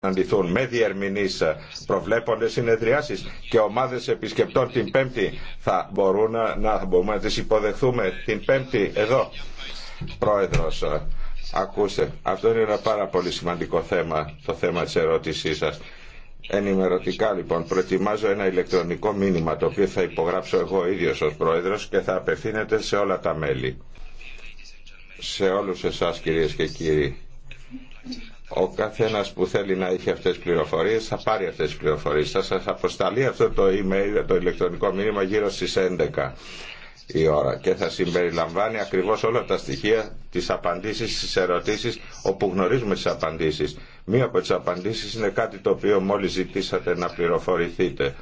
αντιθουν με διερμηνείς ε, προβλέποντες συνεδριάσεις και ομάδες επισκεπτών την Πέμπτη θα, μπορούν ε, να, θα μπορούμε να τις υποδεχθούμε την Πέμπτη εδώ. Πρόεδρος, ε, ακούστε, αυτό είναι ένα πάρα πολύ σημαντικό θέμα, το θέμα της ερώτησής σας. Ενημερωτικά λοιπόν προετοιμάζω ένα ηλεκτρονικό μήνυμα το οποίο θα υπογράψω εγώ ίδιος ως πρόεδρος και θα απευθύνεται σε όλα τα μέλη. Σε όλους εσάς κυρίες και κύριοι ο καθένας που θέλει να έχει αυτές τις πληροφορίες θα πάρει αυτές τις πληροφορίες. Θα σας αποσταλεί αυτό το email, το ηλεκτρονικό μήνυμα γύρω στις 11 η ώρα και θα συμπεριλαμβάνει ακριβώς όλα τα στοιχεία τις απαντήσεις στις ερωτήσεις όπου γνωρίζουμε τις απαντήσεις. Μία από τις απαντήσεις είναι κάτι το οποίο μόλις ζητήσατε να πληροφορηθείτε.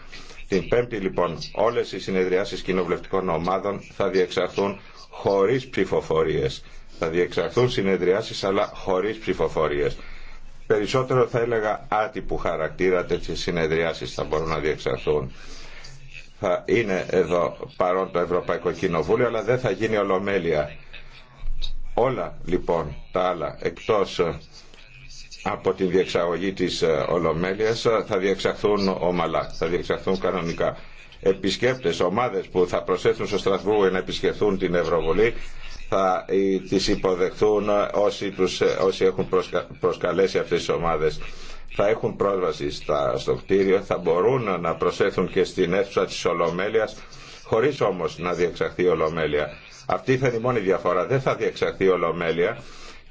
Την Πέμπτη λοιπόν όλες οι συνεδριάσεις κοινοβουλευτικών ομάδων θα διεξαχθούν χωρίς ψηφοφορίες. Θα διεξαχθούν συνεδριάσεις αλλά χωρίς ψηφοφορίες περισσότερο θα έλεγα άτυπου χαρακτήρα τέτοιες συνεδριάσεις θα μπορούν να διεξαρθούν θα είναι εδώ παρόν το Ευρωπαϊκό Κοινοβούλιο αλλά δεν θα γίνει ολομέλεια όλα λοιπόν τα άλλα εκτός ε, από τη διεξαγωγή της ε, Ολομέλειας ε, θα διεξαχθούν ομαλά, θα διεξαχθούν κανονικά. Επισκέπτες, ομάδες που θα προσέθουν στο Στρασβούργο να επισκεφθούν την Ευρωβουλή θα ε, τις υποδεχθούν όσοι, τους, ε, έχουν προσκαλέσει αυτές τις ομάδες θα έχουν πρόσβαση στα, στο κτίριο, θα μπορούν να προσέθουν και στην αίθουσα της Ολομέλειας, χωρίς όμως να διεξαχθεί η Ολομέλεια. Αυτή θα είναι η μόνη διαφορά. Δεν θα διεξαχθεί η Ολομέλεια,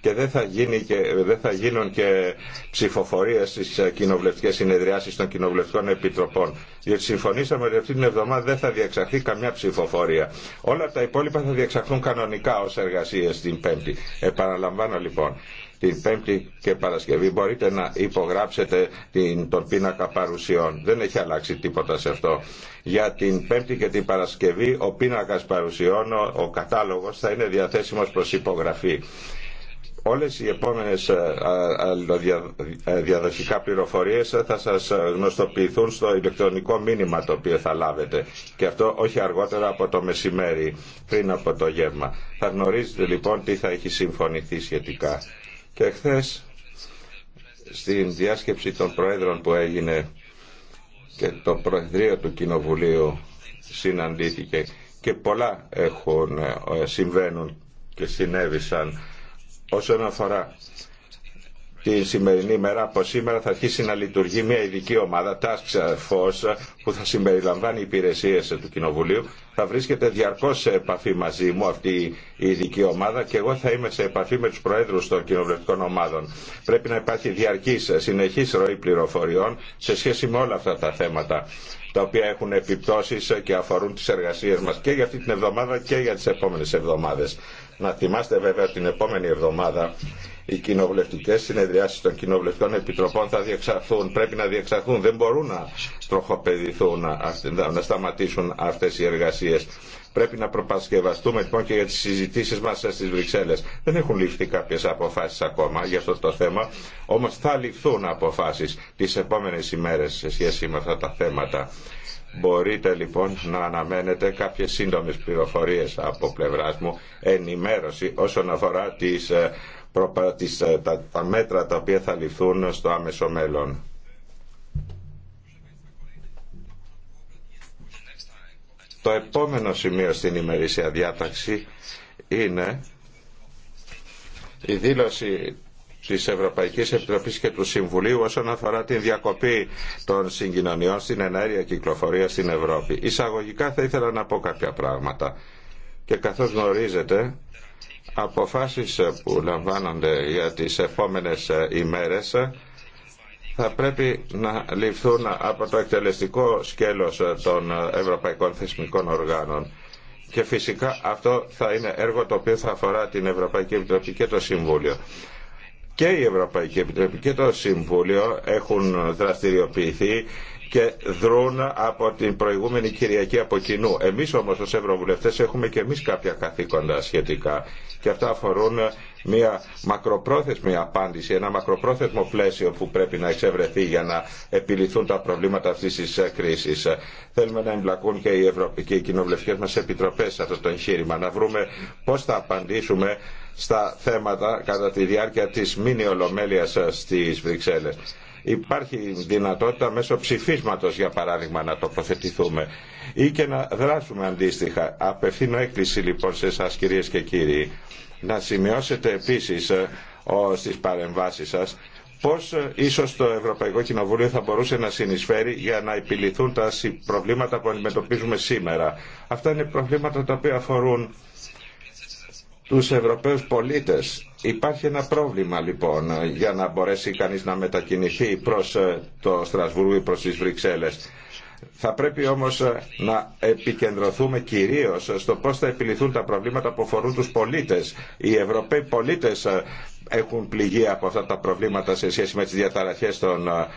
και δεν θα, γίνει και, δεν θα γίνουν και ψηφοφορίε στις ε, κοινοβουλευτικέ συνεδριάσει των κοινοβουλευτικών επιτροπών. Διότι συμφωνήσαμε ότι αυτή την εβδομάδα δεν θα διεξαχθεί καμιά ψηφοφορία. Όλα τα υπόλοιπα θα διεξαχθούν κανονικά ω εργασίε την Πέμπτη. Επαναλαμβάνω λοιπόν την Πέμπτη και Παρασκευή μπορείτε να υπογράψετε την, τον πίνακα παρουσιών. Δεν έχει αλλάξει τίποτα σε αυτό. Για την Πέμπτη και την Παρασκευή ο πίνακας παρουσιών, ο, ο κατάλογος θα είναι διαθέσιμος προς υπογραφή. Όλες οι επόμενες ε, ε, διαδοχικά πληροφορίες θα σας γνωστοποιηθούν στο ηλεκτρονικό μήνυμα το οποίο θα λάβετε και αυτό όχι αργότερα από το μεσημέρι πριν από το γεύμα. Θα γνωρίζετε λοιπόν τι θα έχει συμφωνηθεί σχετικά. Και χθε στην διάσκεψη των Προέδρων που έγινε και το Προεδρείο του Κοινοβουλίου συναντήθηκε και πολλά έχουν, ε, συμβαίνουν και συνέβησαν όσον αφορά τη σημερινή μέρα, από σήμερα θα αρχίσει να λειτουργεί μια ειδική ομάδα Task Force που θα συμπεριλαμβάνει υπηρεσίε του Κοινοβουλίου. Θα βρίσκεται διαρκώ σε επαφή μαζί μου αυτή η ειδική ομάδα και εγώ θα είμαι σε επαφή με του Προέδρου των Κοινοβουλευτικών Ομάδων. Πρέπει να υπάρχει διαρκή συνεχή ροή πληροφοριών σε σχέση με όλα αυτά τα θέματα τα οποία έχουν επιπτώσεις και αφορούν τις εργασίες μας και για αυτή την εβδομάδα και για τι επόμενε εβδομάδε. Να θυμάστε βέβαια την επόμενη εβδομάδα οι κοινοβουλευτικέ συνεδριάσει των κοινοβουλευτικών επιτροπών θα διεξαχθούν, πρέπει να διεξαχθούν, δεν μπορούν να στροχοπεδηθούν, να σταματήσουν αυτέ οι εργασίε. Πρέπει να προπασκευαστούμε λοιπόν και για τι συζητήσει μα στις Βρυξέλλες. Δεν έχουν ληφθεί κάποιε αποφάσει ακόμα για αυτό το θέμα, όμω θα ληφθούν αποφάσει τι επόμενε ημέρε σε σχέση με αυτά τα θέματα. Μπορείτε λοιπόν να αναμένετε κάποιες σύντομες πληροφορίες από πλευράς μου, ενημέρωση όσον αφορά τις, ε, τις ε, τα, τα μέτρα τα οποία θα ληφθούν στο άμεσο μέλλον. Το επόμενο σημείο στην ημερήσια διάταξη είναι η δήλωση Τη ευρωπαϊκή επιτροπή και του Συμβουλίου όσον αφορά την διακοπή των συγκοινωνιών στην ενέργεια κυκλοφορία στην Ευρώπη. Εισαγωγικά θα ήθελα να πω κάποια πράγματα. Και καθώς γνωρίζετε, αποφάσεις που λαμβάνονται για τις επόμενες ε, ημέρες ε, θα πρέπει να ληφθούν από το εκτελεστικό σκέλος ε, των Ευρωπαϊκών Θεσμικών Οργάνων. Και φυσικά αυτό θα είναι έργο το οποίο θα αφορά την Ευρωπαϊκή Επιτροπή και το Συμβούλιο και η Ευρωπαϊκή Επιτροπή και το Συμβούλιο έχουν δραστηριοποιηθεί και δρούν από την προηγούμενη Κυριακή από κοινού. Εμείς όμως ως Ευρωβουλευτές έχουμε και εμείς κάποια καθήκοντα σχετικά και αυτά αφορούν μια μακροπρόθεσμη απάντηση, ένα μακροπρόθεσμο πλαίσιο που πρέπει να εξευρεθεί για να επιληθούν τα προβλήματα αυτή τη κρίση. Θέλουμε να εμπλακούν και οι, Ευρω... και οι κοινοβουλευτικέ μα επιτροπέ σε αυτό το εγχείρημα, να βρούμε πώ θα απαντήσουμε στα θέματα κατά τη διάρκεια της μήνυ ολομέλειας ε, στις Βρυξέλλες. Υπάρχει δυνατότητα μέσω ψηφίσματος, για παράδειγμα, να τοποθετηθούμε ή και να δράσουμε αντίστοιχα. Απευθύνω έκκληση λοιπόν σε εσά κυρίε και κύριοι να σημειώσετε επίσης ε, στις παρεμβάσεις σας πώς ε, ίσως το Ευρωπαϊκό Κοινοβούλιο θα μπορούσε να συνεισφέρει για να επιληθούν τα προβλήματα που αντιμετωπίζουμε σήμερα. Αυτά είναι προβλήματα τα οποία αφορούν τους Ευρωπαίους πολίτες. Υπάρχει ένα πρόβλημα λοιπόν για να μπορέσει κανείς να μετακινηθεί προς ε, το Στρασβούργο ή προς τις Βρυξέλλες. Θα πρέπει όμως ε, να επικεντρωθούμε κυρίως στο πώς θα επιληθούν τα προβλήματα που αφορούν τους πολίτες. Οι Ευρωπαίοι πολίτες ε, έχουν πληγεί από αυτά τα προβλήματα σε σχέση με τις διαταραχές των ε,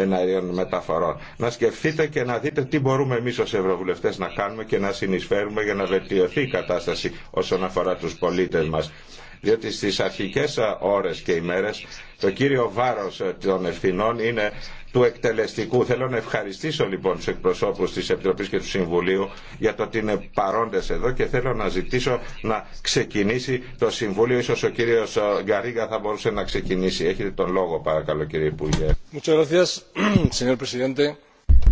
εναερίων μεταφορών. Να σκεφτείτε και να δείτε τι μπορούμε εμείς ως Ευρωβουλευτές να κάνουμε και να συνεισφέρουμε για να βελτιωθεί η κατάσταση όσον αφορά τους πολίτες μας διότι στις αρχικές ώρες και ημέρες το κύριο βάρος των ευθυνών είναι του εκτελεστικού. Θέλω να ευχαριστήσω λοιπόν τους εκπροσώπους της Επιτροπής και του Συμβουλίου για το ότι είναι παρόντες εδώ και θέλω να ζητήσω να ξεκινήσει το Συμβούλιο. Ίσως ο κύριος Γκαρίγκα θα μπορούσε να ξεκινήσει. Έχετε τον λόγο παρακαλώ κύριε Υπουργέ.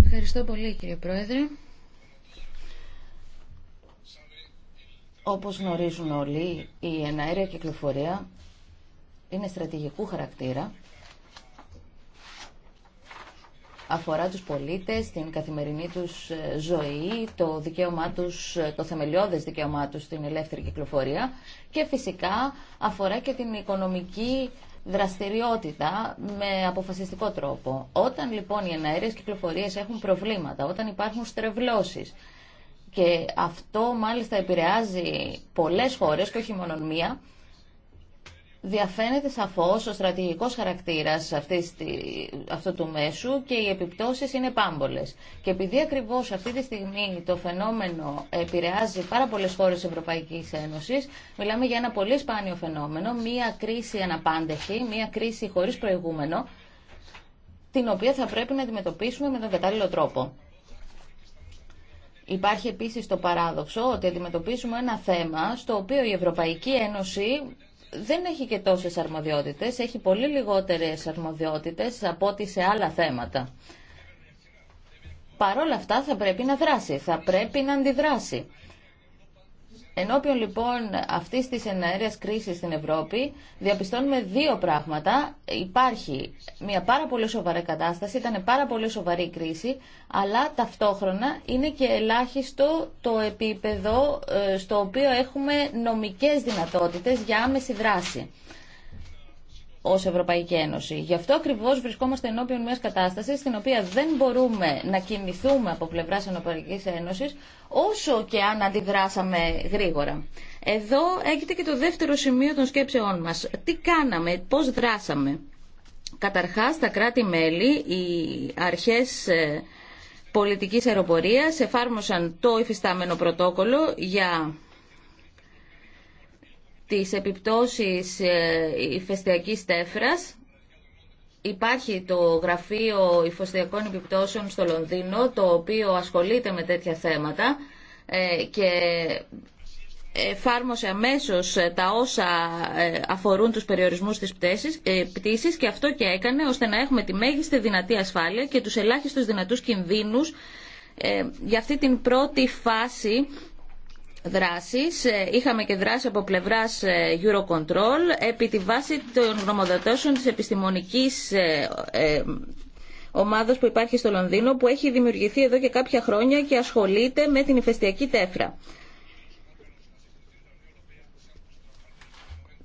Ευχαριστώ πολύ κύριε Πρόεδρε. Όπως γνωρίζουν όλοι, η εναέρια κυκλοφορία είναι στρατηγικού χαρακτήρα. Αφορά τους πολίτες, την καθημερινή τους ε, ζωή, το, δικαίωμά τους, ε, το θεμελιώδες δικαίωμά τους στην ελεύθερη κυκλοφορία και φυσικά αφορά και την οικονομική δραστηριότητα με αποφασιστικό τρόπο. Όταν λοιπόν οι εναέρειες κυκλοφορίες έχουν προβλήματα, όταν υπάρχουν στρεβλώσεις, και αυτό μάλιστα επηρεάζει πολλές χώρες και όχι μόνο μία. Διαφαίνεται σαφώς ο στρατηγικός χαρακτήρας αυτής, αυτού του μέσου και οι επιπτώσεις είναι πάμπολες. Και επειδή ακριβώς αυτή τη στιγμή το φαινόμενο επηρεάζει πάρα πολλές χώρες της Ευρωπαϊκής Ένωσης, μιλάμε για ένα πολύ σπάνιο φαινόμενο, μία κρίση αναπάντεχη, μία κρίση χωρίς προηγούμενο, την οποία θα πρέπει να αντιμετωπίσουμε με τον κατάλληλο τρόπο. Υπάρχει επίσης το παράδοξο ότι αντιμετωπίζουμε ένα θέμα στο οποίο η Ευρωπαϊκή Ένωση δεν έχει και τόσες αρμοδιότητες, έχει πολύ λιγότερες αρμοδιότητες από ό,τι σε άλλα θέματα. Παρ' όλα αυτά θα πρέπει να δράσει, θα πρέπει να αντιδράσει. Ενώπιον λοιπόν αυτή τη εναέρεια κρίση στην Ευρώπη, διαπιστώνουμε δύο πράγματα. Υπάρχει μια πάρα πολύ σοβαρή κατάσταση, ήταν πάρα πολύ σοβαρή κρίση, αλλά ταυτόχρονα είναι και ελάχιστο το επίπεδο ε, στο οποίο έχουμε νομικές δυνατότητες για άμεση δράση ω Ευρωπαϊκή Ένωση. Γι' αυτό ακριβώ βρισκόμαστε ενώπιον μια κατάσταση στην οποία δεν μπορούμε να κινηθούμε από πλευρά Ευρωπαϊκή Ένωση όσο και αν αντιδράσαμε γρήγορα. Εδώ έγινε και το δεύτερο σημείο των σκέψεών μα. Τι κάναμε, πώ δράσαμε. Καταρχά, τα κράτη-μέλη, οι αρχέ ε, πολιτικής αεροπορίας εφάρμοσαν το υφιστάμενο πρωτόκολλο για τις επιπτώσεις ε, ηφαιστειακής τέφρας. Υπάρχει το Γραφείο ηφαιστειακών Επιπτώσεων στο Λονδίνο, το οποίο ασχολείται με τέτοια θέματα ε, και εφάρμοσε αμέσως τα όσα ε, αφορούν τους περιορισμούς της πτήσης και αυτό και έκανε ώστε να έχουμε τη μέγιστη δυνατή ασφάλεια και τους ελάχιστους δυνατούς κινδύνους για αυτή την πρώτη φάση δράσεις. Ε, είχαμε και δράση από πλευράς ε, Eurocontrol επί τη βάση των γνωμοδοτώσεων της επιστημονικής ε, ομάδος που υπάρχει στο Λονδίνο που έχει δημιουργηθεί εδώ και κάποια χρόνια και ασχολείται με την ηφαιστειακή τέφρα.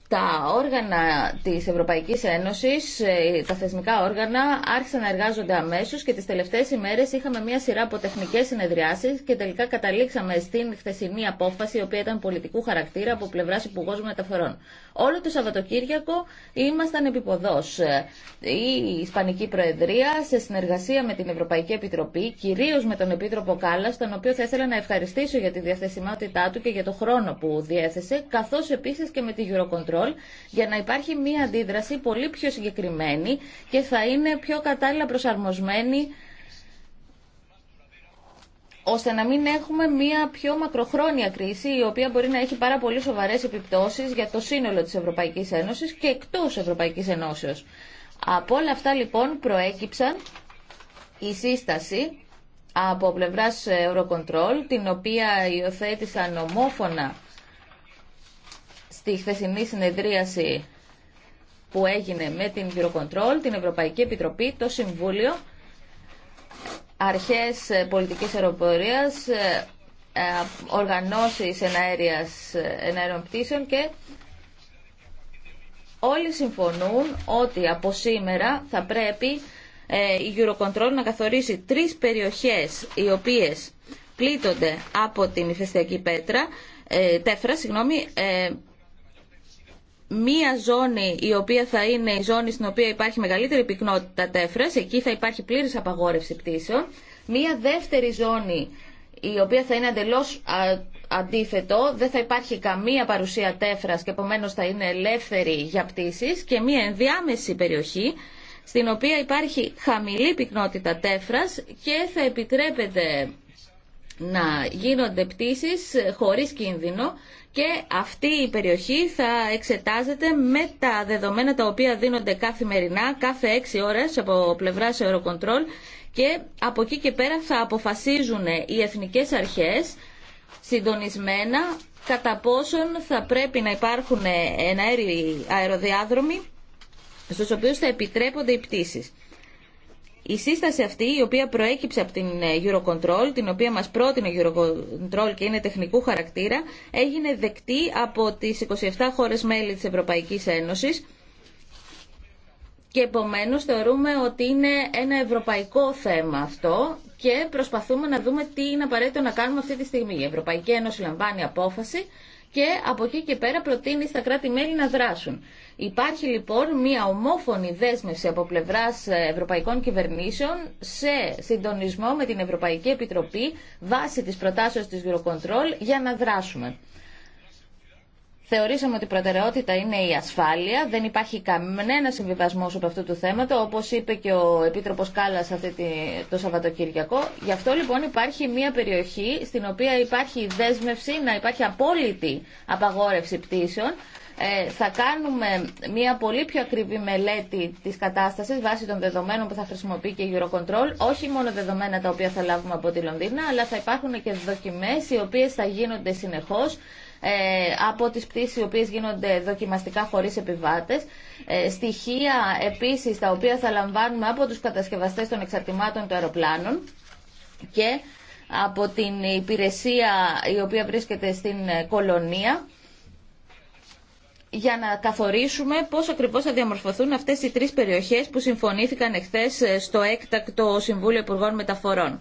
τα όργανα της Ευρωπαϊκής Ένωσης, ε, τα θεσμικά όργανα, άρχισαν να εργάζονται αμέσως και τις τελευταίες ημέρες είχαμε μια σειρά από τεχνικές συνεδριάσεις και τελικά καταλήξαμε στην χθεσινή απόφαση, η οποία ήταν πολιτικού χαρακτήρα από πλευράς Υπουργός Μεταφορών. Όλο το Σαββατοκύριακο ήμασταν επιποδός. Ε, η Ισπανική Προεδρία σε συνεργασία με την Ευρωπαϊκή Επιτροπή, κυρίως με τον Επίτροπο Κάλλας, τον οποίο θα ήθελα να ευχαριστήσω για τη διαθεσιμότητά του και για το χρόνο που διέθεσε, καθώς επίσης και με τη Eurocontrol, για να υπάρχει μια αντίδραση πολύ πιο συγκεκριμένη και θα είναι πιο κατάλληλα προσαρμοσμένη ώστε να μην έχουμε μια πιο μακροχρόνια κρίση η οποία μπορεί να έχει πάρα πολύ σοβαρέ επιπτώσεις για το σύνολο της Ευρωπαϊκής Ένωση και εκτός Ευρωπαϊκής Ενώσεως. Από όλα αυτά λοιπόν προέκυψαν η σύσταση από πλευρά Eurocontrol, την οποία υιοθέτησαν ομόφωνα στη χθεσινή συνεδρίαση που έγινε με την Eurocontrol, την Ευρωπαϊκή Επιτροπή, το Συμβούλιο αρχές ε, πολιτικής αεροπορίας, ε, ε, οργανώσεις εναέριας, εναέριων πτήσεων και όλοι συμφωνούν ότι από σήμερα θα πρέπει η Eurocontrol να καθορίσει τρεις περιοχές οι οποίες πλήττονται από την ηφαιστιακή πέτρα, τέφρα, συγγνώμη, μία ζώνη η οποία θα είναι η ζώνη στην οποία υπάρχει μεγαλύτερη πυκνότητα τέφρας, εκεί θα υπάρχει πλήρης απαγόρευση πτήσεων, μία δεύτερη ζώνη η οποία θα είναι εντελώς αντίθετο, δεν θα υπάρχει καμία παρουσία τέφρας και επομένως θα είναι ελεύθερη για πτήσεις και μία ενδιάμεση περιοχή στην οποία υπάρχει χαμηλή πυκνότητα τέφρας και θα επιτρέπεται να γίνονται πτήσεις χωρίς κίνδυνο και αυτή η περιοχή θα εξετάζεται με τα δεδομένα τα οποία δίνονται καθημερινά, κάθε έξι ώρες από πλευράς Eurocontrol και από εκεί και πέρα θα αποφασίζουν οι εθνικές αρχές συντονισμένα κατά πόσον θα πρέπει να υπάρχουν αεροδιάδρομοι στους οποίους θα επιτρέπονται οι πτήσεις. Η σύσταση αυτή, η οποία προέκυψε από την ε, Eurocontrol, την οποία μας πρότεινε η Eurocontrol και είναι τεχνικού χαρακτήρα, έγινε δεκτή από τις 27 χώρες μέλη της Ευρωπαϊκής Ένωσης και επομένως θεωρούμε ότι είναι ένα ευρωπαϊκό θέμα αυτό και προσπαθούμε να δούμε τι είναι απαραίτητο να κάνουμε αυτή τη στιγμή. Η Ευρωπαϊκή Ένωση λαμβάνει απόφαση και από εκεί και πέρα προτείνει στα κράτη-μέλη να δράσουν. Υπάρχει λοιπόν μια ομόφωνη δέσμευση από πλευρά ε, ευρωπαϊκών κυβερνήσεων σε συντονισμό με την Ευρωπαϊκή Επιτροπή βάσει τη προτάσεω τη Eurocontrol για να δράσουμε. Θεωρήσαμε ότι η προτεραιότητα είναι η ασφάλεια. Δεν υπάρχει κανένα συμβιβασμό από αυτού του θέματο, όπω είπε και ο Επίτροπο Κάλλα το Σαββατοκύριακο. Γι' αυτό λοιπόν υπάρχει μια περιοχή στην οποία υπάρχει δέσμευση να υπάρχει απόλυτη απαγόρευση πτήσεων. Ε, θα κάνουμε μια πολύ πιο ακριβή μελέτη της κατάστασης βάσει των δεδομένων που θα χρησιμοποιεί και η Eurocontrol, όχι μόνο δεδομένα τα οποία θα λάβουμε από τη Λονδίνα, αλλά θα υπάρχουν και δοκιμέ, οι οποίες θα γίνονται συνεχώς ε, από τις πτήσεις οι οποίες γίνονται δοκιμαστικά χωρίς επιβάτες. Ε, στοιχεία επίσης τα οποία θα λαμβάνουμε από τους κατασκευαστές των εξαρτημάτων των αεροπλάνων και από την υπηρεσία η οποία βρίσκεται στην ε, κολονία για να καθορίσουμε πώς ακριβώς θα διαμορφωθούν αυτές οι τρεις περιοχές που συμφωνήθηκαν εχθές στο έκτακτο Συμβούλιο Υπουργών Μεταφορών.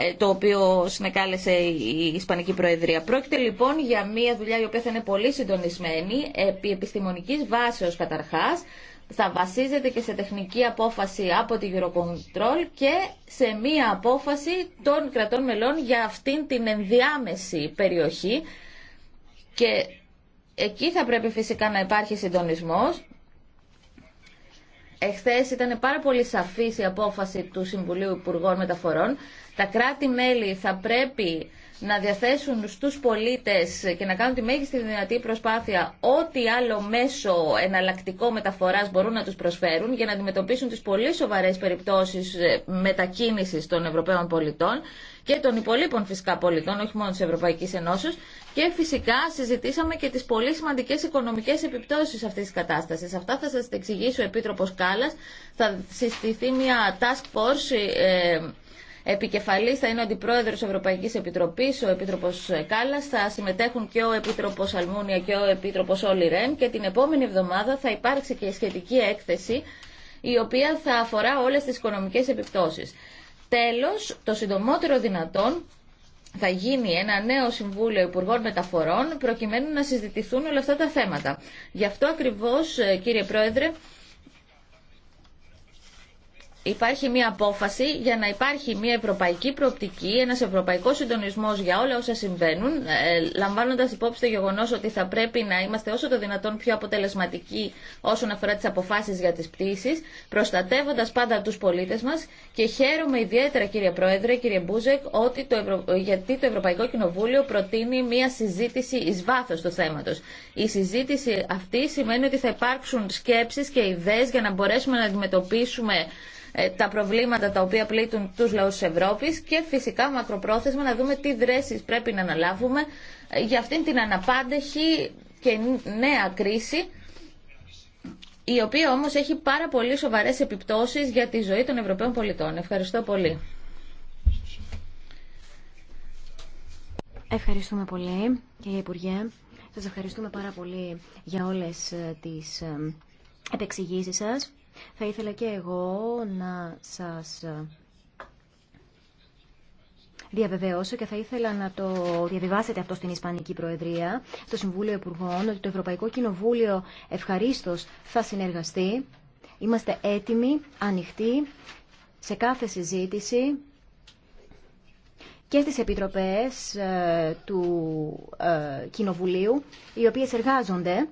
Ε, το οποίο συνεκάλεσε η Ισπανική Προεδρία. Πρόκειται λοιπόν για μια δουλειά η οποία θα είναι πολύ συντονισμένη, επί επιστημονικής βάσεως καταρχάς, θα βασίζεται και σε τεχνική απόφαση από τη Eurocontrol και σε μία απόφαση των κρατών μελών για αυτήν την ενδιάμεση περιοχή και εκεί θα πρέπει φυσικά να υπάρχει συντονισμός Εχθέ ήταν πάρα πολύ σαφής η απόφαση του Συμβουλίου Υπουργών Μεταφορών. Τα κράτη-μέλη θα πρέπει να διαθέσουν στους πολίτες και να κάνουν τη μέγιστη δυνατή προσπάθεια ό,τι άλλο μέσο εναλλακτικό μεταφοράς μπορούν να τους προσφέρουν για να αντιμετωπίσουν τις πολύ σοβαρές περιπτώσεις ε, μετακίνησης των Ευρωπαίων πολιτών και των υπολείπων φυσικά πολιτών, όχι μόνο της Ευρωπαϊκής Ενώσεως και φυσικά συζητήσαμε και τις πολύ σημαντικές οικονομικές επιπτώσεις αυτής της κατάστασης. Αυτά θα σας εξηγήσει ο Επίτροπος Κάλλας. Θα συστηθεί μια task force ε, Επικεφαλή θα είναι ο Αντιπρόεδρο Ευρωπαϊκή Επιτροπή, ο Επίτροπο Κάλλα. Θα συμμετέχουν και ο Επίτροπο Αλμούνια και ο Επίτροπο Όλη Ρεν. Και την επόμενη εβδομάδα θα υπάρξει και η σχετική έκθεση, η οποία θα αφορά όλε τι οικονομικέ επιπτώσει. Τέλο, το συντομότερο δυνατόν, θα γίνει ένα νέο Συμβούλιο Υπουργών Μεταφορών προκειμένου να συζητηθούν όλα αυτά τα θέματα. Γι' αυτό ακριβώς, ε, κύριε Πρόεδρε, υπάρχει μια απόφαση για να υπάρχει μια ευρωπαϊκή προοπτική, ένα ευρωπαϊκό συντονισμό για όλα όσα συμβαίνουν, ε, λαμβάνοντα υπόψη το γεγονό ότι θα πρέπει να είμαστε όσο το δυνατόν πιο αποτελεσματικοί όσον αφορά τι αποφάσει για τι πτήσει, προστατεύοντα πάντα του πολίτε μα και χαίρομαι ιδιαίτερα κύριε Πρόεδρε, κύριε Μπούζεκ, ότι το γιατί το Ευρωπαϊκό Κοινοβούλιο προτείνει μια συζήτηση ει βάθο του θέματο. Η συζήτηση αυτή σημαίνει ότι θα υπάρξουν σκέψει και ιδέε για να μπορέσουμε να αντιμετωπίσουμε ε, τα προβλήματα τα οποία πλήττουν τους λαούς της Ευρώπης και φυσικά μακροπρόθεσμα να δούμε τι δρέσεις πρέπει να αναλάβουμε ε, για αυτήν την αναπάντεχη και νέα κρίση η οποία όμως έχει πάρα πολύ σοβαρές επιπτώσεις για τη ζωή των Ευρωπαίων πολιτών. Ευχαριστώ πολύ. Ευχαριστούμε πολύ, κύριε Υπουργέ. Σας ευχαριστούμε πάρα πολύ για όλες ε, τις επεξηγήσεις σας. Θα ήθελα και εγώ να σας ε, διαβεβαιώσω και θα ήθελα να το διαβιβάσετε αυτό στην Ισπανική Προεδρία, στο Συμβούλιο Υπουργών, ότι το Ευρωπαϊκό Κοινοβούλιο ευχαρίστω θα συνεργαστεί. Είμαστε έτοιμοι, ανοιχτοί σε κάθε συζήτηση και στις επιτροπές ε, του ε, Κοινοβουλίου, οι οποίες εργάζονται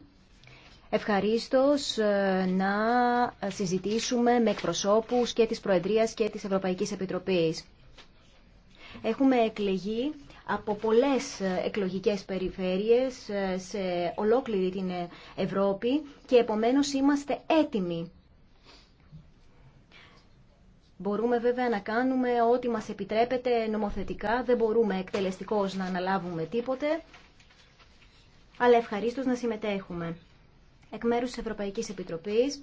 ευχαρίστως ε, να συζητήσουμε με εκπροσώπους και της Προεδρίας και της Ευρωπαϊκής Επιτροπής. Έχουμε εκλεγεί από πολλές ε, εκλογικές περιφέρειες ε, σε ολόκληρη την Ευρώπη και επομένως είμαστε έτοιμοι. Μπορούμε βέβαια να κάνουμε ό,τι μας επιτρέπεται νομοθετικά, δεν μπορούμε εκτελεστικώς να αναλάβουμε τίποτε, αλλά ευχαρίστως να συμμετέχουμε εκ μέρους της Ευρωπαϊκής Επιτροπής.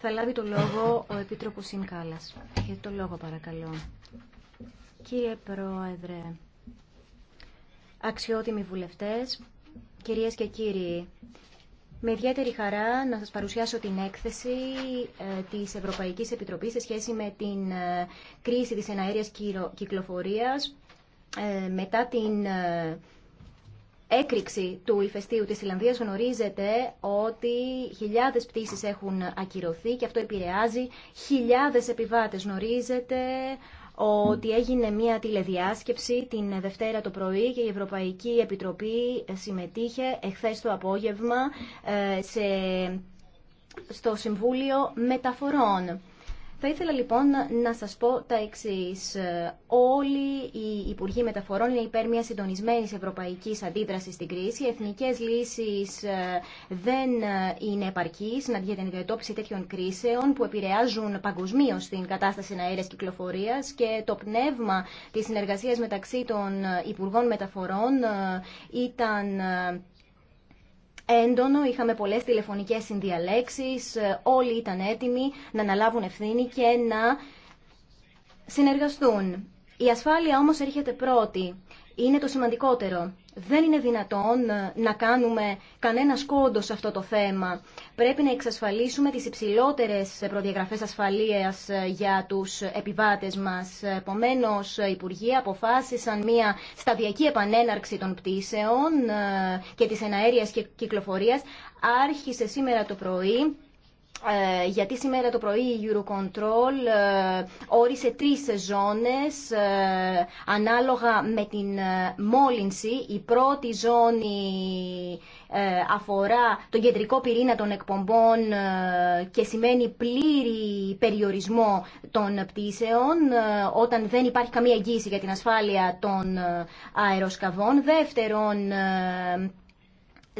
Θα λάβει το λόγο ο Επίτροπος Σινκάλας. Για το λόγο παρακαλώ. Κύριε Πρόεδρε, αξιότιμοι βουλευτές, κυρίες και κύριοι, με ιδιαίτερη χαρά να σας παρουσιάσω την έκθεση ε, της Ευρωπαϊκής Επιτροπής σε σχέση με την ε, κρίση της εναέρειας κυκλοφορίας ε, μετά την έκρηξη του ηφαιστείου της Ιλανδίας γνωρίζετε ότι χιλιάδες πτήσεις έχουν ακυρωθεί και αυτό επηρεάζει χιλιάδες επιβάτες. Γνωρίζετε ότι έγινε μια τηλεδιάσκεψη την Δευτέρα το πρωί και η Ευρωπαϊκή Επιτροπή συμμετείχε εχθές το απόγευμα ε, σε, στο Συμβούλιο Μεταφορών. Θα ήθελα λοιπόν να σας πω τα εξή Όλοι οι Υπουργοί Μεταφορών είναι υπέρ μια συντονισμένη ευρωπαϊκή αντίδραση στην κρίση. Οι εθνικές λύσεις ε, δεν ε, είναι επαρκείς να την αντιμετώπιση τέτοιων κρίσεων που επηρεάζουν παγκοσμίω την κατάσταση αέρας κυκλοφορίας και το πνεύμα της συνεργασίας μεταξύ των ε, Υπουργών Μεταφορών ήταν έντονο, είχαμε πολλές τηλεφωνικές συνδιαλέξεις, ε, όλοι ήταν έτοιμοι να αναλάβουν ευθύνη και να συνεργαστούν. Η ασφάλεια όμως έρχεται πρώτη. Είναι το σημαντικότερο δεν είναι δυνατόν ε, να κάνουμε κανένα σκόντο σε αυτό το θέμα. Πρέπει να εξασφαλίσουμε τις υψηλότερες προδιαγραφές ασφαλείας ε, για τους επιβάτες μας. Επομένω, οι ε, Υπουργοί αποφάσισαν μια σταδιακή επανέναρξη των πτήσεων και της και κυκλοφορίας. Άρχισε σήμερα το πρωί ε, γιατί σήμερα το πρωί η Eurocontrol ε, όρισε τρεις ζώνες ε, ανάλογα με την μόλυνση. Η πρώτη ζώνη αφορά τον κεντρικό πυρήνα των εκπομπών και σημαίνει πλήρη περιορισμό των πτήσεων όταν δεν υπάρχει καμία εγγύηση για την ασφάλεια των αεροσκαβών. Δεύτερον,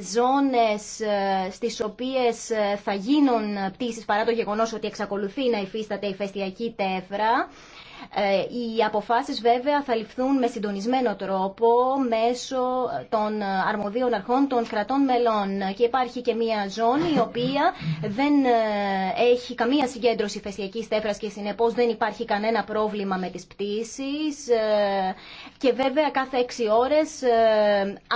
ζώνες ε, στις οποίες ε, θα γίνουν πτήσεις παρά το γεγονός ότι εξακολουθεί να υφίσταται η φεστιακή τέφρα ε, οι αποφάσεις βέβαια θα ληφθούν με συντονισμένο τρόπο μέσω των αρμοδίων αρχών των κρατών μελών και υπάρχει και μια ζώνη η οποία δεν ε, έχει καμία συγκέντρωση θεσιακής τέφρας και συνεπώς δεν υπάρχει κανένα πρόβλημα με τις πτήσεις ε, και βέβαια κάθε έξι ώρες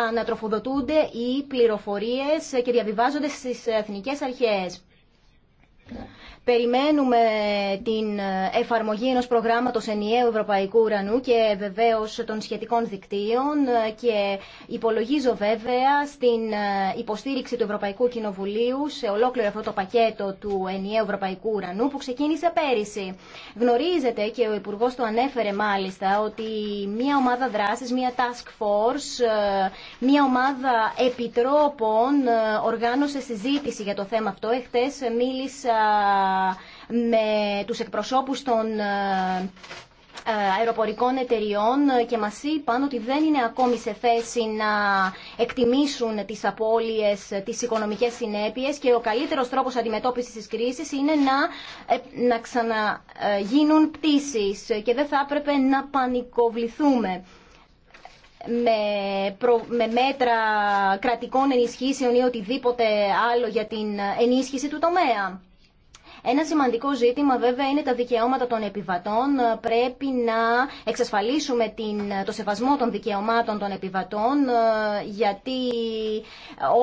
ανατροφοδοτούνται οι πληροφορίες και διαβιβάζονται στις εθνικές αρχές. Περιμένουμε την ε, εφαρμογή ενός προγράμματος ενιαίου ευρωπαϊκού ουρανού και βεβαίως των σχετικών δικτύων ε, και υπολογίζω βέβαια στην ε, υποστήριξη του Ευρωπαϊκού Κοινοβουλίου σε ολόκληρο αυτό το πακέτο του ενιαίου ευρωπαϊκού ουρανού που ξεκίνησε πέρυσι. Γνωρίζετε και ο Υπουργό το ανέφερε μάλιστα ότι μια ομάδα δράσης, μια task force, μια ομάδα επιτρόπων οργάνωσε συζήτηση για το θέμα αυτό. Εχθές μίλησα με τους εκπροσώπους των ε, ε, αεροπορικών εταιριών και μας είπαν ότι δεν είναι ακόμη σε θέση να εκτιμήσουν τις απώλειες, τις οικονομικές συνέπειες και ο καλύτερος τρόπος αντιμετώπισης της κρίσης είναι να, ε, να ξαναγίνουν πτήσεις και δεν θα έπρεπε να πανικοβληθούμε με, με μέτρα κρατικών ενισχύσεων ή οτιδήποτε άλλο για την ενίσχυση του τομέα. Ένα σημαντικό ζήτημα βέβαια είναι τα δικαιώματα των επιβατών. Πρέπει να εξασφαλίσουμε την, το σεβασμό των δικαιωμάτων των επιβατών ε, γιατί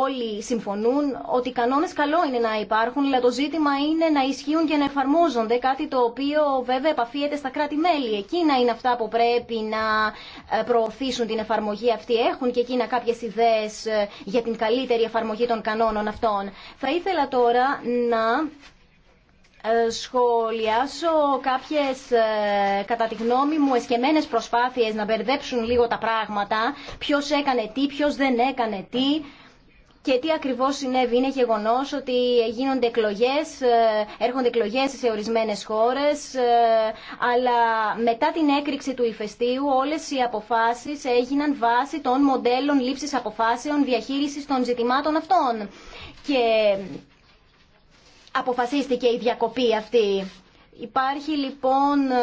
όλοι συμφωνούν ότι οι κανόνες καλό είναι να υπάρχουν αλλά το ζήτημα είναι να ισχύουν και να εφαρμόζονται κάτι το οποίο βέβαια επαφίεται στα κράτη-μέλη. Εκείνα είναι αυτά που πρέπει να ε, προωθήσουν την εφαρμογή αυτή. Έχουν και εκείνα κάποιες ιδέες ε, για την καλύτερη εφαρμογή των κανόνων αυτών. Θα ήθελα τώρα να ε, σχολιάσω κάποιες ε, κατά τη γνώμη μου εσκεμμένες προσπάθειες να μπερδέψουν λίγο τα πράγματα ποιος έκανε τι, ποιος δεν έκανε τι και τι ακριβώς συνέβη. Είναι γεγονός ότι γίνονται εκλογές, ε, έρχονται εκλογές σε ορισμένες χώρες, αλλά μετά την έκρηξη του ηφαιστείου όλες οι αποφάσεις έγιναν βάση των μοντέλων λήψης αποφάσεων διαχείρισης των ζητημάτων αυτών. Και αποφασίστηκε η διακοπή αυτή. Υπάρχει λοιπόν ε,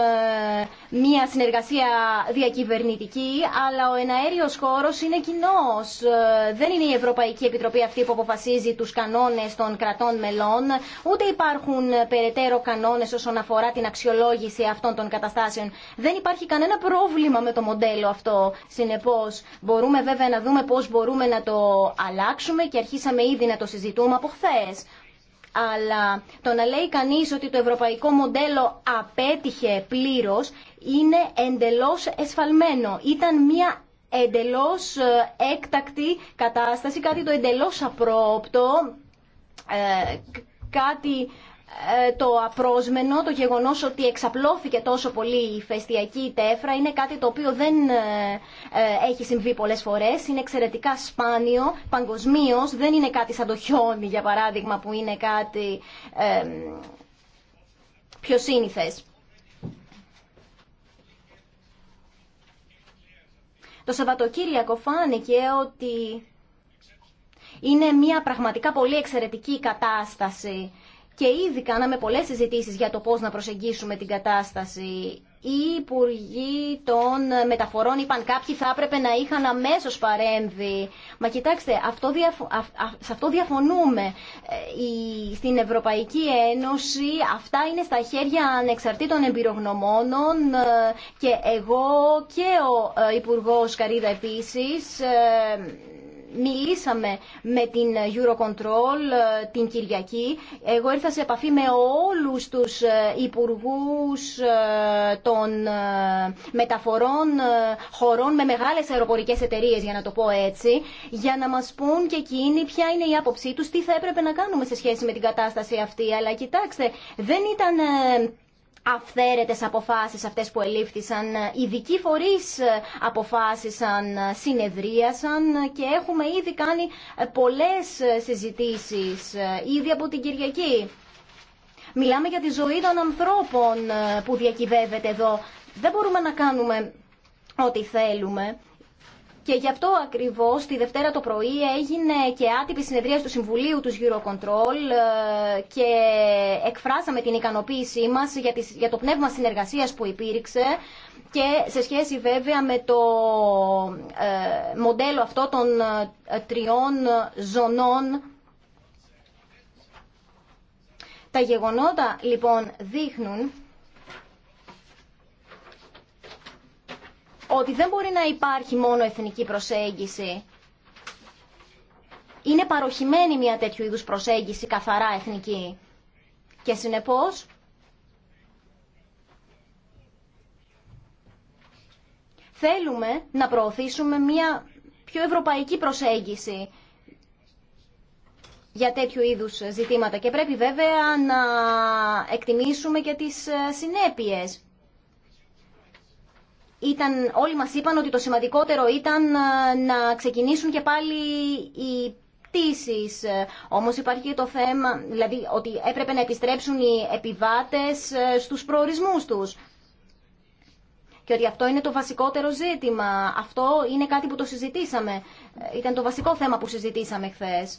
μία συνεργασία διακυβερνητική, αλλά ο εναέριος χώρος είναι κοινός. Ε, δεν είναι η Ευρωπαϊκή Επιτροπή αυτή που αποφασίζει τους κανόνες των κρατών μελών, ούτε υπάρχουν περαιτέρω κανόνες όσον αφορά την αξιολόγηση αυτών των καταστάσεων. Δεν υπάρχει κανένα πρόβλημα με το μοντέλο αυτό. Συνεπώς, μπορούμε βέβαια να δούμε πώς μπορούμε να το αλλάξουμε και αρχίσαμε ήδη να το συζητούμε από χθε αλλά το να λέει κανείς ότι το ευρωπαϊκό μοντέλο απέτυχε πλήρως είναι εντελώς εσφαλμένο. Ήταν μια εντελώς ε, έκτακτη κατάσταση, κάτι το εντελώς απρόοπτο, ε, κάτι ε, το απρόσμενο, το γεγονός ότι εξαπλώθηκε τόσο πολύ η φεστιακή τέφρα είναι κάτι το οποίο δεν ε, ε, έχει συμβεί πολλές φορές, είναι εξαιρετικά σπάνιο, παγκοσμίω, δεν είναι κάτι σαν το χιόνι για παράδειγμα που είναι κάτι πιο σύνηθες. Το Σαββατοκύριακο φάνηκε ότι είναι μια πραγματικά πολύ εξαιρετική κατάσταση και ήδη κάναμε πολλές συζητήσεις για το πώς να προσεγγίσουμε την κατάσταση. Οι υπουργοί των μεταφορών είπαν κάποιοι θα έπρεπε να είχαν αμέσως παρέμβει. Μα κοιτάξτε, αυτό σε αυτό διαφωνούμε. Ε, στην Ευρωπαϊκή Ένωση αυτά είναι στα χέρια ανεξαρτήτων εμπειρογνωμόνων ε, και εγώ και ο ε, Υπουργός Καρίδα επίσης μιλήσαμε με την Eurocontrol ε, την Κυριακή. Εγώ ήρθα σε επαφή με όλους τους ε, υπουργούς ε, των μεταφορών χωρών με μεγάλες αεροπορικές εταιρείες, για να το πω έτσι, για να μας πούν και εκείνοι ποια είναι η άποψή τους, τι θα έπρεπε να κάνουμε σε σχέση με την κατάσταση αυτή. Αλλά κοιτάξτε, δεν ήταν αυθαίρετες αποφάσεις αυτές που ελήφθησαν. Ειδικοί φορείς ε, αποφάσισαν, ε, συνεδρίασαν και έχουμε ήδη κάνει ε, πολλές συζητήσεις, ήδη από την Κυριακή. Μιλάμε για τη ζωή των ανθρώπων που διακυβεύεται εδώ. Δεν μπορούμε να κάνουμε ό,τι θέλουμε. Και γι' αυτό ακριβώς τη Δευτέρα το πρωί έγινε και άτυπη συνεδρία του Συμβουλίου του Eurocontrol ε, και εκφράσαμε την ικανοποίησή μας για το πνεύμα συνεργασίας που υπήρξε και σε σχέση βέβαια με το ε, μοντέλο αυτό των ε, τριών ζωνών τα γεγονότα λοιπόν δείχνουν ότι δεν μπορεί να υπάρχει μόνο εθνική προσέγγιση. Είναι παροχημένη μια τέτοιου είδους προσέγγιση καθαρά εθνική. Και συνεπώς θέλουμε να προωθήσουμε μια πιο ευρωπαϊκή προσέγγιση για τέτοιου είδους ζητήματα και πρέπει βέβαια να εκτιμήσουμε και τις ε, συνέπειες ήταν, όλοι μας είπαν ότι το σημαντικότερο ήταν ε, να ξεκινήσουν και πάλι οι πτήσεις. Ε, όμως υπάρχει το θέμα, δηλαδή ότι έπρεπε να επιστρέψουν οι επιβάτες ε, στους προορισμούς τους. Και ότι αυτό είναι το βασικότερο ζήτημα. Αυτό είναι κάτι που το συζητήσαμε. Ήταν το βασικό θέμα που συζητήσαμε χθες.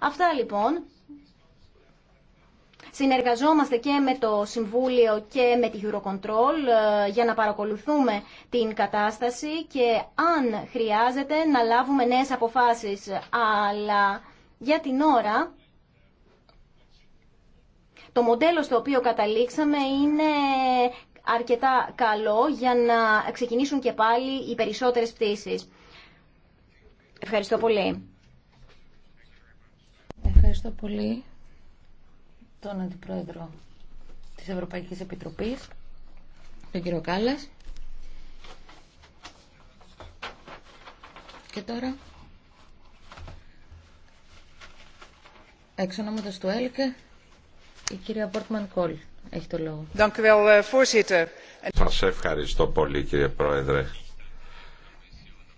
Αυτά λοιπόν. Συνεργαζόμαστε και με το Συμβούλιο και με τη Eurocontrol ε, για να παρακολουθούμε την κατάσταση και αν χρειάζεται να λάβουμε νέες αποφάσεις. Αλλά για την ώρα το μοντέλο στο οποίο καταλήξαμε είναι αρκετά καλό για να ξεκινήσουν και πάλι οι περισσότερες πτήσεις. Ευχαριστώ πολύ. Ευχαριστώ πολύ τον Αντιπρόεδρο της Ευρωπαϊκής Επιτροπής, τον κύριο Κάλλας. Και τώρα, έξω του ΕΛΚΕ, η κυρία Πόρτμαν Κόλ έχει το λόγο. Eh, Σας ευχαριστώ πολύ κύριε Πρόεδρε.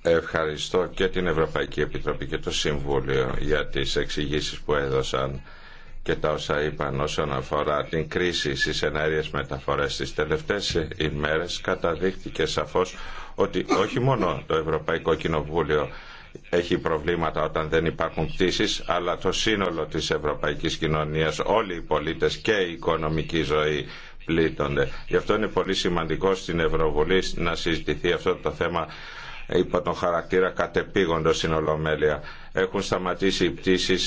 Ευχαριστώ και την Ευρωπαϊκή Επιτροπή και το Συμβούλιο για τις εξηγήσεις που έδωσαν και τα όσα είπαν όσον αφορά την κρίση στις ενέργειες μεταφορές στις τελευταίες ημέρες καταδείχθηκε σαφώς ότι όχι μόνο το Ευρωπαϊκό Κοινοβούλιο έχει προβλήματα όταν δεν υπάρχουν πτήσεις αλλά το σύνολο της ευρωπαϊκής κοινωνίας όλοι οι πολίτες και η οικονομική ζωή πλήττονται. Γι' αυτό είναι πολύ σημαντικό στην Ευρωβουλή να συζητηθεί αυτό το θέμα υπό τον χαρακτήρα κατεπήγοντο στην Ολομέλεια. Έχουν σταματήσει οι πτήσει,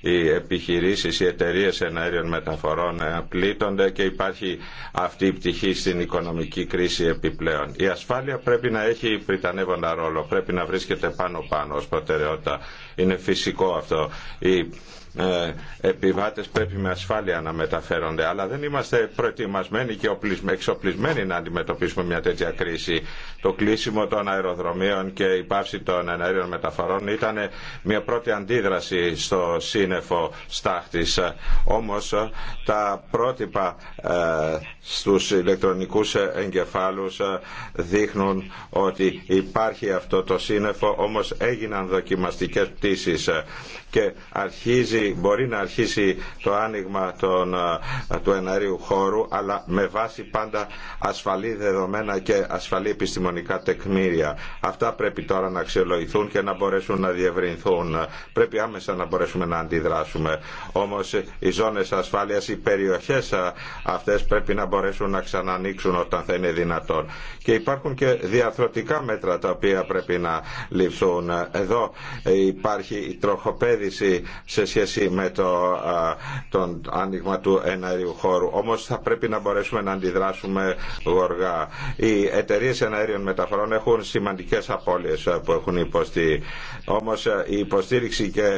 ε, οι επιχειρήσει, οι εταιρείε εναέριων μεταφορών ε, πλήττονται και υπάρχει αυτή η πτυχή στην οικονομική κρίση επιπλέον. Η ασφάλεια πρέπει να έχει πριτανεύοντα ρόλο, πρέπει να βρίσκεται πάνω-πάνω ω προτεραιότητα. Είναι φυσικό αυτό. Η ε, επιβάτες πρέπει με ασφάλεια να μεταφέρονται. Αλλά δεν είμαστε προετοιμασμένοι και εξοπλισμένοι να αντιμετωπίσουμε μια τέτοια κρίση. Το κλείσιμο των αεροδρομίων και η πάυση των εναέριων μεταφορών ήταν μια πρώτη αντίδραση στο σύννεφο στάχτης. Όμως τα πρότυπα ε, στους ηλεκτρονικούς εγκεφάλους ε, δείχνουν ότι υπάρχει αυτό το σύννεφο, όμως έγιναν δοκιμαστικές πτήσεις και αρχίζει, μπορεί να αρχίσει το άνοιγμα των, του εναρίου χώρου αλλά με βάση πάντα ασφαλή δεδομένα και ασφαλή επιστημονικά τεκμήρια. Αυτά πρέπει τώρα να αξιολογηθούν και να μπορέσουν να διευρυνθούν. Πρέπει άμεσα να μπορέσουμε να αντιδράσουμε. Όμως οι ζώνες ασφάλειας, οι περιοχές αυτές πρέπει να μπορέσουν να ξανανοίξουν όταν θα είναι δυνατόν. Και υπάρχουν και διαθροτικά μέτρα τα οποία πρέπει να ληφθούν. Εδώ ε, υπάρχει η σε σχέση με το τον άνοιγμα του εναέριου χώρου. Όμω θα πρέπει να μπορέσουμε να αντιδράσουμε γοργά. Οι εταιρείε εναέριων μεταφορών έχουν σημαντικές απώλειες που έχουν υποστεί. Όμως η υποστήριξη και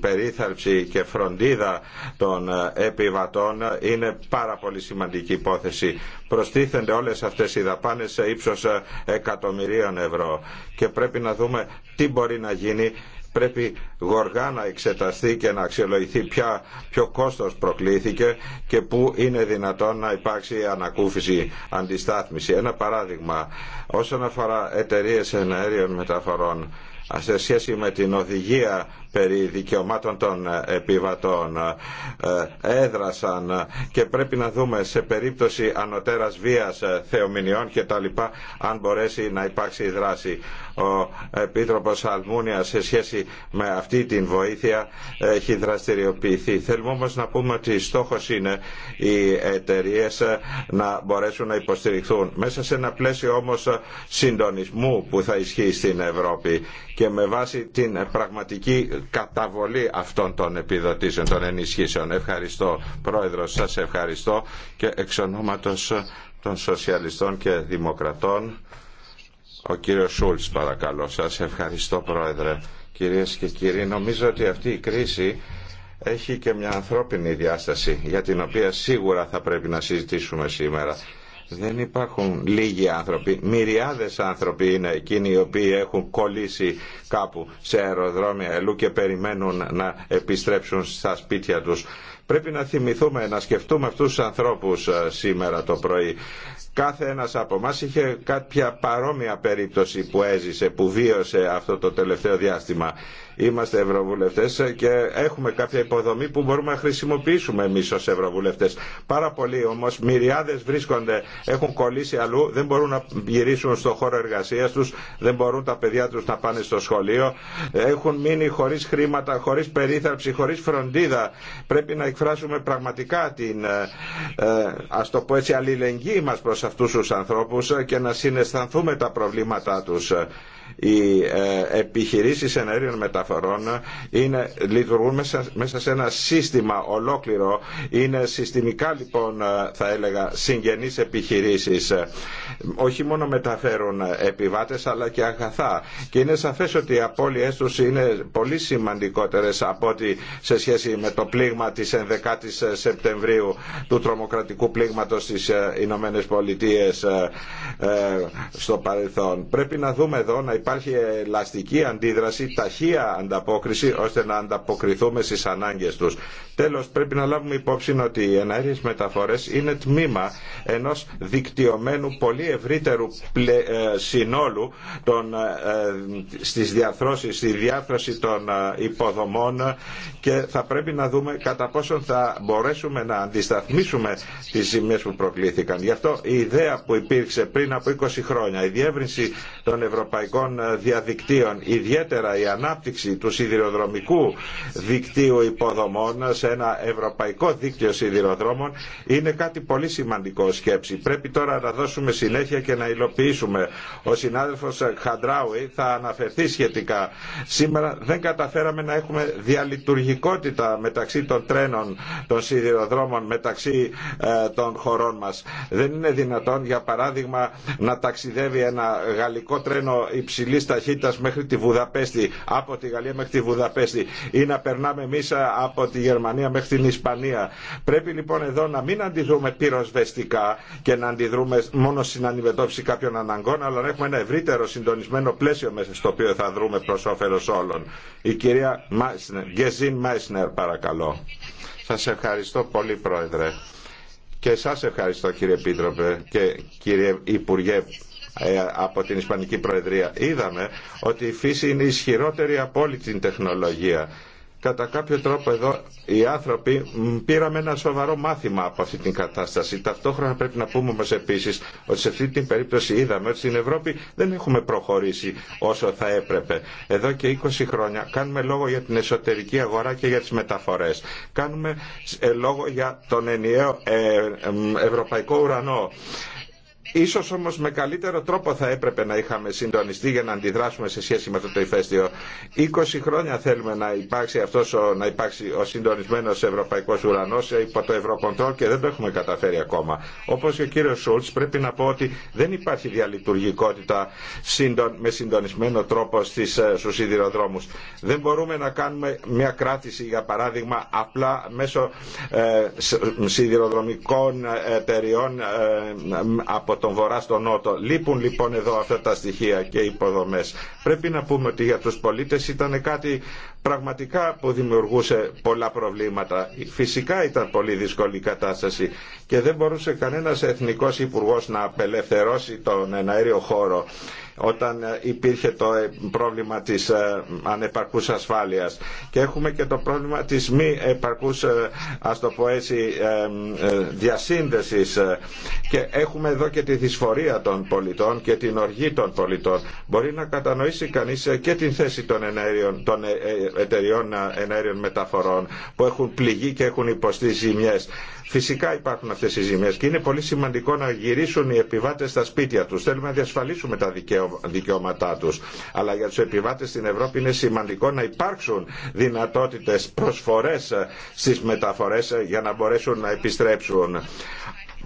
περίθαλψη και φροντίδα των επιβατών είναι πάρα πολύ σημαντική υπόθεση. Προστίθενται όλες αυτέ οι δαπάνε σε ύψο εκατομμυρίων ευρώ και πρέπει να δούμε τι μπορεί να γίνει πρέπει γοργά να εξεταστεί και να αξιολογηθεί ποια, ποιο κόστος προκλήθηκε και πού είναι δυνατόν να υπάρξει ανακούφιση, αντιστάθμιση. Ένα παράδειγμα, όσον αφορά εταιρείε εναέριων μεταφορών, σε σχέση με την οδηγία περί δικαιωμάτων των ε, επιβατών ε, έδρασαν και πρέπει να δούμε σε περίπτωση ανωτέρας βίας ε, θεομηνιών και τα λοιπά αν μπορέσει να υπάρξει δράση ο Επίτροπος Αλμούνια σε σχέση με αυτή την βοήθεια έχει δραστηριοποιηθεί. Θέλουμε όμως να πούμε ότι στόχος είναι οι εταιρείε να μπορέσουν να υποστηριχθούν μέσα σε ένα πλαίσιο όμως συντονισμού που θα ισχύει στην Ευρώπη και με βάση την πραγματική καταβολή αυτών των επιδοτήσεων, των ενισχύσεων. Ευχαριστώ Πρόεδρος, σας ευχαριστώ και εξ των Σοσιαλιστών και Δημοκρατών ο κύριο Σούλτ, παρακαλώ σας. Ευχαριστώ πρόεδρε. Κυρίες και κύριοι, νομίζω ότι αυτή η κρίση έχει και μια ανθρώπινη διάσταση για την οποία σίγουρα θα πρέπει να συζητήσουμε σήμερα. Δεν υπάρχουν λίγοι άνθρωποι, μυριάδες άνθρωποι είναι εκείνοι οι οποίοι έχουν κολλήσει κάπου σε αεροδρόμια ελού και περιμένουν να επιστρέψουν στα σπίτια τους. Πρέπει να θυμηθούμε, να σκεφτούμε αυτούς τους ανθρώπους ε, σήμερα το πρωί. Κάθε ένας από εμά είχε κάποια παρόμοια περίπτωση που έζησε, που βίωσε αυτό το τελευταίο διάστημα είμαστε ευρωβουλευτέ και έχουμε κάποια υποδομή που μπορούμε να χρησιμοποιήσουμε εμεί ω ευρωβουλευτέ. Πάρα πολλοί όμω, μοιριάδε βρίσκονται, έχουν κολλήσει αλλού, δεν μπορούν να γυρίσουν στον χώρο εργασία του, δεν μπορούν τα παιδιά του να πάνε στο σχολείο, έχουν μείνει χωρί χρήματα, χωρί περίθαλψη, χωρί φροντίδα. Πρέπει να εκφράσουμε πραγματικά την, ε, ε, α το πω έτσι, αλληλεγγύη μα προ αυτού του ανθρώπου και να συναισθανθούμε τα προβλήματά του οι ε, επιχειρήσεις εναέριων μεταφορών είναι, λειτουργούν μέσα, μέσα σε ένα σύστημα ολόκληρο. Είναι συστημικά λοιπόν ε, θα έλεγα συγγενείς επιχειρήσεις. Όχι μόνο μεταφέρουν επιβάτες αλλά και αγαθά. Και είναι σαφές ότι οι απώλειές τους είναι πολύ σημαντικότερες από ότι σε σχέση με το πλήγμα της 11ης Σεπτεμβρίου του τρομοκρατικού πλήγματος στις ε, Ηνωμένες Πολιτείες στο παρελθόν. Πρέπει να δούμε εδώ να υπάρχει ελαστική αντίδραση, ταχεία ανταπόκριση ώστε να ανταποκριθούμε στις ανάγκες τους. Τέλος, πρέπει να λάβουμε υπόψη ότι οι εναέριες μεταφορές είναι τμήμα ενός δικτυωμένου πολύ ευρύτερου ε, συνόλου των, ε, στις διαθρώσεις, στη διάθρωση των ε, υποδομών και θα πρέπει να δούμε κατά πόσον θα μπορέσουμε να αντισταθμίσουμε τις ζημίες που προκλήθηκαν. Γι' αυτό η ιδέα που υπήρξε πριν από 20 χρόνια, η διεύρυνση των ευρωπαϊκών των ε, διαδικτύων, ιδιαίτερα η ανάπτυξη του σιδηροδρομικού δικτύου υποδομών σε ένα ευρωπαϊκό δίκτυο σιδηροδρόμων είναι κάτι πολύ σημαντικό σκέψη. Πρέπει τώρα να δώσουμε συνέχεια και να υλοποιήσουμε. Ο συνάδελφος Χαντράουι θα αναφερθεί σχετικά. Σήμερα δεν καταφέραμε να έχουμε διαλειτουργικότητα μεταξύ των τρένων των σιδηροδρόμων μεταξύ ε, των χωρών μας. Δεν είναι δυνατόν για παράδειγμα να ταξιδεύει ένα γαλλικό τρένο υψηλής ταχύτητας μέχρι τη Βουδαπέστη, από τη Γαλλία μέχρι τη Βουδαπέστη ή να περνάμε εμεί από τη Γερμανία μέχρι την Ισπανία. Πρέπει λοιπόν εδώ να μην αντιδρούμε πυροσβεστικά και να αντιδρούμε μόνο στην αντιμετώπιση κάποιων αναγκών, αλλά να έχουμε ένα ευρύτερο συντονισμένο πλαίσιο μέσα στο οποίο θα δρούμε προ όφελο όλων. Η κυρία Μάισνερ, Γκεζίν Μάισνερ παρακαλώ. Σας ευχαριστώ πολύ Πρόεδρε. Και σας ευχαριστώ κύριε Επίτροπε και κύριε Υπουργέ ε, από την Ισπανική Προεδρία. Είδαμε ότι η φύση είναι ισχυρότερη από όλη την τεχνολογία. Κατά κάποιο τρόπο εδώ οι άνθρωποι πήραμε ένα σοβαρό μάθημα από αυτή την κατάσταση. Ταυτόχρονα πρέπει να πούμε όμως επίσης ότι σε αυτή την περίπτωση είδαμε ότι στην Ευρώπη δεν έχουμε προχωρήσει όσο θα έπρεπε. Εδώ και 20 χρόνια κάνουμε λόγο για την εσωτερική αγορά και για τις μεταφορές. Κάνουμε ε, λόγο για τον ενιαίο ε, ευρωπαϊκό ουρανό. Ίσως όμως με καλύτερο τρόπο θα έπρεπε να είχαμε συντονιστεί για να αντιδράσουμε σε σχέση με αυτό το ηφαίστειο. 20 χρόνια θέλουμε να υπάρξει, αυτός ο, να υπάρξει ο συντονισμένος ευρωπαϊκός ουρανός υπό το Ευρωκοντρόλ και δεν το έχουμε καταφέρει ακόμα. Όπως και ο κύριος Σούλτς πρέπει να πω ότι δεν υπάρχει διαλειτουργικότητα με συντονισμένο τρόπο στις, ε, στους σιδηροδρόμους. Δεν μπορούμε να κάνουμε μια κράτηση για παράδειγμα απλά μέσω ε, σιδηροδρομικών ε, εταιριών ε, από τον βορρά στον νότο. Λείπουν λοιπόν εδώ αυτά τα στοιχεία και οι υποδομές. Πρέπει να πούμε ότι για τους πολίτες ήταν κάτι πραγματικά που δημιουργούσε πολλά προβλήματα. Φυσικά ήταν πολύ δύσκολη η κατάσταση και δεν μπορούσε κανένας εθνικός Υπουργό να απελευθερώσει τον εναέριο χώρο όταν ε, υπήρχε το ε, πρόβλημα της ε, ανεπαρκούς ασφάλειας. Και έχουμε και το πρόβλημα της μη επαρκούς, ας το διασύνδεσης. Και έχουμε εδώ και τη δυσφορία των πολιτών και την οργή των πολιτών. Μπορεί να κατανοήσει κανείς και την θέση των, ενέριων, των εταιριών ενέριων μεταφορών που έχουν πληγεί και έχουν υποστεί ζημιές. Φυσικά υπάρχουν αυτέ οι ζημίες και είναι πολύ σημαντικό να γυρίσουν οι επιβάτες στα σπίτια τους. Θέλουμε να διασφαλίσουμε τα δικαιώματά τους. Αλλά για τους επιβάτες στην Ευρώπη είναι σημαντικό να υπάρξουν δυνατότητες προσφορές ε, στις μεταφορές ε, για να μπορέσουν να επιστρέψουν.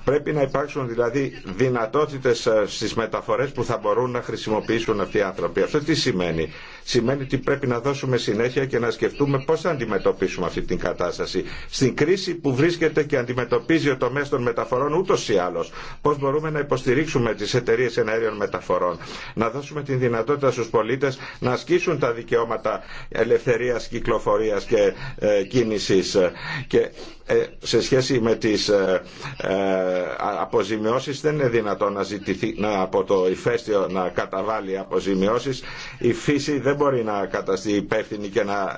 Πρέπει να υπάρξουν δηλαδή δυνατότητες ε, στις μεταφορές που θα μπορούν να χρησιμοποιήσουν αυτοί οι άνθρωποι. Αυτό τι σημαίνει σημαίνει ότι πρέπει να δώσουμε συνέχεια και να σκεφτούμε πώς θα αντιμετωπίσουμε αυτή την κατάσταση. Στην κρίση που βρίσκεται και αντιμετωπίζει ο τομέας των μεταφορών ούτως ή άλλως, πώς μπορούμε να υποστηρίξουμε τις εταιρείε εναέριων μεταφορών, να δώσουμε την δυνατότητα στους πολίτες να ασκήσουν τα δικαιώματα ελευθερίας κυκλοφορίας και ε, Και ε, σε σχέση με τις ε, ε, αποζημιώσεις δεν είναι δυνατό να ζητηθεί να, από το ηφαίστειο να καταβάλει αποζημιώσεις. Η φύση δεν μπορεί να καταστεί υπεύθυνη και να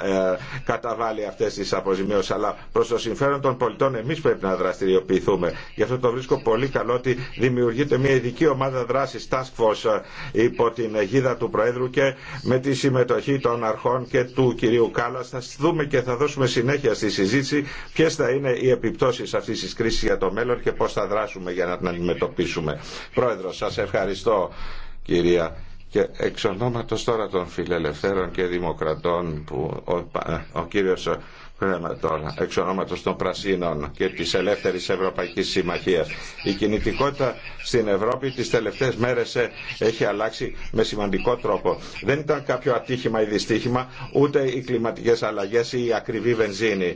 καταβάλει αυτές τις αποζημιώσεις αλλά προς το συμφέρον των πολιτών εμείς πρέπει να δραστηριοποιηθούμε. Γι' αυτό το βρίσκω πολύ καλό ότι δημιουργείται μια ειδική ομάδα δράσης Task Force υπό την αιγίδα του Προέδρου και με τη συμμετοχή των αρχών και του κυρίου Κάλλας θα δούμε και θα δώσουμε συνέχεια στη συζήτηση ποιες θα είναι οι επιπτώσεις αυτής της κρίσης για το μέλλον και πώς θα δράσουμε για να την αντιμετωπίσουμε. Πρόεδρο, σας ευχαριστώ κυρία. Και εξ ονόματος τώρα των φιλελευθέρων και δημοκρατών που ο, ο, ο κύριος Κρέμα τώρα, εξ ονόματος των Πρασίνων και της Ελεύθερης Ευρωπαϊκής Συμμαχίας. Η κινητικότητα στην Ευρώπη τις τελευταίες μέρες ε, έχει αλλάξει με σημαντικό τρόπο. Δεν ήταν κάποιο ατύχημα ή δυστύχημα, ούτε οι κλιματικές αλλαγές ή η ακριβή βενζίνη.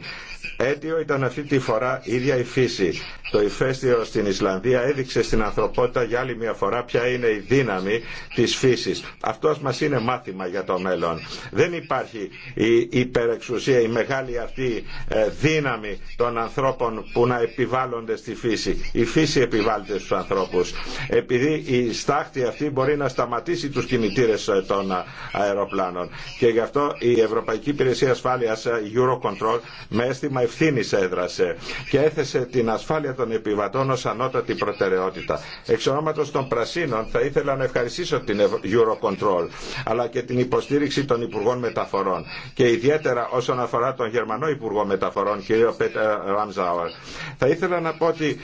Αίτιο ήταν αυτή τη φορά η ίδια η φύση. Το ηφαίστειο στην Ισλανδία έδειξε στην ανθρωπότητα για άλλη μια φορά ποια είναι η δύναμη της φύσης. Αυτό μας είναι μάθημα για το μέλλον. Δεν υπάρχει η υπερεξουσία, η μεγάλη αυτή ε, δύναμη των ανθρώπων που να επιβάλλονται στη φύση. Η φύση επιβάλλεται στους ανθρώπους. Επειδή η στάχτη αυτή μπορεί να σταματήσει τους κινητήρες ε, των ε, αεροπλάνων. Και γι' αυτό η Ευρωπαϊκή Υπηρεσία Ασφάλειας Eurocontrol με αίσθημα ευθύνη έδρασε και έθεσε την ασφάλεια των επιβατών ως ανώτατη προτεραιότητα. Εξ ονόματος των Πρασίνων θα ήθελα να ευχαριστήσω την Eurocontrol αλλά και την υποστήριξη των Υπουργών Μεταφορών και ιδιαίτερα όσον αφορά τον Γερμανό Γερμανό Υπουργό Μεταφορών, κ. Πέτα Ραμζάουερ. Θα ήθελα να πω ότι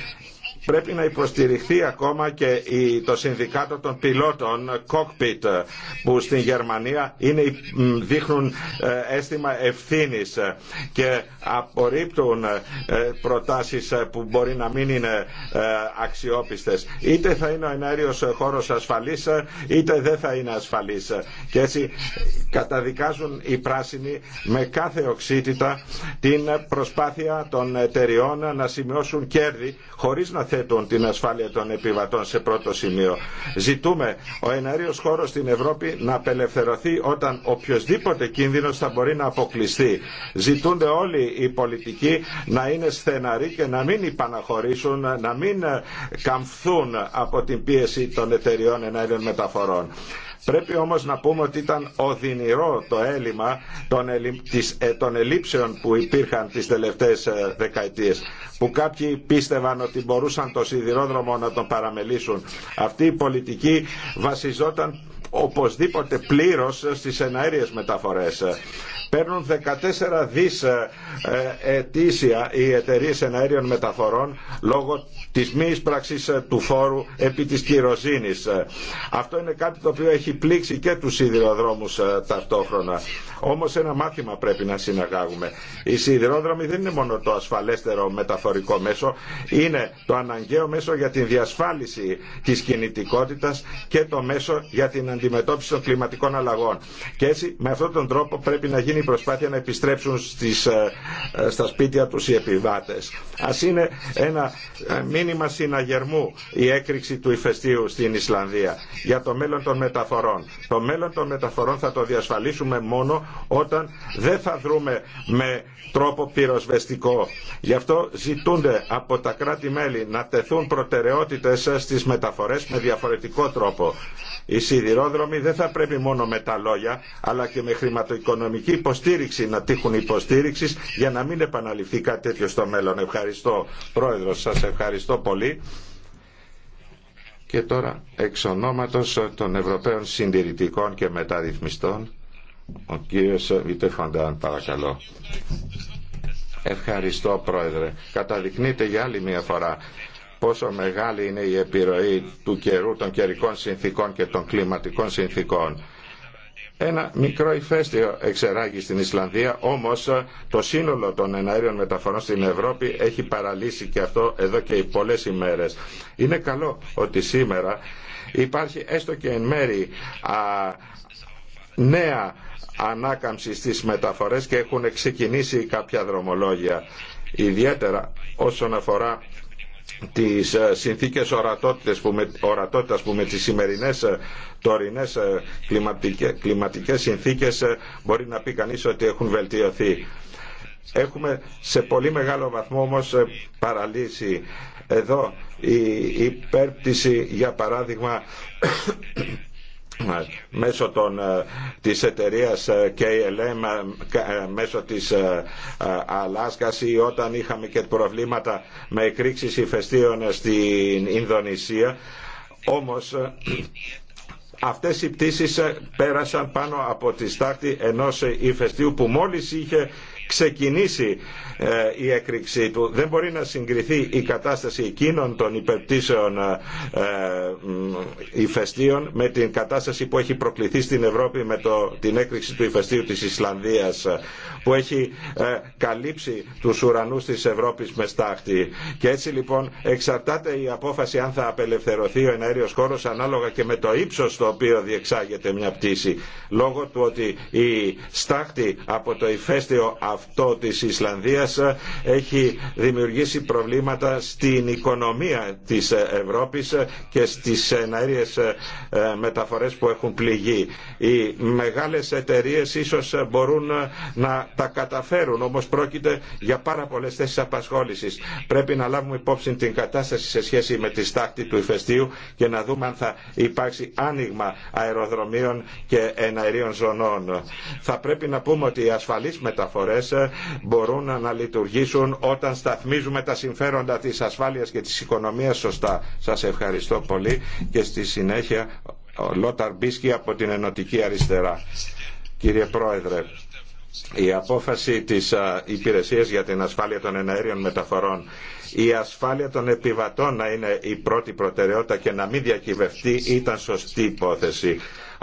Πρέπει να υποστηριχθεί ακόμα και το Συνδικάτο των Πιλότων Cockpit που στην Γερμανία είναι, δείχνουν ε, αίσθημα ευθύνης και απορρίπτουν ε, προτάσεις ε, που μπορεί να μην είναι αξιόπιστες. Είτε θα είναι ο ενέργειο χώρος ασφαλής είτε δεν θα είναι ασφαλής. Και έτσι καταδικάζουν οι πράσινοι με κάθε οξύτητα την προσπάθεια των εταιριών να σημειώσουν κέρδη χωρίς να θέτουν την ασφάλεια των επιβατών σε πρώτο σημείο. Ζητούμε ο εναρίος χώρος στην Ευρώπη να απελευθερωθεί όταν οποιοδήποτε κίνδυνος θα μπορεί να αποκλειστεί. Ζητούνται όλοι οι πολιτικοί να είναι στεναροί και να μην υπαναχωρήσουν, να μην καμφθούν από την πίεση των εταιριών εναέριων μεταφορών. Πρέπει όμως να πούμε ότι ήταν οδυνηρό το έλλειμμα των ε, ελλείψεων που υπήρχαν τις τελευταίες ε, δεκαετίες που κάποιοι πίστευαν ότι μπορούσαν το σιδηρόδρομο να τον παραμελήσουν. Αυτή η πολιτική βασιζόταν οπωσδήποτε πλήρως ε, στις εναέριες μεταφορές. Παίρνουν 14 δις ετήσια οι εταιρείε εναέριων μεταφορών λόγω της μη εισπραξής ε, του φόρου επί της κυροζήνης. Ε, αυτό είναι κάτι το οποίο έχει πλήξει και τους σιδηροδρόμους ε, ταυτόχρονα. Όμως ένα μάθημα πρέπει να συναγάγουμε. Οι σιδηρόδρομοι δεν είναι μόνο το ασφαλέστερο μεταφορικό μέσο, είναι το αναγκαίο μέσο για την διασφάλιση της κινητικότητας και το μέσο για την αντιμετώπιση των κλιματικών αλλαγών. Και έτσι με αυτόν τον τρόπο πρέπει να γίνει η προσπάθεια να επιστρέψουν στις, στα σπίτια τους οι επιβάτες. Ας είναι ένα μήνυμα συναγερμού η έκρηξη του ηφαιστείου στην Ισλανδία για το μέλλον των μεταφορών. Το μέλλον των μεταφορών θα το διασφαλίσουμε μόνο όταν δεν θα δρούμε με τρόπο πυροσβεστικό. Γι' αυτό ζητούνται από τα κράτη-μέλη να τεθούν προτεραιότητες στις μεταφορές με διαφορετικό τρόπο. Οι σιδηρόδρομοι δεν θα πρέπει μόνο με τα λόγια, αλλά και με χρηματοοικονομική υποστήριξη να τύχουν υποστήριξη για να μην επαναληφθεί κάτι τέτοιο στο μέλλον. Ευχαριστώ, Πρόεδρο, Σας ευχαριστώ. Ευχαριστώ πολύ. Και τώρα εξ ονόματος των Ευρωπαίων Συντηρητικών και Μεταρρυθμιστών ο κύριος Βίτε παρακαλώ. Ευχαριστώ πρόεδρε. Καταδεικνύεται για άλλη μια φορά πόσο μεγάλη είναι η επιρροή του καιρού, των καιρικών συνθήκων και των κλιματικών συνθήκων ένα μικρό ηφαίστειο εξεράγει στην Ισλανδία, όμως ε, το σύνολο των εναέριων μεταφορών στην Ευρώπη έχει παραλύσει και αυτό εδώ και πολλές ημέρες. Είναι καλό ότι σήμερα υπάρχει έστω και εν μέρη α, νέα ανάκαμψη στις μεταφορές και έχουν ξεκινήσει κάποια δρομολόγια ιδιαίτερα όσον αφορά τις ε, συνθήκες ορατότητας που με, ορατότητας που με τις σημερινές ε, τωρινές ε, κλιματικές, κλιματικές συνθήκες μπορεί να πει κανείς ότι έχουν βελτιωθεί. Έχουμε σε πολύ μεγάλο βαθμό όμως παραλύσει. Εδώ η υπέρπτυση για παράδειγμα μέσω των, ε, της εταιρείας ε, KLM ε, μέσω της Αλάσκας ή όταν είχαμε και προβλήματα με εκρήξεις ηφαιστείων στην Ινδονησία όμως αυτές οι πτήσεις πέρασαν πάνω από τη στάχτη ενός ηφαιστείου που μόλις είχε ξεκινήσει ε, η έκρηξή του. Δεν μπορεί να συγκριθεί η κατάσταση εκείνων των υπερπτήσεων ε, ηφαιστείων με την κατάσταση που έχει προκληθεί στην Ευρώπη με το, την έκρηξη του ηφαιστείου της Ισλανδίας που έχει ε, καλύψει τους ουρανούς της Ευρώπης με στάχτη. Και έτσι λοιπόν εξαρτάται η απόφαση αν θα απελευθερωθεί ο εναέριος χώρος ανάλογα και με το ύψος στο οποίο διεξάγεται μια πτήση. Λόγω του ότι η στάχτη από το ηφαίστειο αυτό της Ισλανδίας ε, έχει δημιουργήσει προβλήματα στην οικονομία της ε, Ευρώπης ε, και στις εναέριες μεταφορές που έχουν πληγεί. Οι μεγάλες εταιρείες ίσως μπορούν να τα καταφέρουν, όμως πρόκειται για πάρα πολλές θέσεις απασχόλησης. Πρέπει να λάβουμε υπόψη την κατάσταση σε σχέση με τη στάχτη του ηφαιστείου και να δούμε αν θα υπάρξει άνοιγμα αεροδρομίων και εναερίων ζωνών. Θα πρέπει να πούμε ότι οι ασφαλείς μεταφορές ε, μπορούν να λειτουργήσουν όταν σταθμίζουμε τα συμφέροντα της ασφάλειας και της οικονομίας σωστά. Σας ευχαριστώ πολύ και στη συνέχεια ο Λόταρ Μπίσκι από την Ενωτική Αριστερά. Κύριε Πρόεδρε, η απόφαση της ε, υπηρεσίας για την ασφάλεια των εναέριων μεταφορών η ασφάλεια των επιβατών να είναι η πρώτη προτεραιότητα και να μην διακυβευτεί ήταν σωστή υπόθεση.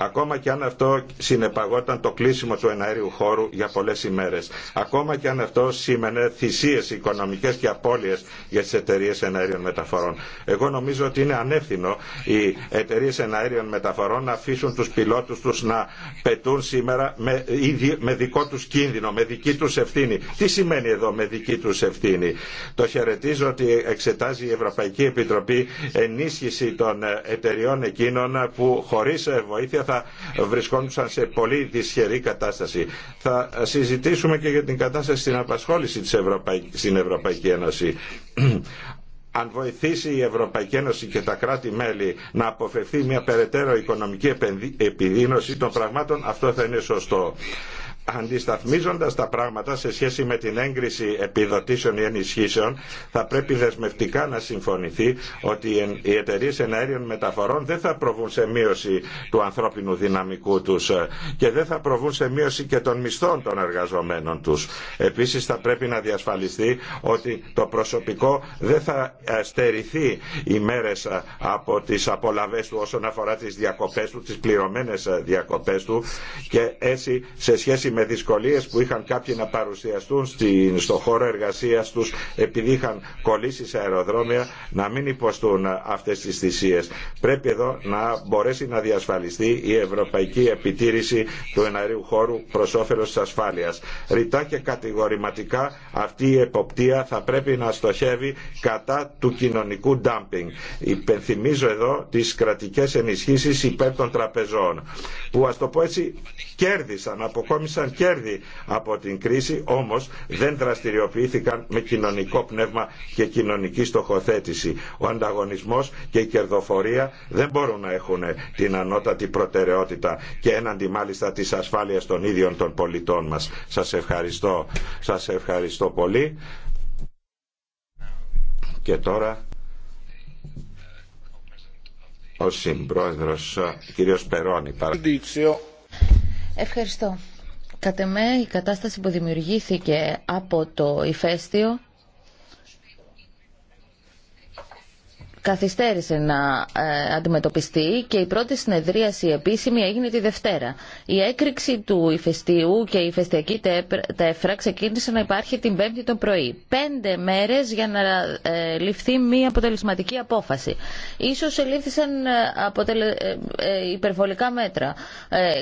Ακόμα και αν αυτό συνεπαγόταν το κλείσιμο του εναέριου χώρου για πολλέ ημέρε. Ακόμα και αν αυτό σήμαινε θυσίε οικονομικέ και απώλειε για τι εταιρείε εναέριων μεταφορών. Εγώ νομίζω ότι είναι ανεύθυνο οι εταιρείε εναέριων μεταφορών να αφήσουν του πιλότου του να πετούν σήμερα με, δικό του κίνδυνο, με δική του ευθύνη. Τι σημαίνει εδώ με δική του ευθύνη. Το χαιρετίζω ότι εξετάζει η Ευρωπαϊκή Επιτροπή ενίσχυση των εταιριών εκείνων που χωρί βοήθεια θα βρισκόντουσαν σε πολύ δυσχερή κατάσταση. Θα συζητήσουμε και για την κατάσταση στην απασχόληση της στην Ευρωπαϊκή Ένωση αν βοηθήσει η Ευρωπαϊκή Ένωση και τα κράτη-μέλη να αποφευθεί μια περαιτέρω οικονομική επιδείνωση των πραγμάτων, αυτό θα είναι σωστό αντισταθμίζοντας τα πράγματα σε σχέση με την έγκριση επιδοτήσεων ή ενισχύσεων θα πρέπει δεσμευτικά να συμφωνηθεί ότι οι εταιρείε εναέριων μεταφορών δεν θα προβούν σε μείωση του ανθρώπινου δυναμικού τους ε, και δεν θα προβούν σε μείωση και των μισθών των εργαζομένων τους. Επίσης θα πρέπει να διασφαλιστεί ότι το προσωπικό δεν θα ε, στερηθεί οι μέρες ε, από τις απολαβές του όσον αφορά τις διακοπές του, τις πληρωμένες διακοπές του και έτσι σε σχέση με δυσκολίες που είχαν κάποιοι να παρουσιαστούν στο χώρο εργασίας τους επειδή είχαν κολλήσει σε αεροδρόμια να μην υποστούν αυτές τις θυσίες. Πρέπει εδώ να μπορέσει να διασφαλιστεί η ευρωπαϊκή επιτήρηση του εναριού χώρου προς όφελος της ασφάλειας. Ρητά και κατηγορηματικά αυτή η εποπτεία θα πρέπει να στοχεύει κατά του κοινωνικού ντάμπινγκ. Υπενθυμίζω εδώ τις κρατικές ενισχύσεις υπέρ των τραπεζών που α το πω έτσι κέρδισαν, αποκόμισαν ήταν κέρδη από την κρίση, όμως δεν δραστηριοποιήθηκαν με κοινωνικό πνεύμα και κοινωνική στοχοθέτηση. Ο ανταγωνισμός και η κερδοφορία δεν μπορούν να έχουν την ανώτατη προτεραιότητα και έναντι μάλιστα της ασφάλειας των ίδιων των πολιτών μας. Σας ευχαριστώ. Σας ευχαριστώ πολύ. Και τώρα ο συμπρόεδρος κύριος Περώνη. Ευχαριστώ. Κατ' εμέ η κατάσταση που δημιουργήθηκε από το ηφαίστειο καθυστέρησε να ε, αντιμετωπιστεί και η πρώτη συνεδρίαση επίσημη έγινε τη Δευτέρα. Η έκρηξη του ηφαιστείου και η ηφαιστειακή τέφρα ξεκίνησε να υπάρχει την Πέμπτη το πρωί. Πέντε μέρες για να ε, ληφθεί μία αποτελεσματική απόφαση. Ίσως ελήφθησαν ε, αποτελε... υπερβολικά μέτρα.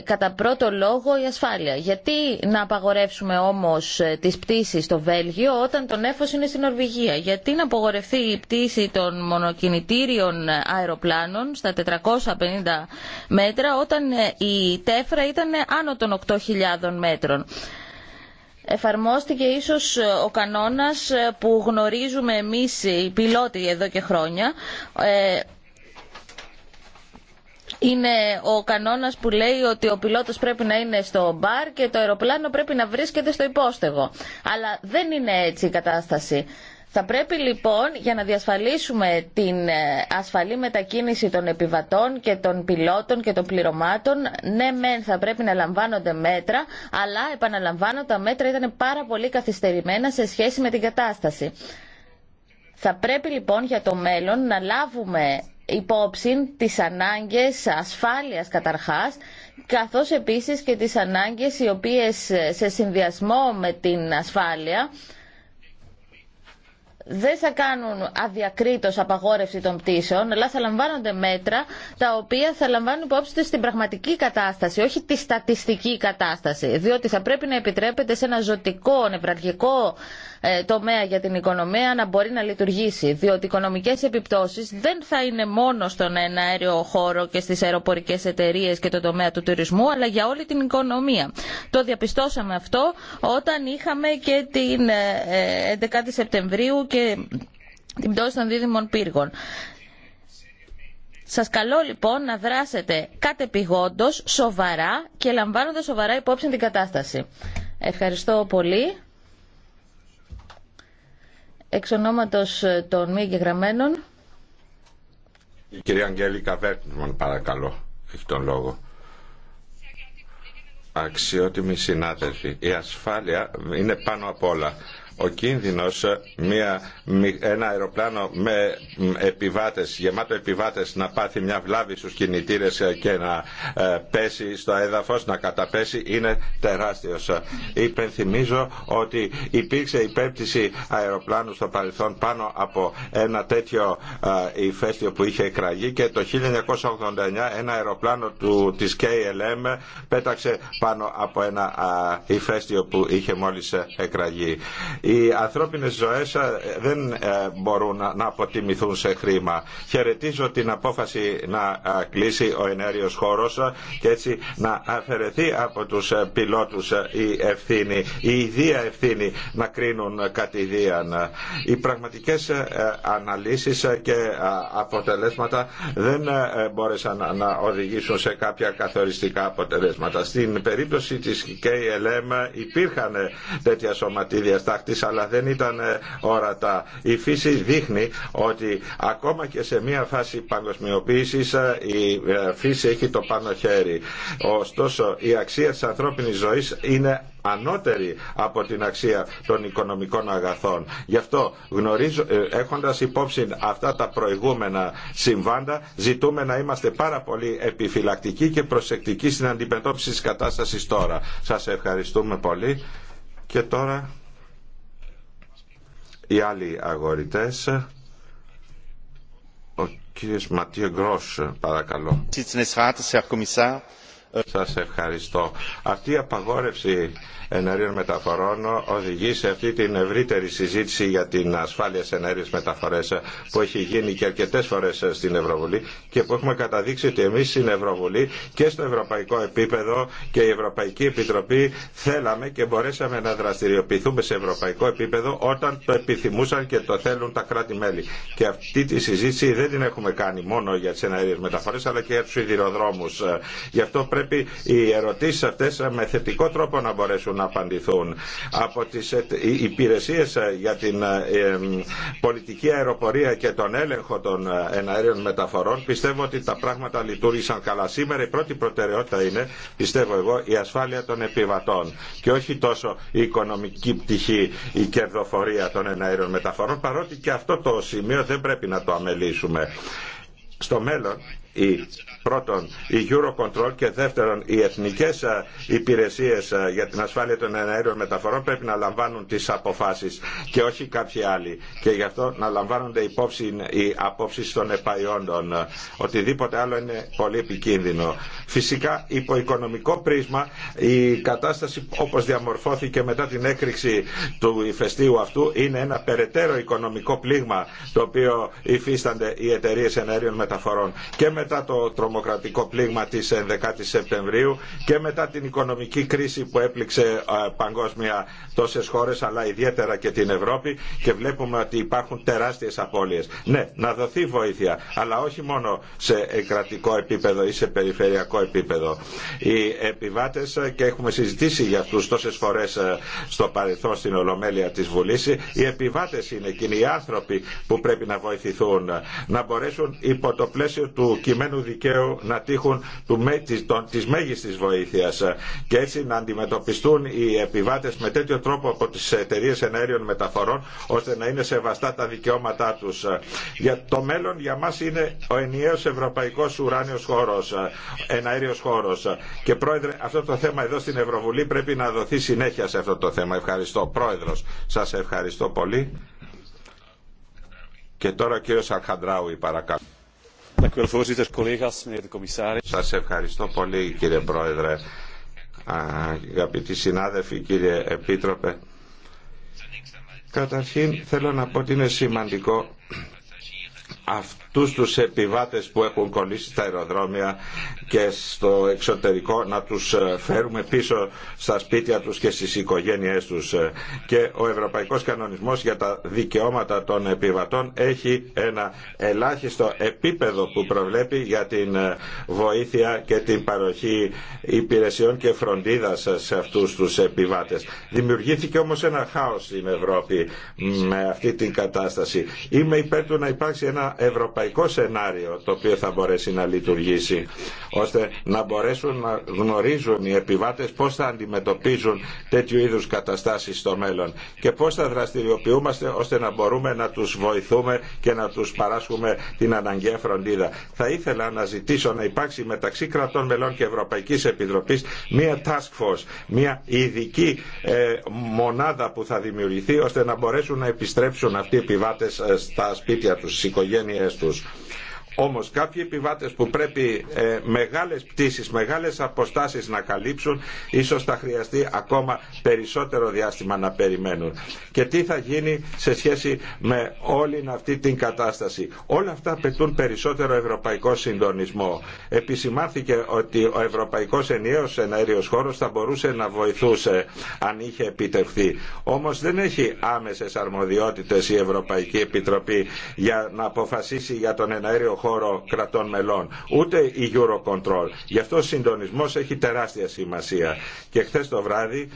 Κατά πρώτο λόγο η ασφάλεια. Γιατί να απαγορεύσουμε όμως τις πτήσεις στο Βέλγιο όταν το νέφος είναι στην Ορβηγία. Γιατί να απογορευτεί η πτήση των μονοκινητών κινητήριων αεροπλάνων στα 450 μέτρα όταν ε, η τέφρα ήταν άνω των 8.000 μέτρων εφαρμόστηκε ίσως ε, ο κανόνας ε, που γνωρίζουμε εμείς οι πιλότοι εδώ και χρόνια είναι ο κανόνας που λέει ότι ο πιλότος πρέπει να είναι στο μπαρ και το αεροπλάνο πρέπει να βρίσκεται στο υπόστεγο. Αλλά δεν είναι έτσι η κατάσταση. Θα πρέπει λοιπόν για να διασφαλίσουμε την ε, ασφαλή μετακίνηση των επιβατών και των πιλότων και των πληρωμάτων, ναι μεν θα πρέπει να λαμβάνονται μέτρα, αλλά επαναλαμβάνω τα μέτρα ήταν πάρα πολύ καθυστερημένα σε σχέση με την κατάσταση. Θα πρέπει λοιπόν για το μέλλον να λάβουμε υπόψη τις ανάγκες ασφάλειας καταρχάς καθώς επίσης και τις ανάγκες οι οποίες ε, σε συνδυασμό με την ασφάλεια δεν θα κάνουν αδιακρίτως απαγόρευση των πτήσεων, αλλά θα λαμβάνονται μέτρα τα οποία θα λαμβάνουν υπόψη στην πραγματική κατάσταση, όχι τη στατιστική κατάσταση. Διότι θα πρέπει να επιτρέπεται σε ένα ζωτικό, νευραλγικό ε, τομέα για την οικονομία να μπορεί να λειτουργήσει. Διότι οι οικονομικέ επιπτώσει δεν θα είναι μόνο στον αέριο χώρο και στι αεροπορικέ εταιρείε και το τομέα του τουρισμού, αλλά για όλη την οικονομία. Το διαπιστώσαμε αυτό όταν είχαμε και την 11η ε, ε, Σεπτεμβρίου και την πτώση των δίδυμων πύργων. Σας καλώ λοιπόν να δράσετε κατεπηγόντως, σοβαρά και λαμβάνοντας σοβαρά υπόψη την κατάσταση. Ευχαριστώ πολύ. Εξ ονόματος ε, των μη εγγεγραμμένων. Η κυρία Αγγέλικα Βέρτμαν παρακαλώ, έχει τον λόγο. Αξιότιμοι συνάδελφοι, η ασφάλεια είναι πάνω απ' όλα ο κίνδυνος μια, ένα αεροπλάνο με επιβάτες, γεμάτο επιβάτες να πάθει μια βλάβη στους κινητήρες και να ε, πέσει στο έδαφος, να καταπέσει είναι τεράστιος. Υπενθυμίζω ότι υπήρξε υπέπτυση αεροπλάνου στο παρελθόν πάνω από ένα τέτοιο ε, ηφαίστειο που είχε εκραγεί και το 1989 ένα αεροπλάνο του, της KLM πέταξε πάνω από ένα ηφαίστειο που είχε μόλις ε, εκραγεί. Οι ανθρώπινες ζωές ε, δεν ε, μπορούν να αποτιμηθούν σε χρήμα. Χαιρετίζω την απόφαση να ε, κλείσει ο ενέριος χώρος και έτσι να αφαιρεθεί από τους πιλότους η ευθύνη, η ιδία ευθύνη να κρίνουν κατηδίαν. Οι πραγματικές αναλύσεις και αποτελέσματα δεν μπόρεσαν να οδηγήσουν σε κάποια καθοριστικά αποτελέσματα. Στην περίπτωση της KLM υπήρχαν τέτοια σωματίδια στάχτης αλλά δεν ήταν ορατά. Ε, η φύση δείχνει ότι ακόμα και σε μια φάση παγκοσμιοποίησης ε, η ε, φύση έχει το πάνω χέρι. Ωστόσο η αξία της ανθρώπινης ζωής είναι ανώτερη από την αξία των οικονομικών αγαθών. Γι' αυτό γνωρίζω, έχοντας υπόψη αυτά τα προηγούμενα συμβάντα ζητούμε να είμαστε πάρα πολύ επιφυλακτικοί και προσεκτικοί στην αντιμετώπιση της κατάστασης τώρα. Σας ευχαριστούμε πολύ και τώρα οι άλλοι αγορητές. Ο κύριος Ματίο Γκρός, παρακαλώ. Σας ευχαριστώ. Αυτή η απαγόρευση ενεργείων μεταφορών οδηγεί σε αυτή την ευρύτερη συζήτηση για την ασφάλεια σε εναέριες μεταφορές που έχει γίνει και αρκετές φορές στην Ευρωβουλή και που έχουμε καταδείξει ότι εμείς στην Ευρωβουλή και στο ευρωπαϊκό επίπεδο και η Ευρωπαϊκή Επιτροπή θέλαμε και μπορέσαμε να δραστηριοποιηθούμε σε ευρωπαϊκό επίπεδο όταν το επιθυμούσαν και το θέλουν τα κράτη-μέλη. Και αυτή τη συζήτηση δεν την έχουμε κάνει μόνο για τις ενέργειε μεταφορές αλλά και για του σιδηροδρόμους. Γι' αυτό πρέπει οι ερωτήσεις αυτές με θετικό τρόπο να μπορέσουν να απαντηθούν. Από τις ε, υπηρεσίες ε, για την ε, πολιτική αεροπορία και τον έλεγχο των εναέριων μεταφορών πιστεύω ότι τα πράγματα λειτουργήσαν καλά. Σήμερα η πρώτη προτεραιότητα είναι, πιστεύω εγώ, η ασφάλεια των επιβατών και όχι τόσο η οικονομική πτυχή, η κερδοφορία των εναέριων μεταφορών, παρότι και αυτό το σημείο δεν πρέπει να το αμελήσουμε. Στο μέλλον η πρώτον η Eurocontrol και δεύτερον οι εθνικές υπηρεσίες για την ασφάλεια των εναίριων μεταφορών πρέπει να λαμβάνουν τις αποφάσεις και όχι κάποιοι άλλοι και γι' αυτό να λαμβάνονται υπόψη οι απόψει των επαϊόντων. Οτιδήποτε άλλο είναι πολύ επικίνδυνο. Φυσικά υπό οικονομικό πρίσμα η κατάσταση όπως διαμορφώθηκε μετά την έκρηξη του ηφαιστείου αυτού είναι ένα περαιτέρω οικονομικό πλήγμα το οποίο υφίστανται οι εταιρείε εναέριων μεταφορών. Και μετά το τρομοκρατικό πλήγμα της 11 η Σεπτεμβρίου και μετά την οικονομική κρίση που έπληξε παγκόσμια τόσες χώρες αλλά ιδιαίτερα και την Ευρώπη και βλέπουμε ότι υπάρχουν τεράστιες απώλειες. Ναι, να δοθεί βοήθεια, αλλά όχι μόνο σε κρατικό επίπεδο ή σε περιφερειακό επίπεδο. Οι επιβάτες και έχουμε συζητήσει για αυτούς τόσες φορές στο παρελθόν στην Ολομέλεια της Βουλής, οι επιβάτες είναι εκείνοι οι άνθρωποι που πρέπει να βοηθηθούν, να μπορέσουν υπό το πλαίσιο του κειμένου δικαίου να τύχουν του, της μέγιστης βοήθειας ε, και έτσι να αντιμετωπιστούν οι επιβάτες με τέτοιο τρόπο από τις εταιρείε εναέριων μεταφορών ώστε να είναι σεβαστά τα δικαιώματά τους. Ε. Για το μέλλον για μας είναι ο ενιαίος ευρωπαϊκός ουράνιος χώρος, ε, εναέριος χώρος. Και πρόεδρε, αυτό το θέμα εδώ στην Ευρωβουλή πρέπει να δοθεί συνέχεια σε αυτό το θέμα. Ευχαριστώ. Πρόεδρος, σας ευχαριστώ πολύ. Και τώρα ο κύριος παρακαλώ. Σας ευχαριστώ πολύ κύριε Πρόεδρε, αγαπητοί συνάδελφοι, κύριε Επίτροπε. Καταρχήν θέλω να πω ότι είναι σημαντικό αυτό αυτούς τους επιβάτες που έχουν κολλήσει στα αεροδρόμια και στο εξωτερικό να τους ε, φέρουμε πίσω στα σπίτια τους και στις οικογένειές τους. Ε, και ο Ευρωπαϊκός Κανονισμός για τα δικαιώματα των επιβατών έχει ένα ελάχιστο επίπεδο που προβλέπει για την ε, βοήθεια και την παροχή υπηρεσιών και φροντίδας σε αυτούς τους επιβάτες. Δημιουργήθηκε όμως ένα χάος στην Ευρώπη με αυτή την κατάσταση. Είμαι υπέρ του να υπάρξει ένα ευρωπαϊκό ευρωπαϊκό σενάριο το οποίο θα μπορέσει να λειτουργήσει ώστε να μπορέσουν να γνωρίζουν οι επιβάτες πώς θα αντιμετωπίζουν τέτοιου είδους καταστάσεις στο μέλλον και πώς θα δραστηριοποιούμαστε ώστε να μπορούμε να τους βοηθούμε και να τους παράσχουμε την αναγκαία φροντίδα. Θα ήθελα να ζητήσω να υπάρξει μεταξύ κρατών μελών και Ευρωπαϊκής Επιτροπής μία task force, μία ειδική ε, μονάδα που θα δημιουργηθεί ώστε να μπορέσουν να επιστρέψουν αυτοί οι επιβάτες ε, στα σπίτια τους, στις οικογένειές τους τους. Όμως κάποιοι επιβάτες που πρέπει ε, μεγάλες πτήσεις, μεγάλες αποστάσεις να καλύψουν, ίσως θα χρειαστεί ακόμα περισσότερο διάστημα να περιμένουν. Και τι θα γίνει σε σχέση με όλη αυτή την κατάσταση. Όλα αυτά απαιτούν περισσότερο ευρωπαϊκό συντονισμό. Επισημάθηκε ότι ο ευρωπαϊκός ενιαίος εναέριος χώρος θα μπορούσε να βοηθούσε αν είχε επιτευχθεί. Όμως δεν έχει άμεσες αρμοδιότητες η Ευρωπαϊκή Επιτροπή για να αποφασίσει για τον εναέριο χώρο χώρο μελών, ούτε η Eurocontrol. Γι' αυτό ο συντονισμός έχει τεράστια σημασία. Και χθε το βράδυ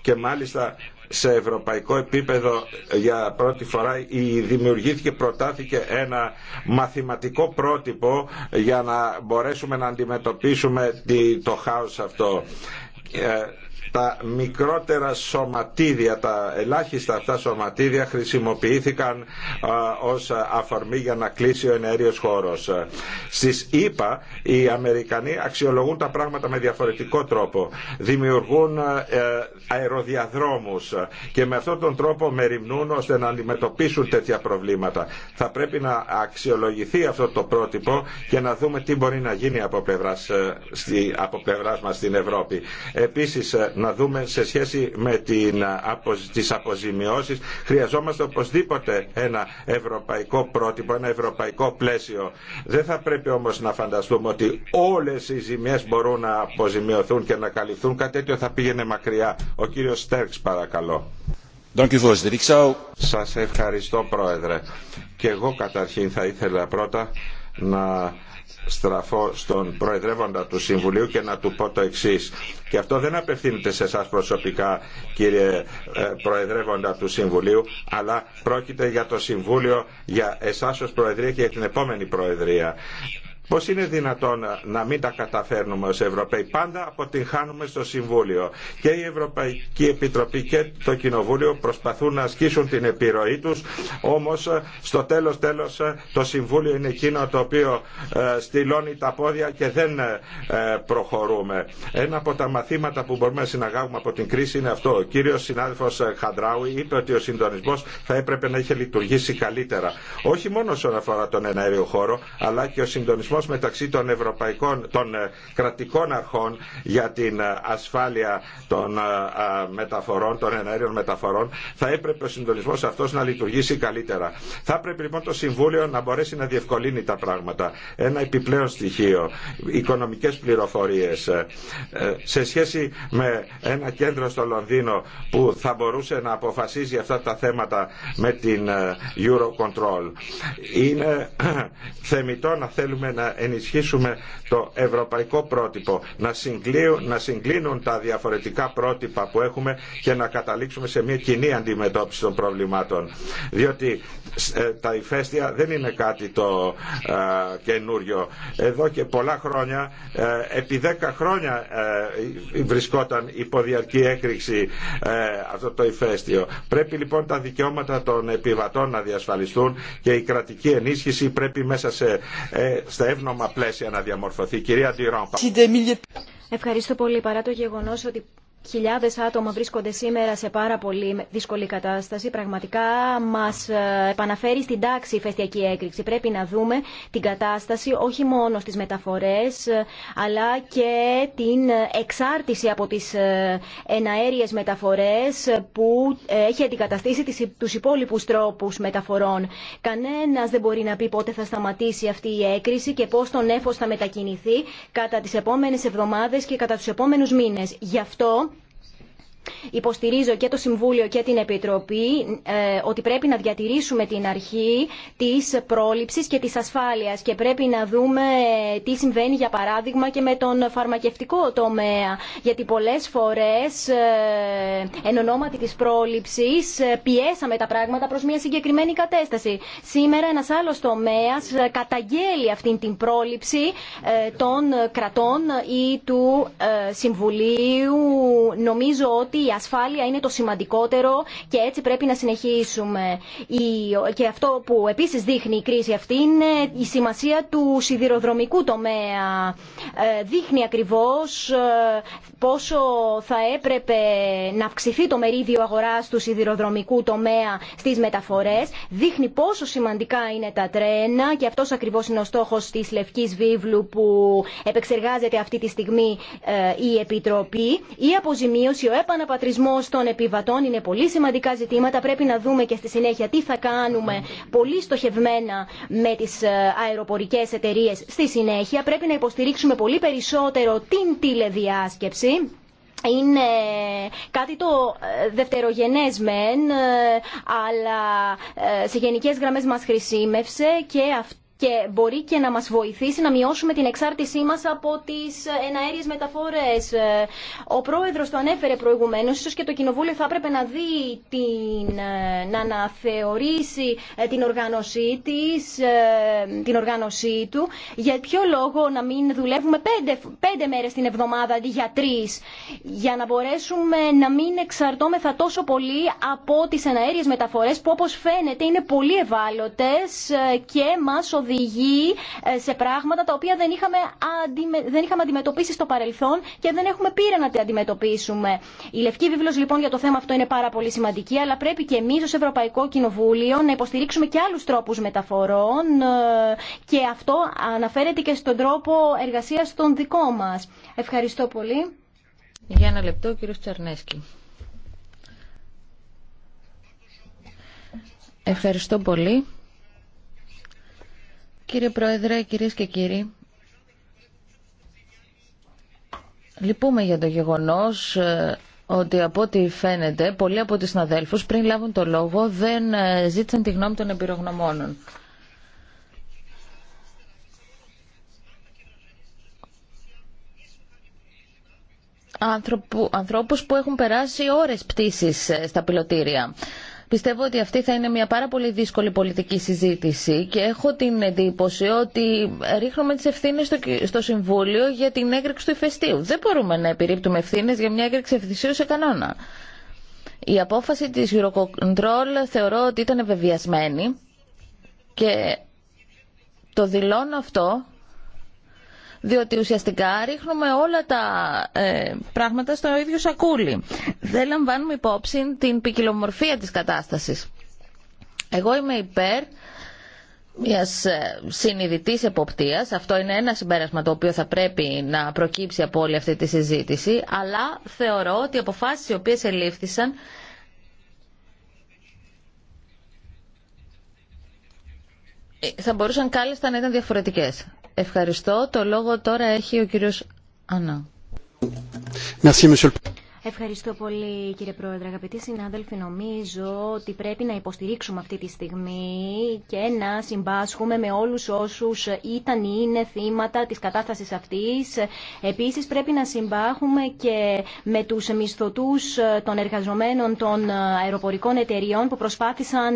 και μάλιστα σε ευρωπαϊκό επίπεδο για πρώτη φορά η δημιουργήθηκε, προτάθηκε ένα μαθηματικό πρότυπο για να μπορέσουμε να αντιμετωπίσουμε το χάος αυτό ε, τα μικρότερα σωματίδια, τα ελάχιστα αυτά σωματίδια χρησιμοποιήθηκαν ως αφορμή για να κλείσει ο ενέριος χώρος. Στις ΗΠΑ οι Αμερικανοί αξιολογούν τα πράγματα με διαφορετικό τρόπο. Δημιουργούν αεροδιαδρόμους και με αυτόν τον τρόπο μεριμνούν ώστε να αντιμετωπίσουν τέτοια προβλήματα. Θα πρέπει να αξιολογηθεί αυτό το πρότυπο και να δούμε τι μπορεί να γίνει από πλευράς, μα ε, μας στην Ευρώπη. Επίσης ε, να δούμε σε σχέση με την, τις αποζημιώσεις χρειαζόμαστε οπωσδήποτε ένα ευρωπαϊκό πρότυπο, ένα ευρωπαϊκό πλαίσιο. Δεν θα πρέπει όμως να φανταστούμε ότι όλες οι ζημιές μπορούν να αποζημιωθούν και να καλυφθούν. Κάτι τέτοιο θα πήγαινε μακριά. Ο κύριος Στέρξ παρακαλώ. Σας ευχαριστώ Πρόεδρε. Και εγώ καταρχήν θα ήθελα πρώτα να στραφώ στον Προεδρεύοντα του Συμβουλίου και να του πω το εξή. Και αυτό δεν απευθύνεται σε εσά προσωπικά, κύριε ε, Προεδρεύοντα του Συμβουλίου, αλλά πρόκειται για το Συμβούλιο, για εσά ω Προεδρία και για την επόμενη Προεδρία. Πώ είναι δυνατόν να μην τα καταφέρνουμε ω Ευρωπαίοι. Πάντα αποτυγχάνουμε στο Συμβούλιο. Και η Ευρωπαϊκή Επιτροπή και το Κοινοβούλιο προσπαθούν να ασκήσουν την επιρροή του. Όμω στο τέλο τέλο το Συμβούλιο είναι εκείνο το οποίο ε, στυλώνει τα πόδια και δεν ε, προχωρούμε. Ένα από τα μαθήματα που μπορούμε να συναγάγουμε από την κρίση είναι αυτό. Ο κύριο συνάδελφο ε, Χαντράου είπε ότι ο συντονισμό θα έπρεπε να είχε λειτουργήσει καλύτερα. Όχι μόνο όσον αφορά τον χώρο, αλλά και ο συντονισμό μεταξύ των, ευρωπαϊκών, των ε, κρατικών αρχών για την ε, ασφάλεια των ε, μεταφορών, των εναέριων μεταφορών, θα έπρεπε ο συντονισμός αυτός να λειτουργήσει καλύτερα. Θα έπρεπε λοιπόν το Συμβούλιο να μπορέσει να διευκολύνει τα πράγματα. Ένα επιπλέον στοιχείο, οικονομικές πληροφορίες. Σε σχέση με ένα κέντρο στο Λονδίνο που θα μπορούσε να αποφασίζει αυτά τα θέματα με την Eurocontrol. Είναι θεμητό να θέλουμε να να ενισχύσουμε το ευρωπαϊκό πρότυπο, να, συγκλίνουν, να συγκλίνουν τα διαφορετικά πρότυπα που έχουμε και να καταλήξουμε σε μια κοινή αντιμετώπιση των προβλημάτων. Διότι ε, τα ηφαίστεια δεν είναι κάτι το καινούριο. Εδώ και πολλά χρόνια, ε, επί δέκα χρόνια ε, βρισκόταν υποδιαρκή έκρηξη αυτό το ηφαίστειο. Πρέπει λοιπόν τα δικαιώματα των επιβατών να διασφαλιστούν και η κρατική ενίσχυση πρέπει μέσα σε, στα εύνομα πλαίσια να διαμορφωθεί. Κυρία Ντυρόμπα. Ευχαριστώ πολύ. Παρά το γεγονός ότι Χιλιάδε άτομα βρίσκονται σήμερα σε πάρα πολύ δύσκολη κατάσταση. Πραγματικά μα ε, επαναφέρει στην τάξη η φεστιακή έκρηξη. Πρέπει να δούμε την κατάσταση όχι μόνο στι μεταφορέ, ε, αλλά και την εξάρτηση από τι ε, εναέριες μεταφορέ που έχει αντικαταστήσει του υπόλοιπου τρόπου μεταφορών. Κανένα δεν μπορεί να πει πότε θα σταματήσει αυτή η έκρηση και πώ το νέφος θα μετακινηθεί κατά τι επόμενε εβδομάδε και κατά του επόμενου μήνε. Γι' αυτό Υποστηρίζω και το Συμβούλιο και την Επιτροπή ε, ότι πρέπει να διατηρήσουμε την αρχή της πρόληψης και της ασφάλειας και πρέπει να δούμε τι συμβαίνει για παράδειγμα και με τον φαρμακευτικό τομέα γιατί πολλές φορές ε, εν ονόματι της πρόληψης ε, πιέσαμε τα πράγματα προς μια συγκεκριμένη κατέσταση. Σήμερα ένας άλλος τομέας καταγγέλει αυτή την πρόληψη των κρατών ή του Συμβουλίου. Νομίζω ότι η ασφάλεια είναι το σημαντικότερο και έτσι πρέπει να συνεχίσουμε. Και αυτό που επίσης δείχνει η κρίση αυτή είναι η σημασία του σιδηροδρομικού τομέα. Ε, δείχνει ακριβώς ε, πόσο θα έπρεπε να αυξηθεί το μερίδιο αγοράς του σιδηροδρομικού τομέα στις μεταφορές. Δείχνει πόσο σημαντικά είναι τα τρένα και αυτός ακριβώς είναι ο στόχος της Λευκής Βίβλου που επεξεργάζεται αυτή τη στιγμή ε, η Επιτροπή. Η αποζημίωση, ο πατρισμό των επιβατών είναι πολύ σημαντικά ζητήματα. Πρέπει να δούμε και στη συνέχεια τι θα κάνουμε πολύ στοχευμένα με τις ε, αεροπορικές εταιρείε στη συνέχεια. Πρέπει να υποστηρίξουμε πολύ περισσότερο την τηλεδιάσκεψη είναι κάτι το ε, δευτερογενές μεν, ε, αλλά σε γενικές γραμμές μας χρησιμεύσε και αυτό και μπορεί και να μας βοηθήσει να μειώσουμε την εξάρτησή μας από τις ε, εναέριες μεταφορές. Ε, ο πρόεδρος το ανέφερε προηγουμένως, ίσως και το Κοινοβούλιο θα έπρεπε να δει την, ε, να αναθεωρήσει την οργάνωσή, της, την οργάνωσή του. Για ποιο λόγο να μην δουλεύουμε πέντε, πέντε μέρες την εβδομάδα αντί για τρεις, για να μπορέσουμε να μην εξαρτώμεθα τόσο πολύ από τις εναέριες μεταφορές που φαίνεται είναι πολύ ευάλωτες και μας ε, σε πράγματα τα οποία δεν είχαμε, αντιμε... δεν είχαμε αντιμετωπίσει στο παρελθόν και δεν έχουμε πείρα να τα αντιμετωπίσουμε. Η Λευκή Βίβλος λοιπόν για το θέμα αυτό είναι πάρα πολύ σημαντική, αλλά πρέπει και εμεί ω Ευρωπαϊκό Κοινοβούλιο να υποστηρίξουμε και άλλου τρόπου μεταφορών ε, και αυτό αναφέρεται και στον τρόπο εργασία των δικών μα. Ευχαριστώ πολύ. Για ένα λεπτό, Ευχαριστώ πολύ. Κύριε Πρόεδρε, κυρίες και κύριοι, λυπούμε για το γεγονός ε, ότι από ό,τι φαίνεται πολλοί από τους συναδέλφους πριν λάβουν το λόγο δεν ε, ζήτησαν τη γνώμη των εμπειρογνωμόνων. Άνθρωπου, ανθρώπους που έχουν περάσει ώρες πτήσης ε, στα πιλοτήρια. Πιστεύω ότι αυτή θα είναι μια πάρα πολύ δύσκολη πολιτική συζήτηση και έχω την εντύπωση ότι ρίχνουμε τι ευθύνε στο, Συμβούλιο για την έγκριξη του ηφαιστείου. Δεν μπορούμε να επιρρύπτουμε ευθύνε για μια έγκριξη ευθυσίου σε κανόνα. Η απόφαση της Eurocontrol θεωρώ ότι ήταν ευεβιασμένη και το δηλώνω αυτό διότι ουσιαστικά ρίχνουμε όλα τα ε, πράγματα στο ίδιο σακούλι. Δεν λαμβάνουμε υπόψη την ποικιλομορφία της κατάστασης. Εγώ είμαι υπέρ μια ε, συνειδητή εποπτείας. Αυτό είναι ένα συμπέρασμα το οποίο θα πρέπει να προκύψει από όλη αυτή τη συζήτηση. Αλλά θεωρώ ότι οι αποφάσει οι οποίε ελήφθησαν θα μπορούσαν κάλλιστα να ήταν διαφορετικές. Ευχαριστώ. Το λόγο τώρα έχει ο κύριος Ανά. Ευχαριστώ πολύ κύριε Πρόεδρε. Αγαπητοί συνάδελφοι, νομίζω ότι πρέπει να υποστηρίξουμε αυτή τη στιγμή και να συμπάσχουμε με όλους όσους ήταν ή είναι θύματα της κατάστασης αυτής. Επίσης πρέπει να συμπάχουμε και με τους μισθωτούς των εργαζομένων των αεροπορικών εταιριών που προσπάθησαν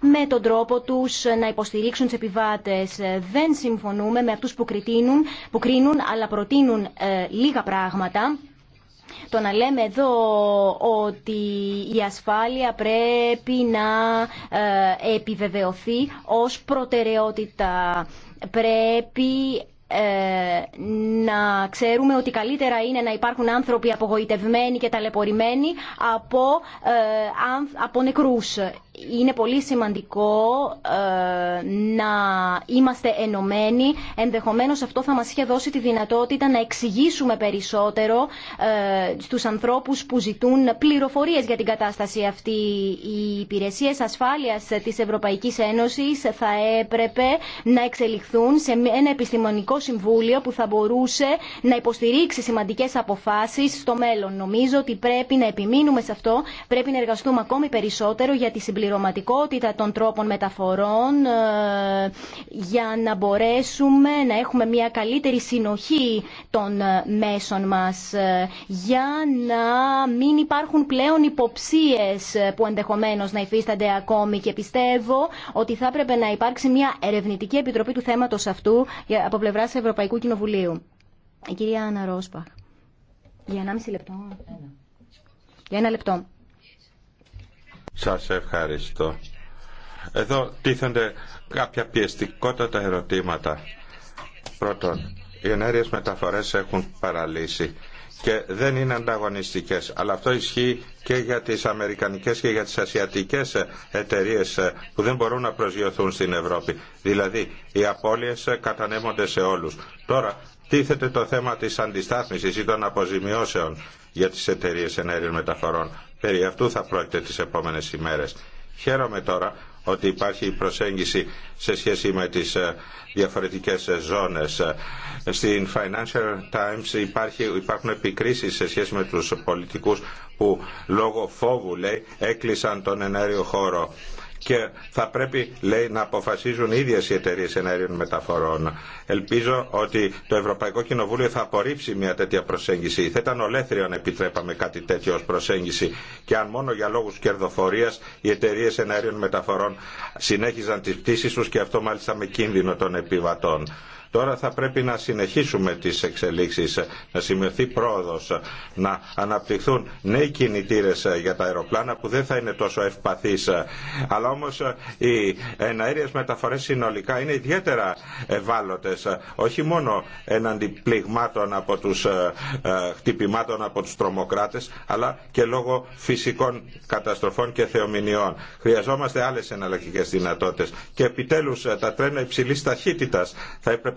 με τον τρόπο τους να υποστηρίξουν επιβάτες. Δεν συμφωνούμε με αυτούς που, που κρίνουν αλλά προτείνουν ε, λίγα πράγματα το να λέμε εδώ ότι η ασφάλεια πρέπει να ε, επιβεβαιωθεί ως προτεραιότητα. Πρέπει ε, να ξέρουμε ότι καλύτερα είναι να υπάρχουν άνθρωποι απογοητευμένοι και ταλαιπωρημένοι από, ε, από νεκρούς είναι πολύ σημαντικό ε, να είμαστε ενωμένοι. Ενδεχομένως αυτό θα μας είχε δώσει τη δυνατότητα να εξηγήσουμε περισσότερο ε, στους ανθρώπους που ζητούν πληροφορίες για την κατάσταση αυτή. Οι υπηρεσίες ασφάλειας της Ευρωπαϊκής Ένωσης θα έπρεπε να εξελιχθούν σε ένα επιστημονικό συμβούλιο που θα μπορούσε να υποστηρίξει σημαντικές αποφάσεις στο μέλλον. Νομίζω ότι πρέπει να επιμείνουμε σε αυτό, πρέπει να εργαστούμε ακόμη περισσότερο για τη συμπληρωματική συμπληρωματικότητα των τρόπων μεταφορών ε, για να μπορέσουμε να έχουμε μια καλύτερη συνοχή των ε, μέσων μας ε, για να μην υπάρχουν πλέον υποψίες που ενδεχομένως να υφίστανται ακόμη και πιστεύω ότι θα έπρεπε να υπάρξει μια ερευνητική επιτροπή του θέματος αυτού από πλευράς Ευρωπαϊκού Κοινοβουλίου. Η κυρία Άννα Ρόσπαχ. Για 1,5 λεπτό. Για ένα λεπτό. Σας ευχαριστώ. Εδώ τίθενται κάποια πιεστικότατα ερωτήματα. Πρώτον, οι ενέργειες μεταφορές έχουν παραλύσει και δεν είναι ανταγωνιστικές. Αλλά αυτό ισχύει και για τις αμερικανικές και για τις ασιατικές εταιρείες που δεν μπορούν να προσγειωθούν στην Ευρώπη. Δηλαδή, οι απώλειες κατανέμονται σε όλους. Τώρα, τίθεται το θέμα της αντιστάθμισης ή των αποζημιώσεων για τις εταιρείες ενέργειων μεταφορών. Περί αυτού θα πρόκειται τις επόμενες ημέρες. Χαίρομαι τώρα ότι υπάρχει προσέγγιση σε σχέση με τις ε, διαφορετικές ε, ζώνες. Ε, στην Financial Times υπάρχει, υπάρχουν επικρίσεις σε σχέση με τους πολιτικούς που λόγω φόβου λέει έκλεισαν τον ενέργειο χώρο και θα πρέπει λέει να αποφασίζουν οι ίδιες οι εταιρείες ενέργειων μεταφορών. Ελπίζω ότι το Ευρωπαϊκό Κοινοβούλιο θα απορρίψει μια τέτοια προσέγγιση. Θα ήταν ολέθριο αν επιτρέπαμε κάτι τέτοιο ως προσέγγιση και αν μόνο για λόγους κερδοφορίας οι εταιρείες ενέργειων μεταφορών συνέχιζαν τις πτήσεις τους και αυτό μάλιστα με κίνδυνο των επιβατών. Τώρα θα πρέπει να συνεχίσουμε τις εξελίξεις, να σημειωθεί πρόοδος, να αναπτυχθούν νέοι κινητήρες για τα αεροπλάνα που δεν θα είναι τόσο ευπαθείς. Αλλά όμως οι εναέριες μεταφορές συνολικά είναι ιδιαίτερα ευάλωτες, όχι μόνο εναντί πληγμάτων από τους ε, ε, χτυπημάτων από τους τρομοκράτες, αλλά και λόγω φυσικών καταστροφών και θεομηνιών. Χρειαζόμαστε άλλες εναλλακτικές δυνατότητες. Και επιτέλους ε, τα τρένα υψηλής ταχύτητας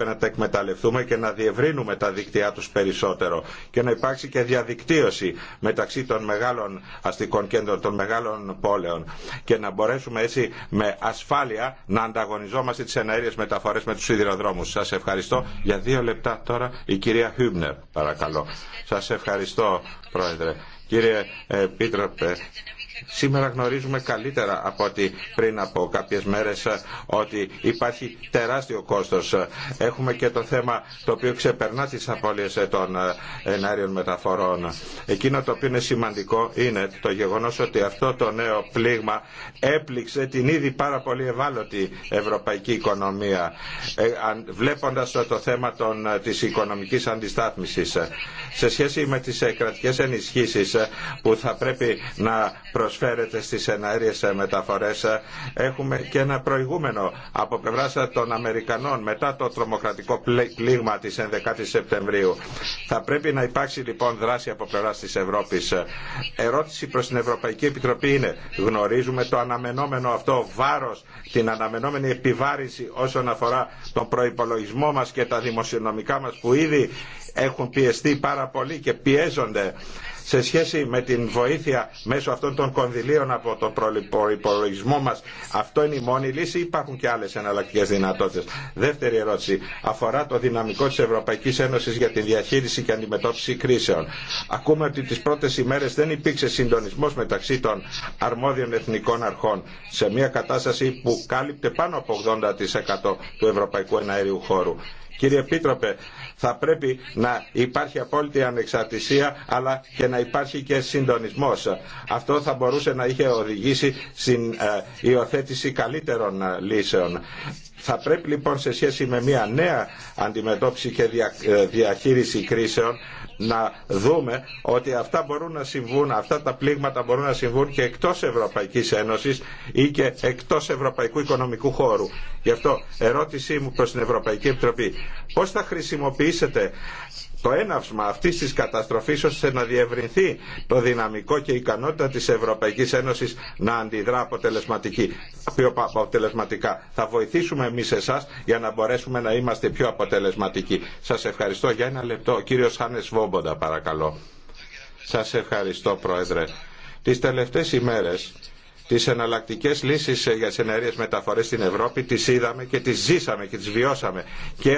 να τα εκμεταλλευτούμε και να διευρύνουμε τα δίκτυά τους περισσότερο και να υπάρξει και διαδικτύωση μεταξύ των μεγάλων αστικών κέντρων, των μεγάλων πόλεων και να μπορέσουμε έτσι με ασφάλεια να ανταγωνιζόμαστε τις εναέριες μεταφορές με τους σιδηροδρόμους. Σας ευχαριστώ. Για δύο λεπτά τώρα η κυρία Hübner. παρακαλώ. Σας ευχαριστώ, Πρόεδρε. Κύριε ε, Επίτροπε, Σήμερα γνωρίζουμε καλύτερα από ότι πριν από κάποιες μέρες ε, ότι υπάρχει τεράστιο κόστος. Ε, έχουμε και το θέμα το οποίο ξεπερνά τις απώλειες ε, των ενάριων μεταφορών. Εκείνο το οποίο είναι σημαντικό είναι το γεγονός ότι αυτό το νέο πλήγμα έπληξε την ήδη πάρα πολύ ευάλωτη ευρωπαϊκή οικονομία βλέποντας το θέμα των, της οικονομικής αντιστάθμισης σε σχέση με τις κρατικές ενισχύσεις που θα πρέπει να προσφέρεται στις εναέριες μεταφορές. Έχουμε και ένα προηγούμενο από πλευρά των Αμερικανών μετά το τρομοκρατικό πλήγμα της 11 Η Σεπτεμβρίου. Θα πρέπει να υπάρξει λοιπόν δράση από πλευρά της Ευρώπης. Ερώτηση προς την Ευρωπαϊκή Επιτροπή είναι γνωρίζουμε το αναμενόμενο αυτό βάρος, την αναμενόμενη επιβάρηση όσον αφορά τον προϋπολογισμό μας και τα δημοσιονομικά μας που ήδη έχουν πιεστεί πάρα πολύ και πιέζονται σε σχέση με την βοήθεια μέσω αυτών των κονδυλίων από τον προπολογισμό μα. αυτό είναι η μόνη λύση ή υπάρχουν και άλλε εναλλακτικέ δυνατότητε. Δεύτερη ερώτηση αφορά το δυναμικό τη Ευρωπαϊκή Ένωση για τη διαχείριση και αντιμετώπιση κρίσεων. Ακούμε ότι τι πρώτε ημέρε δεν υπήρξε συντονισμό μεταξύ των αρμόδιων εθνικών αρχών σε μια κατάσταση που κάλυπτε πάνω από 80% του ευρωπαϊκού εναέριου χώρου Κύριε Επίτροπε, θα πρέπει να υπάρχει απόλυτη ανεξαρτησία αλλά και να υπάρχει και συντονισμός. Αυτό θα μπορούσε να είχε οδηγήσει στην ε, υιοθέτηση καλύτερων ε, λύσεων. Θα πρέπει λοιπόν σε σχέση με μια νέα αντιμετώπιση και ε, διαχείριση κρίσεων να δούμε ότι αυτά μπορούν να συμβούν, αυτά τα πλήγματα μπορούν να συμβούν και εκτός Ευρωπαϊκής Ένωσης ή και εκτός Ευρωπαϊκού Οικονομικού Χώρου. Γι' αυτό ερώτησή μου προς την Ευρωπαϊκή Επιτροπή. Πώς θα χρησιμοποιήσετε το έναυσμα αυτή τη καταστροφή ώστε να διευρυνθεί το δυναμικό και η ικανότητα της Ευρωπαϊκής Ένωσης να αντιδρά αποτελεσματική. αποτελεσματικά. Θα βοηθήσουμε εμείς εσάς για να μπορέσουμε να είμαστε πιο αποτελεσματικοί. Σας ευχαριστώ για ένα λεπτό. Ο κύριος Χάνες Βόμποντα παρακαλώ. Σα ευχαριστώ Πρόεδρε. Τι τελευταίε ημέρε. Τι εναλλακτικέ λύσει για τι εναερίε μεταφορέ στην Ευρώπη τι είδαμε και τι ζήσαμε και τι βιώσαμε και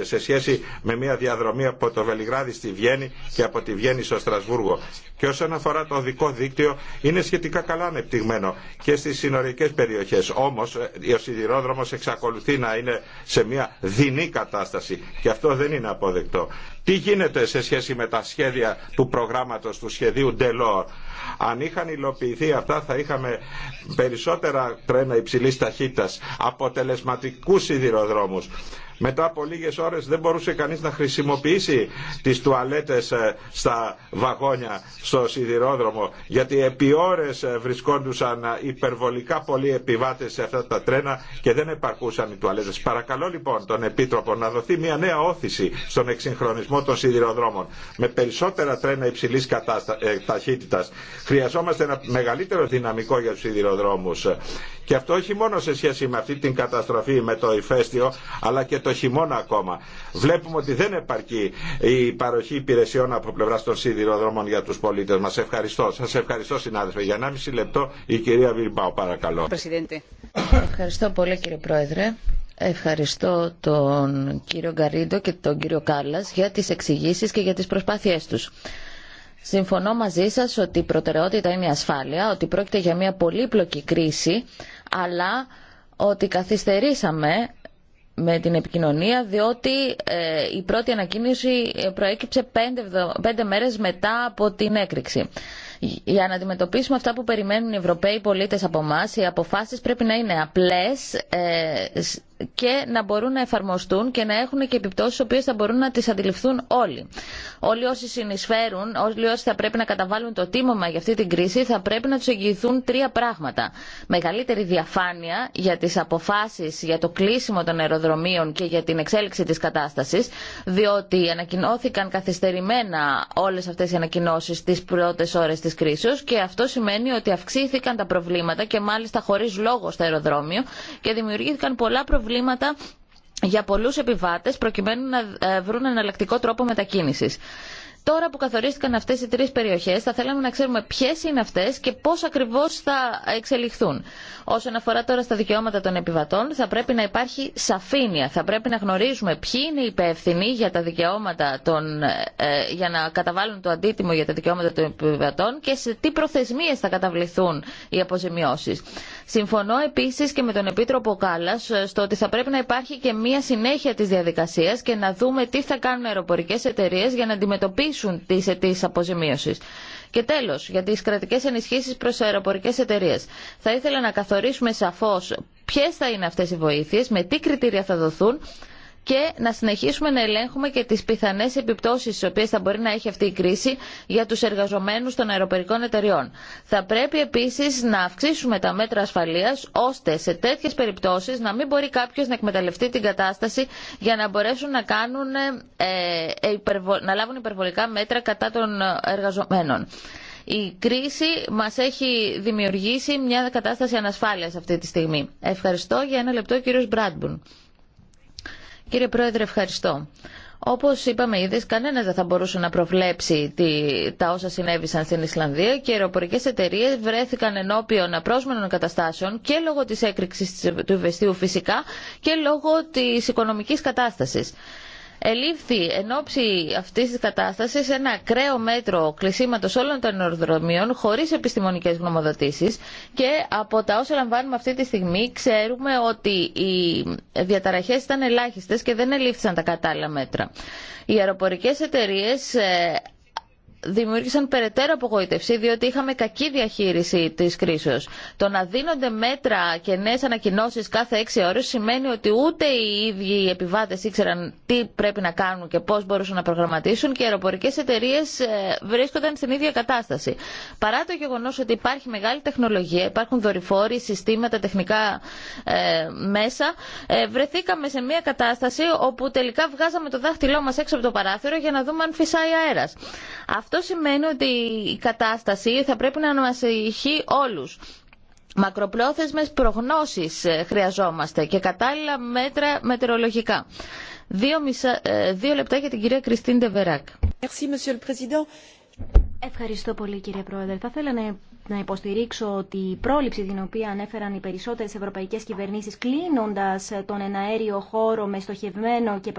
σε σχέση με μια διαδρομή από το Βελιγράδι στη Βιέννη και από τη Βιέννη στο Στρασβούργο. Και όσον αφορά το οδικό δίκτυο είναι σχετικά καλά ανεπτυγμένο και στι συνοριακέ περιοχέ. Όμω ε, ο σιδηρόδρομο εξακολουθεί να είναι σε μια δεινή κατάσταση και αυτό δεν είναι αποδεκτό. Τι γίνεται σε σχέση με τα σχέδια του προγράμματος, του σχεδίου Delors. Αν είχαν υλοποιηθεί αυτά θα είχαμε περισσότερα τρένα υψηλής ταχύτητας, αποτελεσματικούς σιδηροδρόμους μετά από λίγες ώρες δεν μπορούσε κανείς να χρησιμοποιήσει τις τουαλέτες ε, στα βαγόνια στο σιδηρόδρομο γιατί επί ώρες ε, βρισκόντουσαν ε, υπερβολικά πολλοί επιβάτες σε αυτά τα τρένα και δεν επαρκούσαν οι τουαλέτες. Παρακαλώ λοιπόν τον Επίτροπο να δοθεί μια νέα όθηση στον εξυγχρονισμό των σιδηροδρόμων με περισσότερα τρένα υψηλής κατάστα... ταχύτητας. Χρειαζόμαστε ένα μεγαλύτερο δυναμικό για τους σιδηροδρόμους. Και αυτό όχι μόνο σε σχέση με αυτή την καταστροφή με το ηφαίστειο αλλά και το χειμώνα ακόμα. Βλέπουμε ότι δεν επαρκεί η παροχή υπηρεσιών από πλευρά των σιδηροδρόμων για του πολίτε μα. Ευχαριστώ. Σα ευχαριστώ, συνάδελφε. Για 1,5 λεπτό η κυρία Βιλμπάου, παρακαλώ. Ευχαριστώ πολύ, κύριε Πρόεδρε. Ευχαριστώ τον κύριο Γκαρίντο και τον κύριο Κάλλας για τις εξηγήσεις και για τις προσπάθειές τους. Συμφωνώ μαζί σας ότι η προτεραιότητα είναι η ασφάλεια, ότι πρόκειται για μια πολύπλοκη κρίση, αλλά ότι καθυστερήσαμε με την επικοινωνία, διότι ε, η πρώτη ανακοίνωση ε, προέκυψε πέντε, πέντε μέρες μετά από την έκρηξη. Για να αντιμετωπίσουμε αυτά που περιμένουν οι Ευρωπαίοι πολίτες από εμά, οι αποφάσεις πρέπει να είναι απλές, ε, και να μπορούν να εφαρμοστούν και να έχουν και επιπτώσεις οποίες θα μπορούν να τις αντιληφθούν όλοι. Όλοι όσοι συνεισφέρουν, όλοι όσοι θα πρέπει να καταβάλουν το τίμωμα για αυτή την κρίση θα πρέπει να τους εγγυηθούν τρία πράγματα. Μεγαλύτερη διαφάνεια για τις αποφάσεις για το κλείσιμο των αεροδρομίων και για την εξέλιξη της κατάστασης διότι ανακοινώθηκαν καθυστερημένα όλες αυτές οι ανακοινώσεις τις πρώτες ώρες της κρίσης και αυτό σημαίνει ότι αυξήθηκαν τα προβλήματα και μάλιστα χωρίς λόγο στο αεροδρόμιο και δημιουργήθηκαν πολλά προβλήματα προβλήματα για πολλούς επιβάτες προκειμένου να ε, βρουν εναλλακτικό τρόπο μετακίνησης. Τώρα που καθορίστηκαν αυτές οι τρεις περιοχές θα θέλαμε να ξέρουμε ποιες είναι αυτές και πώς ακριβώς θα εξελιχθούν. Όσον αφορά τώρα στα δικαιώματα των επιβατών θα πρέπει να υπάρχει σαφήνεια. Θα πρέπει να γνωρίζουμε ποιοι είναι οι υπεύθυνοι για, τα δικαιώματα των, ε, για να καταβάλουν το αντίτιμο για τα δικαιώματα των επιβατών και σε τι προθεσμίες θα καταβληθούν οι αποζημιώσεις. Συμφωνώ επίση και με τον Επίτροπο Κάλλα ε, στο ότι θα πρέπει να υπάρχει και μία συνέχεια τη διαδικασία και να δούμε τι θα κάνουν οι αεροπορικέ εταιρείε για να αντιμετωπίσουν τι αιτήσει αποζημίωση. Και τέλο, για τι κρατικέ ενισχύσει προ αεροπορικέ εταιρείε. Θα ήθελα να καθορίσουμε σαφώ ποιε θα είναι αυτέ οι βοήθειε, με τι κριτήρια θα δοθούν και να συνεχίσουμε να ελέγχουμε και τις πιθανές επιπτώσεις τις οποίες θα μπορεί να έχει αυτή η κρίση για τους εργαζομένους των αεροπερικών εταιριών. Θα πρέπει επίσης να αυξήσουμε τα μέτρα ασφαλείας ώστε σε τέτοιες περιπτώσεις να μην μπορεί κάποιος να εκμεταλλευτεί την κατάσταση για να μπορέσουν να, κάνουν, ε, ε, να λάβουν υπερβολικά μέτρα κατά των εργαζομένων. Η κρίση μας έχει δημιουργήσει μια κατάσταση ανασφάλειας αυτή τη στιγμή. Ευχαριστώ για ένα λεπτό κύριος Μπράντμπουν. Κύριε Πρόεδρε, ευχαριστώ. Όπως είπαμε ήδη, κανένας δεν θα μπορούσε να προβλέψει τα όσα συνέβησαν στην Ισλανδία και οι αεροπορικέ εταιρείε βρέθηκαν ενώπιον απρόσμενων καταστάσεων και λόγω της έκρηξη του ηφαιστείου φυσικά και λόγω της οικονομικής κατάστασης ελήφθη εν ώψη αυτή τη κατάσταση ένα ακραίο μέτρο κλεισίματο όλων των αεροδρομίων χωρί επιστημονικέ γνωμοδοτήσει και από τα όσα λαμβάνουμε αυτή τη στιγμή ξέρουμε ότι οι διαταραχέ ήταν ελάχιστε και δεν ελήφθησαν τα κατάλληλα μέτρα. Οι αεροπορικέ εταιρείε ε, δημιούργησαν περαιτέρω απογοήτευση διότι είχαμε κακή διαχείριση τη κρίσεω. Το να δίνονται μέτρα και νέε ανακοινώσει κάθε έξι ώρες σημαίνει ότι ούτε οι ίδιοι οι επιβάτες ήξεραν τι πρέπει να κάνουν και πώ μπορούσαν να προγραμματίσουν και οι αεροπορικέ εταιρείε ε, βρίσκονταν στην ίδια κατάσταση. Παρά το γεγονό ότι υπάρχει μεγάλη τεχνολογία, υπάρχουν δορυφόροι, συστήματα, τεχνικά ε, μέσα, ε, βρεθήκαμε σε μια κατάσταση όπου τελικά βγάζαμε το δάχτυλό μα έξω από το παράθυρο για να δούμε αν φυσάει αέρα. Αυτό σημαίνει ότι η κατάσταση θα πρέπει να μας ηχεί όλους. Μακροπρόθεσμες προγνώσεις ε, χρειαζόμαστε και κατάλληλα μέτρα μετεωρολογικά. Δύο, ε, λεπτά για την κυρία Κριστίν Τεβεράκ. Merci, Ευχαριστώ πολύ κύριε Πρόεδρε. Θα ήθελα να υποστηρίξω ότι η πρόληψη την οποία ανέφεραν οι περισσότερες ευρωπαϊκές κυβερνήσεις κλείνοντας τον εναέριο χώρο με στοχευμένο και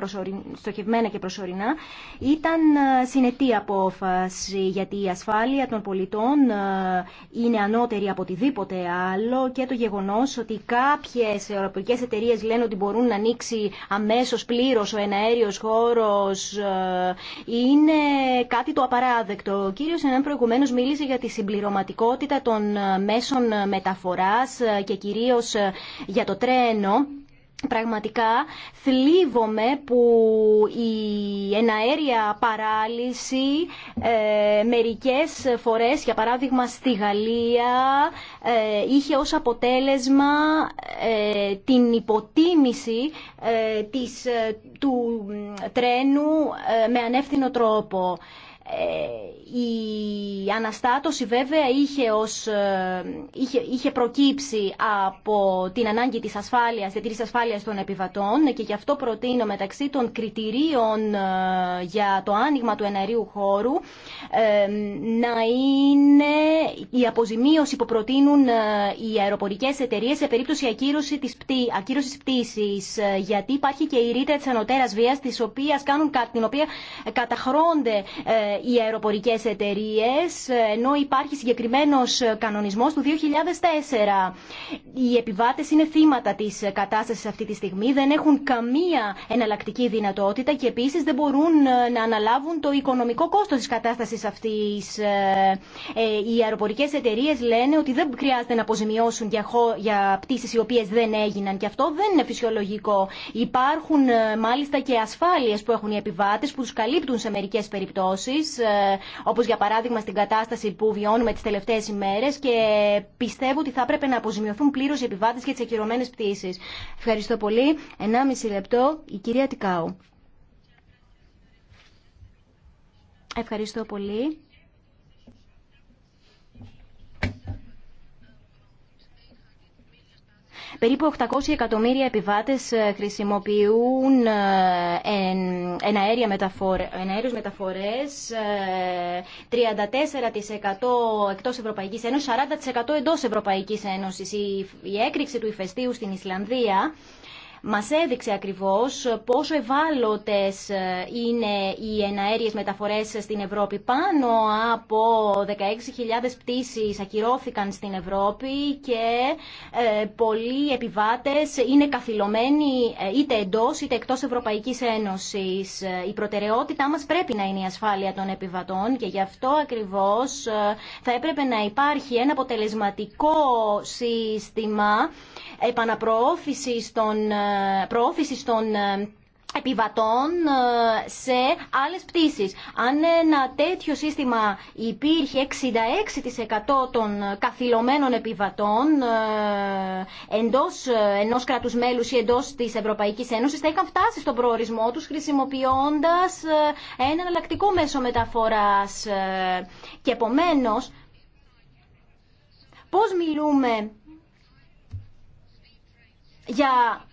στοχευμένα και προσωρινά ήταν ε, συνετή απόφαση γιατί η ασφάλεια των πολιτών ε, είναι ανώτερη από οτιδήποτε άλλο και το γεγονός ότι κάποιες ευρωπαϊκές εταιρείε λένε ότι μπορούν να ανοίξει αμέσως πλήρως ο εναέριος χώρος ε, είναι κάτι το απαράδεκτο κύριος Ενάν προηγουμένω μίλησε για τη συμπληρωματικότητα των ε, μέσων ε, μεταφοράς ε, και κυρίως για το τρένο. Πραγματικά θλίβομαι που η εναέρια παράλυση ε, μερικές φορές, για παράδειγμα στη Γαλλία, ε, είχε ως αποτέλεσμα ε, την υποτίμηση της, του τρένου με ανεύθυνο τρόπο. Ε, η αναστάτωση βέβαια είχε, ως, ε, είχε, είχε προκύψει από την ανάγκη της ασφάλειας, της ασφάλειας των επιβατών και γι' αυτό προτείνω μεταξύ των κριτηρίων ε, για το άνοιγμα του εναερίου χώρου να είναι η αποζημίωση που προτείνουν οι αεροπορικές εταιρείες σε περίπτωση ακύρωση της πτή, ακύρωσης πτήσης γιατί υπάρχει και η ρήτρα της ανωτέρας βίας της οποίας κάνουν, την οποία καταχρώνται οι αεροπορικές εταιρείες, ενώ υπάρχει συγκεκριμένος κανονισμός του 2004. Οι επιβάτες είναι θύματα της κατάστασης αυτή τη στιγμή, δεν έχουν καμία εναλλακτική δυνατότητα και επίσης δεν μπορούν ε, να αναλάβουν το οικονομικό κόστος της κατάστασης αυτής. Ε, ε, οι αεροπορικές εταιρείες λένε ότι δεν χρειάζεται να αποζημιώσουν για πτήσεις οι οποίες δεν έγιναν και αυτό δεν είναι φυσιολογικό. Υπάρχουν μάλιστα και ασφάλειες που έχουν οι επιβάτες που τους καλύπτουν σε μερικέ περιπτώσεις ε, όπως για παράδειγμα στην κατάσταση που βιώνουμε τις τελευταίες ημέρες και πιστεύω ότι θα έπρεπε να αποζημιωθούν πλήρως οι επιβάτες για τις ακυρωμένες πτήσεις. Ευχαριστώ πολύ. 1,5 λεπτό η κυρία Τικάου. Ευχαριστώ πολύ. Περίπου 800 εκατομμύρια επιβάτες ε, χρησιμοποιούν ε, εναέριες μεταφορές, 34% ε, εκτός Ευρωπαϊκής Ένωσης, 40% εντός Ευρωπαϊκής Ένωσης. Η έκρηξη του ηφαιστείου στην Ισλανδία μας έδειξε ακριβώς πόσο ευάλωτες ε, είναι οι εναέριες μεταφορές στην Ευρώπη. Πάνω από 16.000 πτήσεις ακυρώθηκαν στην Ευρώπη και ε, πολλοί επιβάτες είναι καθυλωμένοι ε, είτε εντός είτε εκτός Ευρωπαϊκής Ένωσης. Η προτεραιότητά μας πρέπει να είναι η ασφάλεια των επιβατών και γι' αυτό ακριβώς θα έπρεπε να υπάρχει ένα αποτελεσματικό σύστημα επαναπροώθησης των προώθηση των ε, επιβατών ε, σε άλλες πτήσεις. Αν ένα τέτοιο σύστημα υπήρχε 66% των καθυλωμένων επιβατών ε, εντός ενός κράτους μέλους ή εντός της Ευρωπαϊκής Ένωσης θα είχαν φτάσει στον προορισμό τους χρησιμοποιώντας ένα αλλακτικό μέσο μεταφοράς. Και επομένως, πώς μιλούμε για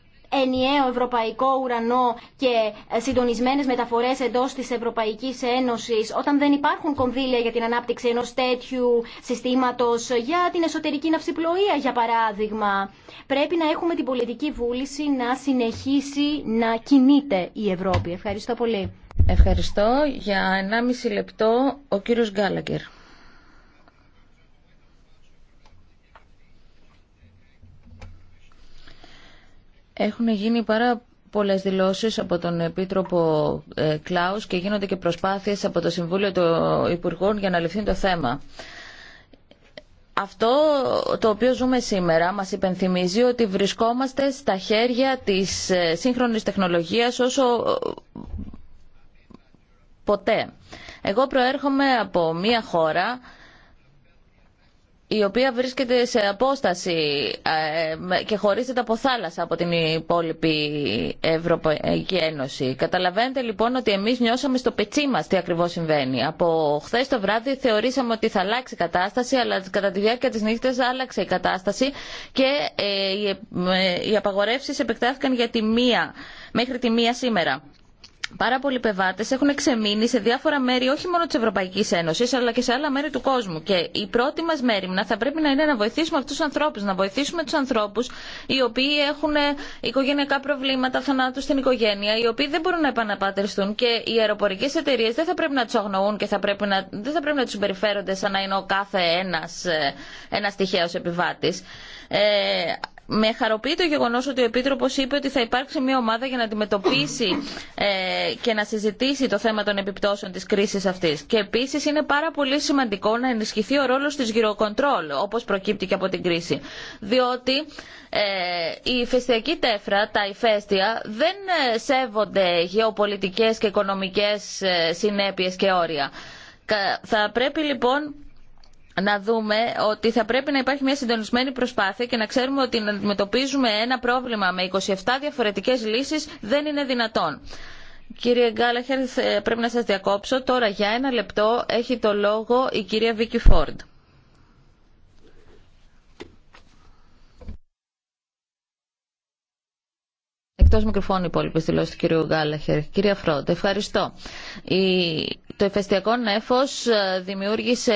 ενιαίο ευρωπαϊκό ουρανό και ε, συντονισμένε μεταφορέ εντό τη Ευρωπαϊκή Ένωση, όταν δεν υπάρχουν κονδύλια για την ανάπτυξη ενό τέτοιου συστήματο, για την εσωτερική ναυσιπλοεία, για παράδειγμα, πρέπει να έχουμε την πολιτική βούληση να συνεχίσει να κινείται η Ευρώπη. Ευχαριστώ πολύ. Ευχαριστώ. Για 1,5 λεπτό ο κύριος Γκάλαγκερ. Έχουν γίνει πάρα πολλές δηλώσεις από τον Επίτροπο ε, Κλάους και γίνονται και προσπάθειες από το Συμβούλιο των Υπουργών για να ληφθεί το θέμα. Αυτό το οποίο ζούμε σήμερα μας υπενθυμίζει ότι βρισκόμαστε στα χέρια της ε, σύγχρονης τεχνολογίας όσο ε, ποτέ. Εγώ προέρχομαι από μια χώρα η οποία βρίσκεται σε απόσταση ε, και χωρίζεται από θάλασσα από την υπόλοιπη Ευρωπαϊκή Ένωση. Καταλαβαίνετε λοιπόν ότι εμείς νιώσαμε στο πετσί μας τι ακριβώς συμβαίνει. Από χθε το βράδυ θεωρήσαμε ότι θα αλλάξει η κατάσταση, αλλά κατά τη διάρκεια της νύχτας άλλαξε η κατάσταση και ε, ε, οι απαγορεύσεις επεκτάθηκαν για τη μία, μέχρι τη μία σήμερα πάρα πολλοί πεβάτε έχουν ξεμείνει σε διάφορα μέρη όχι μόνο τη Ευρωπαϊκή Ένωση αλλά και σε άλλα μέρη του κόσμου. Και η πρώτη μα μέρημνα θα πρέπει να είναι να βοηθήσουμε αυτού του ανθρώπου, να βοηθήσουμε του ανθρώπου οι οποίοι έχουν ε, οικογενειακά προβλήματα, θανάτου στην οικογένεια, οι οποίοι δεν μπορούν να επαναπατριστούν και οι αεροπορικέ εταιρείε δεν θα πρέπει να του αγνοούν και δεν θα πρέπει να του συμπεριφέρονται σαν να είναι ο κάθε ένα ένας τυχαίο επιβάτη. Ε, με χαροποιεί το γεγονός ότι ο Επίτροπος είπε ότι θα υπάρξει μια ομάδα για να αντιμετωπίσει ε, και να συζητήσει το θέμα των επιπτώσεων της κρίσης αυτής. Και επίσης είναι πάρα πολύ σημαντικό να ενισχυθεί ο ρόλος της γυροκοντρόλ, όπως προκύπτει και από την κρίση. Διότι ε, η ηφαιστειακή τέφρα, τα ηφαίστεια, δεν ε, σέβονται γεωπολιτικέ και οικονομικές συνέπειε και όρια. Θα πρέπει λοιπόν να δούμε ότι θα πρέπει να υπάρχει μια συντονισμένη προσπάθεια και να ξέρουμε ότι να αντιμετωπίζουμε ένα πρόβλημα με 27 διαφορετικές λύσεις δεν είναι δυνατόν. Κύριε Γκάλαχερ, πρέπει να σας διακόψω. Τώρα για ένα λεπτό έχει το λόγο η κυρία Βίκη Φόρντ. Εκτός μικροφώνου υπόλοιπες δηλώσεις του κυρίου Γκάλαχερ. Κυρία Φρόντ, ευχαριστώ. Η το ηφαιστειακό νέφος ε, δημιούργησε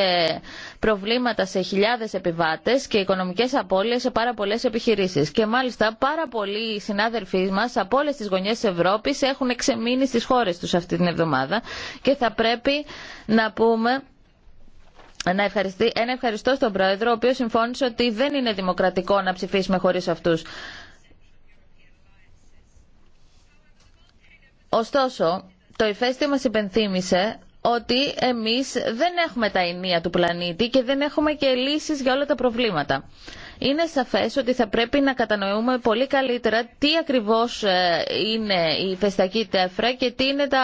προβλήματα σε χιλιάδες επιβάτες και οικονομικές απώλειες σε πάρα πολλές επιχειρήσεις. Και μάλιστα πάρα πολλοί συνάδελφοί μας από όλες τις γωνιές της Ευρώπης έχουν εξεμείνει στις χώρες τους αυτή την εβδομάδα και θα πρέπει να πούμε να ευχαριστεί, ένα ευχαριστώ στον Πρόεδρο, ο οποίος συμφώνησε ότι δεν είναι δημοκρατικό να ψηφίσουμε χωρίς αυτούς. Ωστόσο, το ηφαίστειο μας υπενθύμησε ότι εμείς δεν έχουμε τα ενία του πλανήτη και δεν έχουμε και λύσεις για όλα τα προβλήματα είναι σαφές ότι θα πρέπει να κατανοούμε πολύ καλύτερα τι ακριβώς ε, είναι η ηφαιστιακή τέφρα και τι είναι τα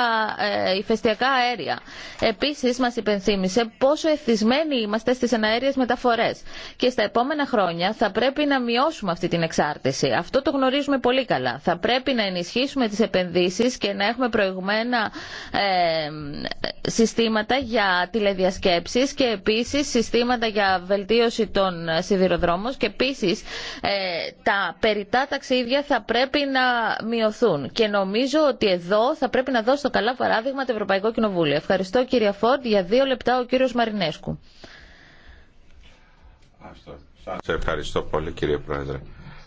ε, ηφαιστειακά αέρια. Επίσης μας υπενθύμησε πόσο εθισμένοι είμαστε στις εναέριες μεταφορές και στα επόμενα χρόνια θα πρέπει να μειώσουμε αυτή την εξάρτηση. Αυτό το γνωρίζουμε πολύ καλά. Θα πρέπει να ενισχύσουμε τις επενδύσεις και να έχουμε προηγουμένα ε, συστήματα για τηλεδιασκέψεις και επίσης συστήματα για βελτίωση των σιδηροδρόμων και επίσης ε, τα περιτά ταξίδια θα πρέπει να μειωθούν. Και νομίζω ότι εδώ θα πρέπει να δώσει το καλά παράδειγμα το Ευρωπαϊκό Κοινοβούλιο. Ευχαριστώ κύριε Φόρντ. Για δύο λεπτά ο κύριος Μαρινέσκου. Σα ευχαριστώ πολύ κύριε Πρόεδρε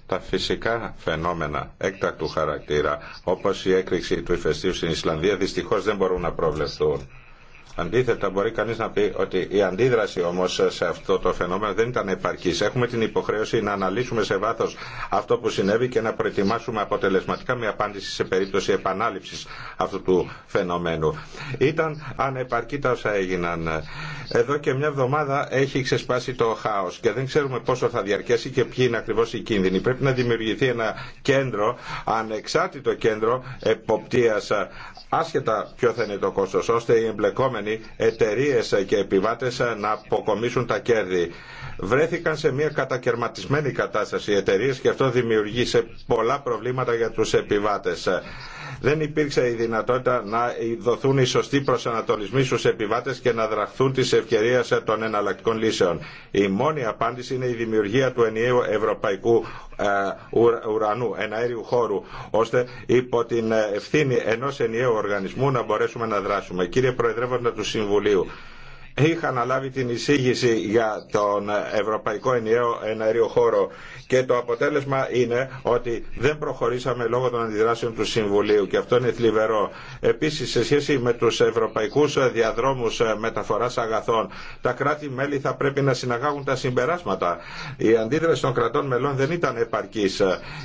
τα φυσικά φαινόμενα έκτακτου χαρακτήρα, όπως η έκρηξη του ηφαιστείου στην Ισλανδία, δυστυχώς δεν μπορούν να προβλεφθούν. Αντίθετα, μπορεί κανεί να πει ότι η αντίδραση όμω σε αυτό το φαινόμενο δεν ήταν επαρκή. Έχουμε την υποχρέωση να αναλύσουμε σε βάθο αυτό που συνέβη και να προετοιμάσουμε αποτελεσματικά μια απάντηση σε περίπτωση επανάληψη αυτού του φαινομένου. Ήταν ανεπαρκή τα όσα έγιναν. Εδώ και μια εβδομάδα έχει ξεσπάσει το χάο και δεν ξέρουμε πόσο θα διαρκέσει και ποιοι είναι ακριβώ οι κίνδυνοι. Πρέπει να δημιουργηθεί ένα κέντρο, ανεξάρτητο κέντρο εποπτεία, άσχετα ποιο θα είναι το κόστο, ώστε οι εμπλεκόμενοι κάνει εταιρείε και επιβάτε να αποκομίσουν τα κέρδη. Βρέθηκαν σε μια κατακαιρματισμένη κατάσταση οι εταιρείε και αυτό δημιουργήσε πολλά προβλήματα για του επιβάτες δεν υπήρξε η δυνατότητα να δοθούν οι σωστοί προσανατολισμοί στους επιβάτες και να δραχθούν τις ευκαιρίες των εναλλακτικών λύσεων. Η μόνη απάντηση είναι η δημιουργία του ενιαίου ευρωπαϊκού ε, ουρανού, εναέριου χώρου, ώστε υπό την ευθύνη ενός ενιαίου οργανισμού να μπορέσουμε να δράσουμε. Κύριε Προεδρεύοντα του Συμβουλίου, είχα αναλάβει την εισήγηση για τον Ευρωπαϊκό Ενιαίο Εναέριο Χώρο και το αποτέλεσμα είναι ότι δεν προχωρήσαμε λόγω των αντιδράσεων του Συμβουλίου και αυτό είναι θλιβερό. Επίσης σε σχέση με τους ευρωπαϊκούς διαδρόμους μεταφοράς αγαθών τα κράτη-μέλη θα πρέπει να συναγάγουν τα συμπεράσματα. Η αντίδραση των κρατών μελών δεν ήταν επαρκής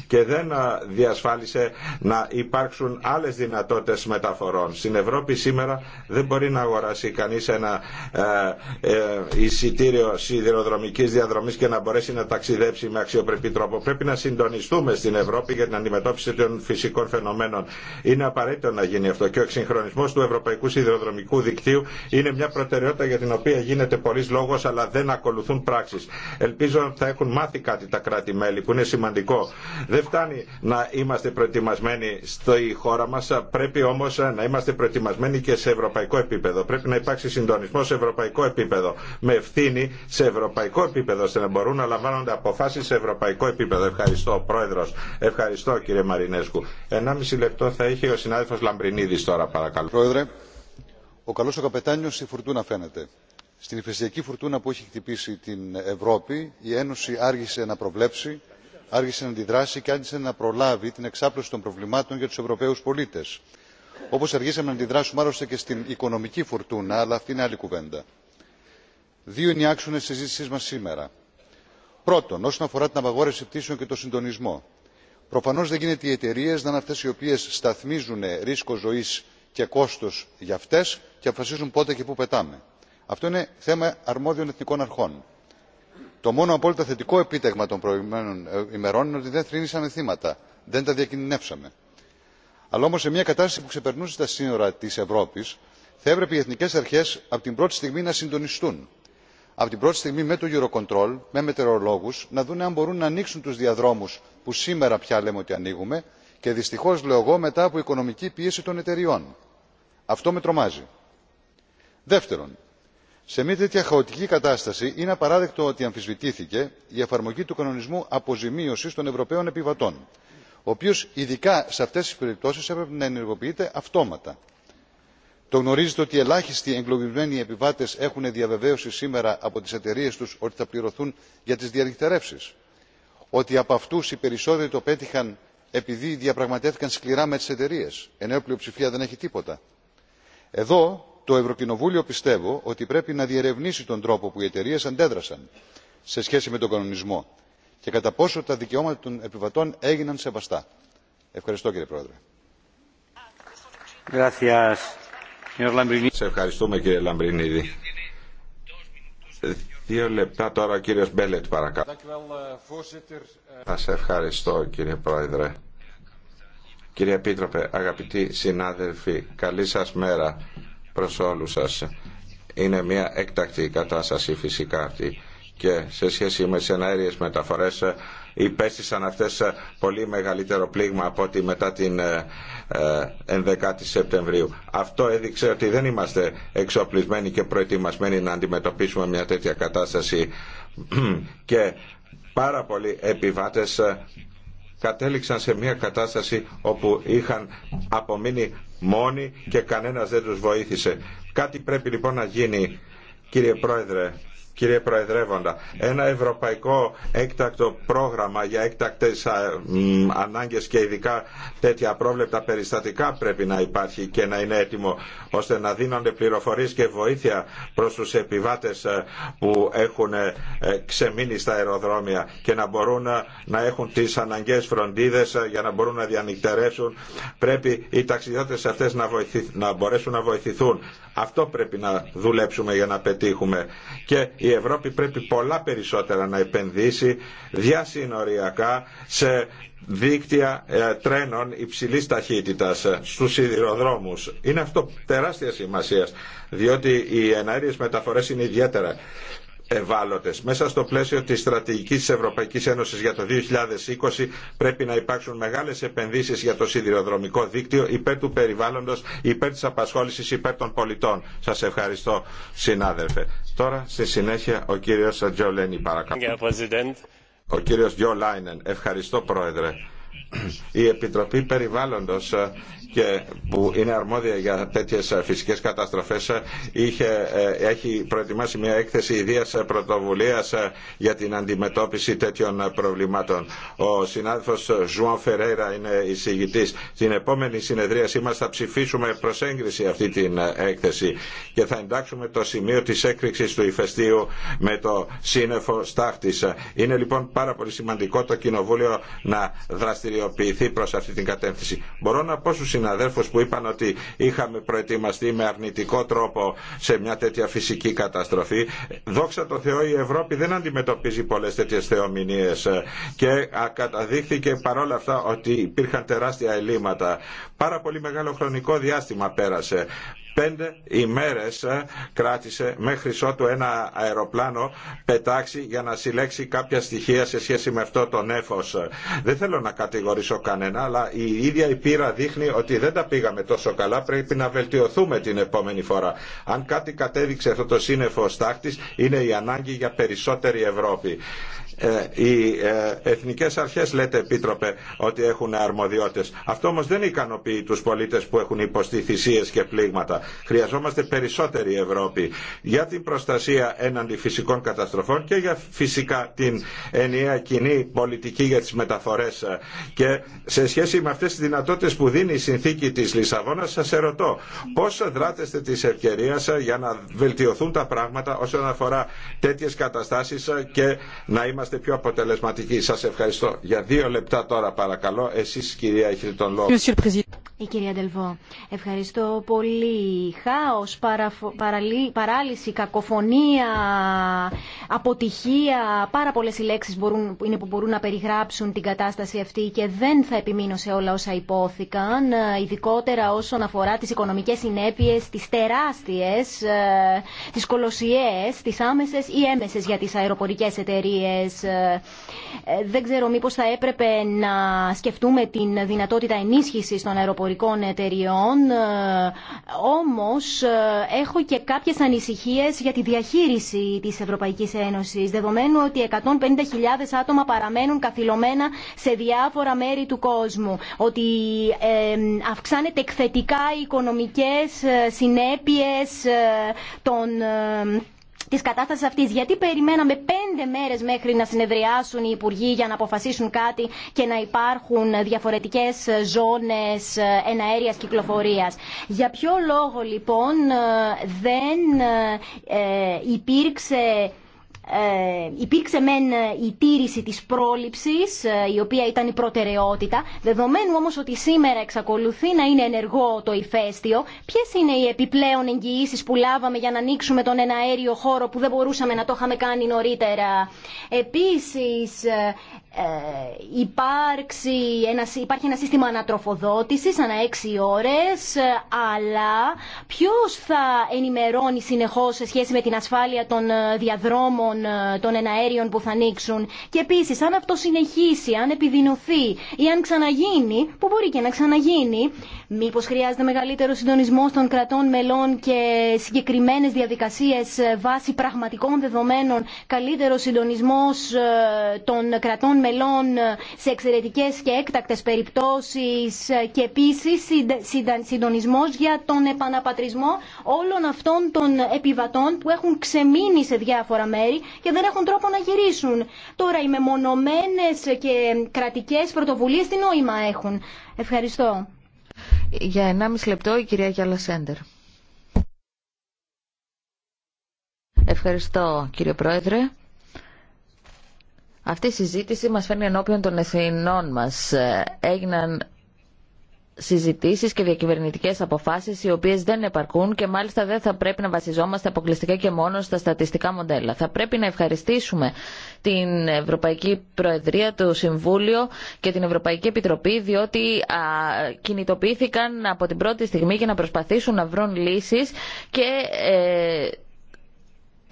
και δεν διασφάλισε να υπάρξουν άλλες δυνατότητες μεταφορών. Στην Ευρώπη σήμερα δεν μπορεί να αγοράσει κανείς ένα ε, ε, εισιτήριο σιδηροδρομικής διαδρομής και να μπορέσει να ταξιδέψει με αξιοπρεπή τρόπο. Πρέπει να συντονιστούμε στην Ευρώπη για την αντιμετώπιση των φυσικών φαινομένων. Είναι απαραίτητο να γίνει αυτό και ο εξυγχρονισμός του Ευρωπαϊκού Σιδηροδρομικού Δικτύου είναι μια προτεραιότητα για την οποία γίνεται πολλή λόγο αλλά δεν ακολουθούν πράξει. Ελπίζω ότι θα έχουν μάθει κάτι τα κράτη-μέλη που είναι σημαντικό. Δεν φτάνει να είμαστε προετοιμασμένοι στη χώρα μα, πρέπει όμω να είμαστε προετοιμασμένοι και σε ευρωπαϊκό επίπεδο. Πρέπει να υπάρξει συντονισμό σε ευρωπαϊκό επίπεδο. Με ευθύνη σε ευρωπαϊκό επίπεδο, ώστε να μπορούν να λαμβάνονται αποφάσει σε ευρωπαϊκό επίπεδο. Ευχαριστώ, Πρόεδρο. Ευχαριστώ, κύριε Μαρινέσκου. μισή λεπτό θα είχε ο συνάδελφο Λαμπρινίδη τώρα, παρακαλώ. Πρόεδρε, ο καλό ο καπετάνιο στη φουρτούνα φαίνεται. Στην ηφαιστειακή φουρτούνα που έχει χτυπήσει την Ευρώπη, η Ένωση άργησε να προβλέψει, άργησε να αντιδράσει και άργησε να προλάβει την εξάπλωση των προβλημάτων για του Ευρωπαίου πολίτε όπω αργήσαμε να αντιδράσουμε άλλωστε και στην οικονομική φουρτούνα αλλά αυτή είναι άλλη κουβέντα. δύο είναι οι άξονε τη συζήτησή μα σήμερα. πρώτον όσον αφορά την απαγόρευση πτήσεων και τον συντονισμό προφανώ δεν γίνεται οι εταιρείε να είναι αυτέ οι οποίε σταθμίζουν ρίσκο ζωή και κόστο για αυτέ και αποφασίζουν πότε και πού πετάμε. αυτό είναι θέμα αρμόδιων εθνικών αρχών. το μόνο απόλυτα θετικό επίτευγμα των προηγούμενων ε, ημερών είναι ότι δεν θρυνήσαμε θύματα δεν τα διακινδυνεύσαμε αλλά όμω σε μια κατάσταση που ξεπερνούσε τα σύνορα τη ευρώπη θα έπρεπε οι εθνικέ αρχέ από την πρώτη στιγμή να συντονιστούν από την πρώτη στιγμή με το eurocontrol με μετεωρολόγου να δουν αν μπορούν να ανοίξουν του διαδρόμου που σήμερα πια λέμε ότι ανοίγουμε και δυστυχώ λέω εγώ μετά από οικονομική πίεση των εταιριών. αυτό με τρομάζει. δεύτερον σε μια τέτοια χαοτική κατάσταση είναι απαράδεκτο ότι αμφισβητήθηκε η εφαρμογή του κανονισμού αποζημίωση των ευρωπαίων επιβατών ο οποίος ειδικά σε αυτές τις περιπτώσεις έπρεπε να ενεργοποιείται αυτόματα. το γνωρίζετε ότι ελάχιστοι εγκλωβισμένοι επιβάτες έχουν διαβεβαίωση σήμερα από τις εταιρείες τους ότι θα πληρωθούν για τις διανυκτερεύσεις; ότι από αυτούς οι περισσότεροι το πέτυχαν επειδή διαπραγματεύτηκαν σκληρά με τις εταιρείες ενώ η πλειοψηφία δεν έχει τίποτα; εδώ το ευρωκοινοβούλιο πιστεύω ότι πρέπει να διερευνήσει τον τρόπο που οι εταιρείε αντέδρασαν σε σχέση με τον κανονισμό και κατά πόσο τα δικαιώματα των επιβατών έγιναν σεβαστά. ευχαριστώ κύριε πρόεδρε. σε ευχαριστούμε κύριε λαμπρινίδη. Δύο λεπτά τώρα ο κύριος Μπέλετ παρακαλώ. Θα eh, eh, ευχαριστώ κύριε Πρόεδρε. Κύριε Επίτροπε, αγαπητοί συνάδελφοι, καλή σας μέρα προς όλους σας. Είναι μια έκτακτη κατάσταση φυσικά αυτή και σε σχέση με τι εναέριε μεταφορέ, ε, υπέστησαν αυτές ε, πολύ μεγαλύτερο πλήγμα από ότι μετά την 11η ε, Σεπτεμβρίου. Αυτό έδειξε ότι δεν είμαστε εξοπλισμένοι και προετοιμασμένοι να αντιμετωπίσουμε μια τέτοια κατάσταση και πάρα πολλοί επιβάτες κατέληξαν σε μια κατάσταση όπου είχαν απομείνει μόνοι και κανένας δεν τους βοήθησε. Κάτι πρέπει λοιπόν να γίνει κύριε Πρόεδρε κύριε Προεδρεύοντα, ένα ευρωπαϊκό έκτακτο πρόγραμμα για έκτακτες ανάγκες και ειδικά τέτοια πρόβλεπτα περιστατικά πρέπει να υπάρχει και να είναι έτοιμο ώστε να δίνονται πληροφορίες και βοήθεια προς τους επιβάτες που έχουν ε, ξεμείνει στα αεροδρόμια και να μπορούν να έχουν τις αναγκαίες φροντίδες για να μπορούν να διανυκτερέσουν. Πρέπει οι ταξιδιώτες αυτές να, να μπορέσουν να βοηθηθούν αυτό πρέπει να δουλέψουμε για να πετύχουμε. Και η Ευρώπη πρέπει πολλά περισσότερα να επενδύσει διασυνοριακά σε δίκτυα ε, τρένων υψηλής ταχύτητας ε, στους σιδηροδρόμους. Είναι αυτό τεράστια σημασία, διότι οι εναέριες μεταφορές είναι ιδιαίτερα ευάλωτες. Μέσα στο πλαίσιο της στρατηγικής της Ευρωπαϊκής Ένωσης για το 2020 πρέπει να υπάρξουν μεγάλες επενδύσεις για το σιδηροδρομικό δίκτυο υπέρ του περιβάλλοντος, υπέρ της απασχόλησης, υπέρ των πολιτών. Σας ευχαριστώ συνάδελφε. Τώρα στη συνέχεια ο κύριος Τζο Λένι παρακαλώ. Ο κύριος Τζο Ευχαριστώ πρόεδρε. Η Επιτροπή Περιβάλλοντος και που είναι αρμόδια για τέτοιε φυσικέ καταστροφέ ε, ε, έχει προετοιμάσει μια έκθεση ιδία ε, πρωτοβουλία για την αντιμετώπιση τέτοιων προβλημάτων. Ο συνάδελφο Ζουάν Φερέρα είναι εισηγητή. Στην επόμενη συνεδρίασή μα θα ψηφίσουμε προς έγκριση αυτή την έκθεση και θα εντάξουμε το σημείο τη έκρηξη του ηφαιστείου με το σύννεφο Στάχτη. Είναι λοιπόν πάρα πολύ σημαντικό το Κοινοβούλιο να δραστηριοποιηθεί προ αυτή την κατεύθυνση. Μπορώ να πω συναδέλφους που είπαν ότι είχαμε προετοιμαστεί με αρνητικό τρόπο σε μια τέτοια φυσική καταστροφή. Δόξα τω Θεώ η Ευρώπη δεν αντιμετωπίζει πολλές τέτοιες θεομηνίες και καταδείχθηκε παρόλα αυτά ότι υπήρχαν τεράστια ελλείμματα. Πάρα πολύ μεγάλο χρονικό διάστημα πέρασε. Πέντε ημέρες ε, κράτησε μέχρι ότου ένα αεροπλάνο πετάξει για να συλλέξει κάποια στοιχεία σε σχέση με αυτό το νέφος. Δεν θέλω να κατηγορήσω κανένα, αλλά η ίδια η πείρα δείχνει ότι δεν τα πήγαμε τόσο καλά, πρέπει να βελτιωθούμε την επόμενη φορά. Αν κάτι κατέδειξε αυτό το σύννεφο στάχτης, είναι η ανάγκη για περισσότερη Ευρώπη. Ε, οι ε, εθνικές αρχές λέτε επίτροπε ότι έχουν αρμοδιότητες. Αυτό όμως δεν ικανοποιεί τους πολίτες που έχουν υποστεί θυσίε και πλήγματα. Χρειαζόμαστε περισσότερη Ευρώπη για την προστασία έναντι φυσικών καταστροφών και για φυσικά την ενιαία κοινή πολιτική για τις μεταφορές. Ε, και σε σχέση με αυτές τις δυνατότητες που δίνει η συνθήκη της Λισαβόνας σας ερωτώ πώς δράτεστε τη ευκαιρία για να βελτιωθούν τα πράγματα όσον αφορά τέτοιες καταστάσεις και να είμαστε είμαστε πιο αποτελεσματικοί. Σας ευχαριστώ. Για δύο λεπτά τώρα παρακαλώ. Εσείς κυρία έχετε τον λόγο. Η κυρία Ντελβό, ευχαριστώ πολύ. Χάος, παραφο... παραλύ... παράλυση, κακοφωνία, αποτυχία. Πάρα πολλέ οι λέξει είναι που μπορούν να περιγράψουν την κατάσταση αυτή και δεν θα επιμείνω σε όλα όσα υπόθηκαν, ε, ειδικότερα όσον αφορά τι οικονομικέ συνέπειε, τι τεράστιε, ε, τι κολοσιαίε, τι άμεσε ή έμεσε για τι αεροπορικέ εταιρείε. Ε, δεν ξέρω μήπω θα έπρεπε να σκεφτούμε την δυνατότητα ενίσχυση των αεροπορικών εταιριών, όμως έχω και κάποιες ανησυχίες για τη διαχείριση της Ευρωπαϊκής δεδομένου ότι 150.000 άτομα παραμένουν καθυλωμένα σε διάφορα μέρη του κόσμου, ότι αυξάνεται εκθετικά οι οικονομικές ε, συνέπειες ε, των τη κατάσταση αυτή. Γιατί περιμέναμε πέντε μέρε μέχρι να συνεδριάσουν οι υπουργοί για να αποφασίσουν κάτι και να υπάρχουν διαφορετικέ ζώνε εναέρεια κυκλοφορία. Για ποιο λόγο λοιπόν ε, δεν υπήρξε ε, υπήρξε μεν ε, η τήρηση της πρόληψης, ε, η οποία ήταν η προτεραιότητα, δεδομένου όμως ότι σήμερα εξακολουθεί να είναι ενεργό το ηφαίστειο, ποιες είναι οι επιπλέον εγγυήσεις που λάβαμε για να ανοίξουμε τον εναέριο χώρο που δεν μπορούσαμε να το είχαμε κάνει νωρίτερα. Επίσης, ε, ε, υπάρξει ένα, υπάρχει ένα σύστημα ανατροφοδότησης ανά έξι ώρες, αλλά ποιος θα ενημερώνει συνεχώς σε σχέση με την ασφάλεια των ε, διαδρόμων ε, των εναέριων που θα ανοίξουν. Και επίσης, αν αυτό συνεχίσει, αν επιδεινωθεί ή αν ξαναγίνει, που μπορεί και να ξαναγίνει, μήπως χρειάζεται μεγαλύτερο συντονισμό των κρατών μελών και συγκεκριμένες διαδικασίες βάσει πραγματικών δεδομένων, καλύτερο συντονισμός των κρατών μελών σε εξαιρετικέ και έκτακτες περιπτώσεις και επίση συντονισμό για τον επαναπατρισμό όλων αυτών των επιβατών που έχουν ξεμείνει σε διάφορα μέρη και δεν έχουν τρόπο να γυρίσουν. Τώρα οι μεμονωμένες και κρατικές πρωτοβουλίες τι νόημα έχουν. Ευχαριστώ. Για 1,5 λεπτό η κυρία Γιάλα Σέντερ. Ευχαριστώ κύριε Πρόεδρε. Αυτή η συζήτηση μας φέρνει ενώπιον των εθνών μας. Έγιναν συζητήσεις και διακυβερνητικές αποφάσεις οι οποίες δεν επαρκούν και μάλιστα δεν θα πρέπει να βασιζόμαστε αποκλειστικά και μόνο στα στατιστικά μοντέλα. Θα πρέπει να ευχαριστήσουμε την Ευρωπαϊκή Προεδρία, το Συμβούλιο και την Ευρωπαϊκή Επιτροπή διότι κινητοποιήθηκαν από την πρώτη στιγμή για να προσπαθήσουν να βρουν λύσεις και ε,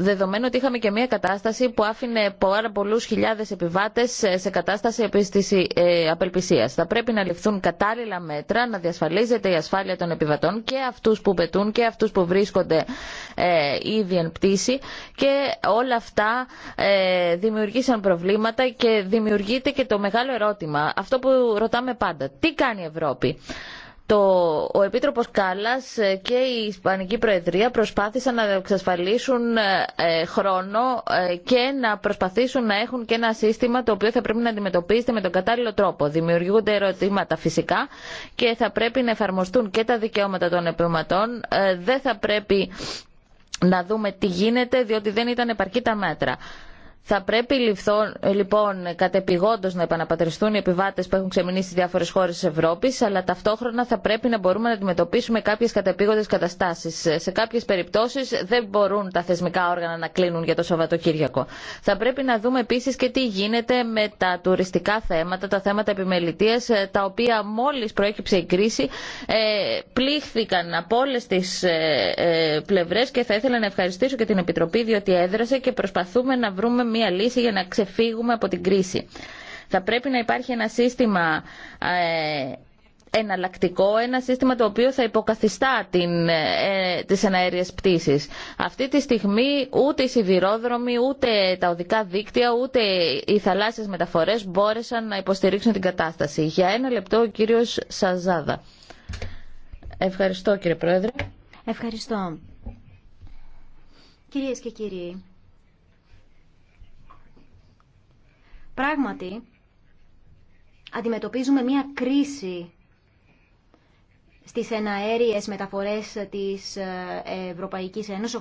Δεδομένου ότι είχαμε και μια κατάσταση που άφηνε πάρα πολλού χιλιάδε επιβάτε σε κατάσταση ε, απελπισία. Θα πρέπει να ληφθούν κατάλληλα μέτρα, να διασφαλίζεται η ασφάλεια των επιβατών και αυτού που πετούν και αυτού που βρίσκονται ε, ήδη εν πτήση και όλα αυτά ε, δημιουργήσαν προβλήματα και δημιουργείται και το μεγάλο ερώτημα, αυτό που ρωτάμε πάντα. Τι κάνει η Ευρώπη το, ο Επίτροπος Κάλλας και η Ισπανική Προεδρία προσπάθησαν να εξασφαλίσουν ε, ε, χρόνο ε, και να προσπαθήσουν να έχουν και ένα σύστημα το οποίο θα πρέπει να αντιμετωπίσετε με τον κατάλληλο τρόπο. Δημιουργούνται ερωτήματα φυσικά και θα πρέπει να εφαρμοστούν και τα δικαιώματα των επιωματών. δεν θα πρέπει να δούμε τι γίνεται διότι δεν ήταν επαρκή τα μέτρα. Θα πρέπει λοιπόν κατεπηγόντω να επαναπατριστούν οι επιβάτε που έχουν ξεμείνει σε διάφορε χώρε τη Ευρώπη, αλλά ταυτόχρονα θα πρέπει να μπορούμε να αντιμετωπίσουμε κάποιε κατεπήγοντε καταστάσει. Σε κάποιε περιπτώσει δεν μπορούν τα θεσμικά όργανα να κλείνουν για το Σαββατοκύριακο. Θα πρέπει να δούμε επίση και τι γίνεται με τα τουριστικά θέματα, τα θέματα επιμελητία, τα οποία μόλι προέκυψε η κρίση ε, πλήχθηκαν από όλε τι ε, ε, πλευρέ και θα ήθελα να ευχαριστήσω και την Επιτροπή διότι έδρασε και προσπαθούμε να βρούμε μία λύση για να ξεφύγουμε από την κρίση. Θα πρέπει να υπάρχει ένα σύστημα ε, εναλλακτικό, ένα σύστημα το οποίο θα υποκαθιστά την, ε, τις πτήσεις. Αυτή τη στιγμή ούτε οι σιδηρόδρομοι, ούτε τα οδικά δίκτυα, ούτε οι θαλάσσιες μεταφορές μπόρεσαν να υποστηρίξουν την κατάσταση. Για ένα λεπτό ο κύριος Σαζάδα. Ευχαριστώ κύριε Πρόεδρε. Ευχαριστώ. Κυρίες και κύριοι, Πράγματι, αντιμετωπίζουμε μια κρίση στις εναέριες μεταφορές της ε, Ευρωπαϊκής Ένωσης.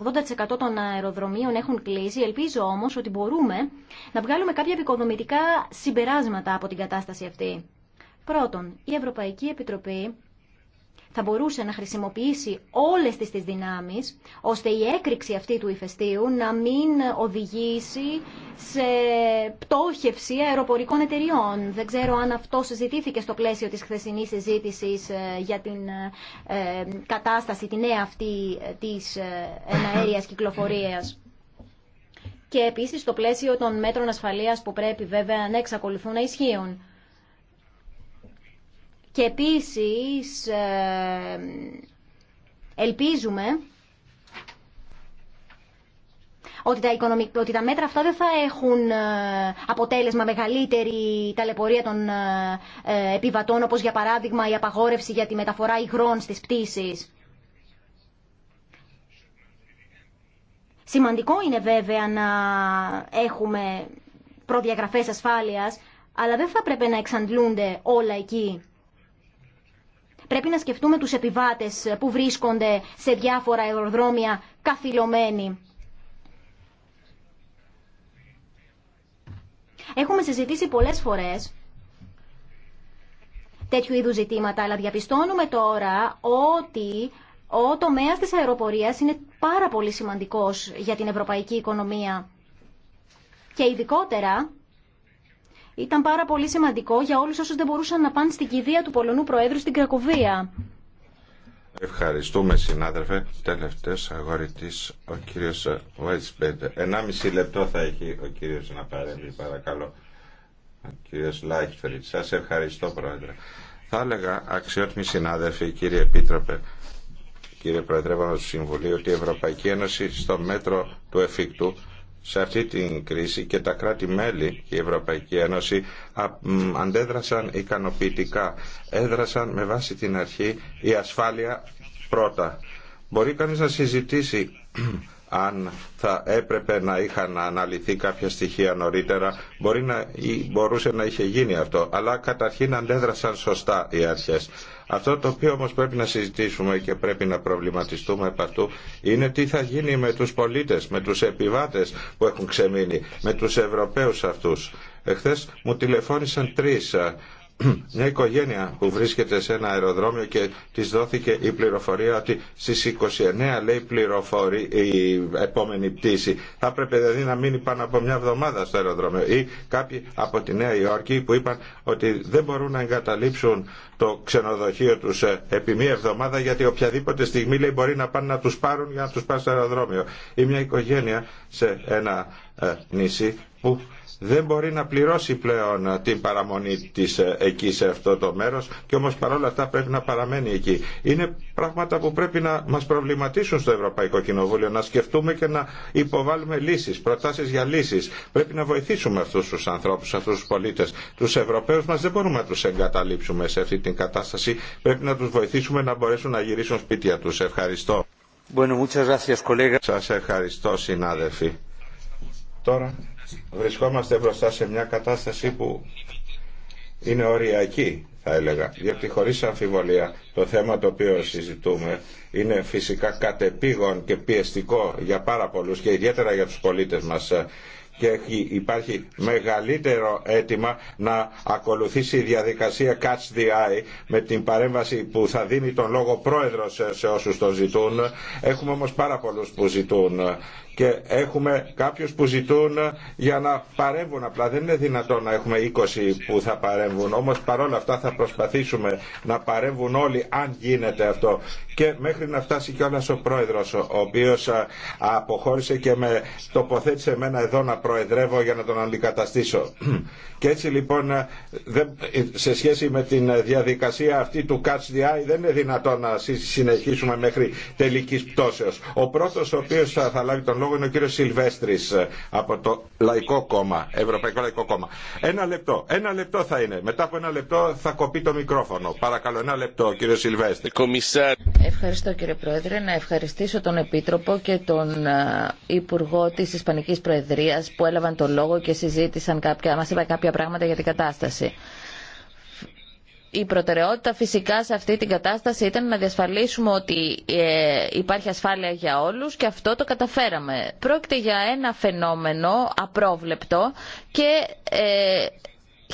80% των αεροδρομίων έχουν κλείσει. Ελπίζω όμως ότι μπορούμε να βγάλουμε κάποια επικοδομητικά συμπεράσματα από την κατάσταση αυτή. Πρώτον, η Ευρωπαϊκή Επιτροπή θα μπορούσε να χρησιμοποιήσει όλες τις τις δυνάμεις, ώστε η έκρηξη αυτή του ηφαιστείου να μην οδηγήσει σε πτώχευση αεροπορικών εταιριών. Δεν ξέρω αν αυτό συζητήθηκε στο πλαίσιο της χθεσινής συζήτησης ε, για την ε, κατάσταση, τη νέα αυτή ε, της εναέριας κυκλοφορίας. Και επίσης στο πλαίσιο των μέτρων ασφαλείας που πρέπει βέβαια να εξακολουθούν να ισχύουν. Και επίσης ε, ελπίζουμε ότι τα, οικονομικ... ότι τα μέτρα αυτά δεν θα έχουν ε, αποτέλεσμα μεγαλύτερη ταλαιπωρία των ε, επιβατών, όπως για παράδειγμα η απαγόρευση για τη μεταφορά υγρών στις πτήσεις. Σημαντικό είναι βέβαια να έχουμε προδιαγραφές ασφάλειας, αλλά δεν θα πρέπει να εξαντλούνται όλα εκεί. Πρέπει να σκεφτούμε τους επιβάτες που βρίσκονται σε διάφορα αεροδρόμια καθυλωμένοι. Έχουμε συζητήσει πολλές φορές τέτοιου είδους ζητήματα, αλλά διαπιστώνουμε τώρα ότι ο τομέας της αεροπορίας είναι πάρα πολύ σημαντικός για την ευρωπαϊκή οικονομία. Και ειδικότερα ήταν πάρα πολύ σημαντικό για όλους όσους δεν μπορούσαν να πάνε στην κηδεία του Πολωνού Προέδρου στην Κρακοβία. Ευχαριστούμε συνάδελφε. Τελευταίος αγορητής ο κύριος Ένα 1,5 λεπτό θα έχει ο κύριος να παρέμβει παρακαλώ. Ο κύριος Λάιχφελτ. Σας ευχαριστώ πρόεδρε. Θα έλεγα αξιότιμοι συνάδελφοι κύριε Επίτροπε κύριε Προεδρεύοντα του Συμβουλίου, ότι η Ευρωπαϊκή Ένωση στο μέτρο του εφικτού σε αυτή την κρίση και τα κράτη-μέλη και η Ευρωπαϊκή Ένωση αντέδρασαν ικανοποιητικά. Έδρασαν με βάση την αρχή η ασφάλεια πρώτα. Μπορεί κανείς να συζητήσει αν θα έπρεπε να είχαν αναλυθεί κάποια στοιχεία νωρίτερα μπορεί να, ή μπορούσε να είχε γίνει αυτό αλλά καταρχήν αντέδρασαν σωστά οι αρχές αυτό το οποίο όμως πρέπει να συζητήσουμε και πρέπει να προβληματιστούμε επ' αυτού είναι τι θα γίνει με τους πολίτες, με τους επιβάτες που έχουν ξεμείνει, με τους Ευρωπαίους αυτούς. Εχθές μου τηλεφώνησαν τρεις μια οικογένεια που βρίσκεται σε ένα αεροδρόμιο και της δόθηκε η πληροφορία ότι στις 29 λέει η επόμενη πτήση. Θα πρέπει δηλαδή να μείνει πάνω από μια εβδομάδα στο αεροδρόμιο. Ή κάποιοι από τη Νέα Υόρκη που είπαν ότι δεν μπορούν να εγκαταλείψουν το ξενοδοχείο τους ε, επί μία εβδομάδα γιατί οποιαδήποτε στιγμή λέει μπορεί να πάνε να τους πάρουν για να τους πάρουν στο αεροδρόμιο. Ή μια οικογένεια σε ένα ε, νησί που δεν μπορεί να πληρώσει πλέον ε, την παραμονή της ε, εκεί σε αυτό το μέρος και όμως παρόλα αυτά πρέπει να παραμένει εκεί. Είναι πράγματα που πρέπει να μας προβληματίσουν στο Ευρωπαϊκό Κοινοβούλιο, να σκεφτούμε και να υποβάλουμε λύσεις, προτάσεις για λύσεις. Πρέπει να βοηθήσουμε αυτούς τους ανθρώπους, αυτούς τους πολίτες. Τους Ευρωπαίους μας δεν μπορούμε να τους εγκαταλείψουμε σε αυτή την κατάσταση. Πρέπει να τους βοηθήσουμε να μπορέσουν να γυρίσουν σπίτια τους. Ευχαριστώ. Bueno, gracias, Σας ευχαριστώ συνάδελφοι. Τώρα βρισκόμαστε μπροστά σε μια κατάσταση που είναι οριακή θα έλεγα, γιατί χωρίς αμφιβολία το θέμα το οποίο συζητούμε είναι φυσικά κατεπήγον και πιεστικό για πάρα πολλούς και ιδιαίτερα για τους πολίτες μας και υπάρχει μεγαλύτερο αίτημα να ακολουθήσει η διαδικασία Catch the Eye με την παρέμβαση που θα δίνει τον λόγο πρόεδρος σε όσους τον ζητούν. Έχουμε όμως πάρα πολλούς που ζητούν και έχουμε κάποιους που ζητούν για να παρέμβουν απλά. Δεν είναι δυνατόν να έχουμε 20 που θα παρέμβουν. Όμως παρόλα αυτά θα προσπαθήσουμε να παρέμβουν όλοι αν γίνεται αυτό. Και μέχρι να φτάσει κιόλα ο πρόεδρος ο οποίος αποχώρησε και με τοποθέτησε εμένα εδώ να προεδρεύω για να τον αντικαταστήσω. Και έτσι λοιπόν σε σχέση με την διαδικασία αυτή του Catch the Eye δεν είναι δυνατόν να συνεχίσουμε μέχρι τελικής πτώσεως. Ο πρώτος ο οποίος θα, θα λάβει τον λόγο είναι ο κύριος Σιλβέστρης ε, από το Λαϊκό Κόμμα, Ευρωπαϊκό Λαϊκό Κόμμα. Ένα λεπτό, ένα λεπτό θα είναι. Μετά από ένα λεπτό θα κοπεί το μικρόφωνο. Παρακαλώ, ένα λεπτό κύριο Σιλβέστρη. Ευχαριστώ κύριε Πρόεδρε. Να ευχαριστήσω τον Επίτροπο και τον ε, Υπουργό της Ισπανικής Προεδρίας που έλαβαν το λόγο και συζήτησαν κάποια, είπαν κάποια πράγματα για την κατάσταση η προτεραιότητα φυσικά σε αυτή την κατάσταση ήταν να διασφαλίσουμε ότι ε, υπάρχει ασφάλεια για όλους και αυτό το καταφέραμε. Πρόκειται για ένα φαινόμενο απρόβλεπτο και ε,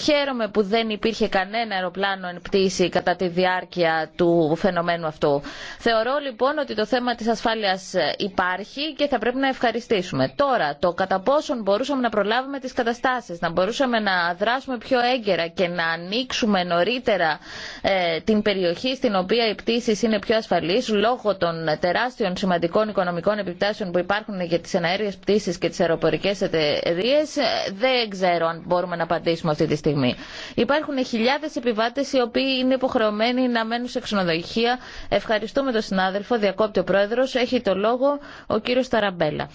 Χαίρομαι που δεν υπήρχε κανένα αεροπλάνο εν πτήση κατά τη διάρκεια του φαινομένου αυτού. Θεωρώ λοιπόν ότι το θέμα της ασφάλειας υπάρχει και θα πρέπει να ευχαριστήσουμε. Τώρα, το κατά πόσον μπορούσαμε να προλάβουμε τις καταστάσεις, να μπορούσαμε να δράσουμε πιο έγκαιρα και να ανοίξουμε νωρίτερα ε, την περιοχή στην οποία οι πτήσει είναι πιο ασφαλείς λόγω των τεράστιων σημαντικών οικονομικών επιπτάσεων που υπάρχουν για τις εναέριες πτήσεις και τις αεροπορικές εταιρείε, ε, δεν ξέρω αν μπορούμε να απαντήσουμε αυτή τη στιγμή στιγμή. Υπάρχουν χιλιάδε επιβάτε οι οποίοι είναι υποχρεωμένοι να μένουν σε ξενοδοχεία. Ευχαριστούμε τον συνάδελφο, διακόπτει ο πρόεδρο. Έχει το λόγο ο κύριο Ταραμπέλα.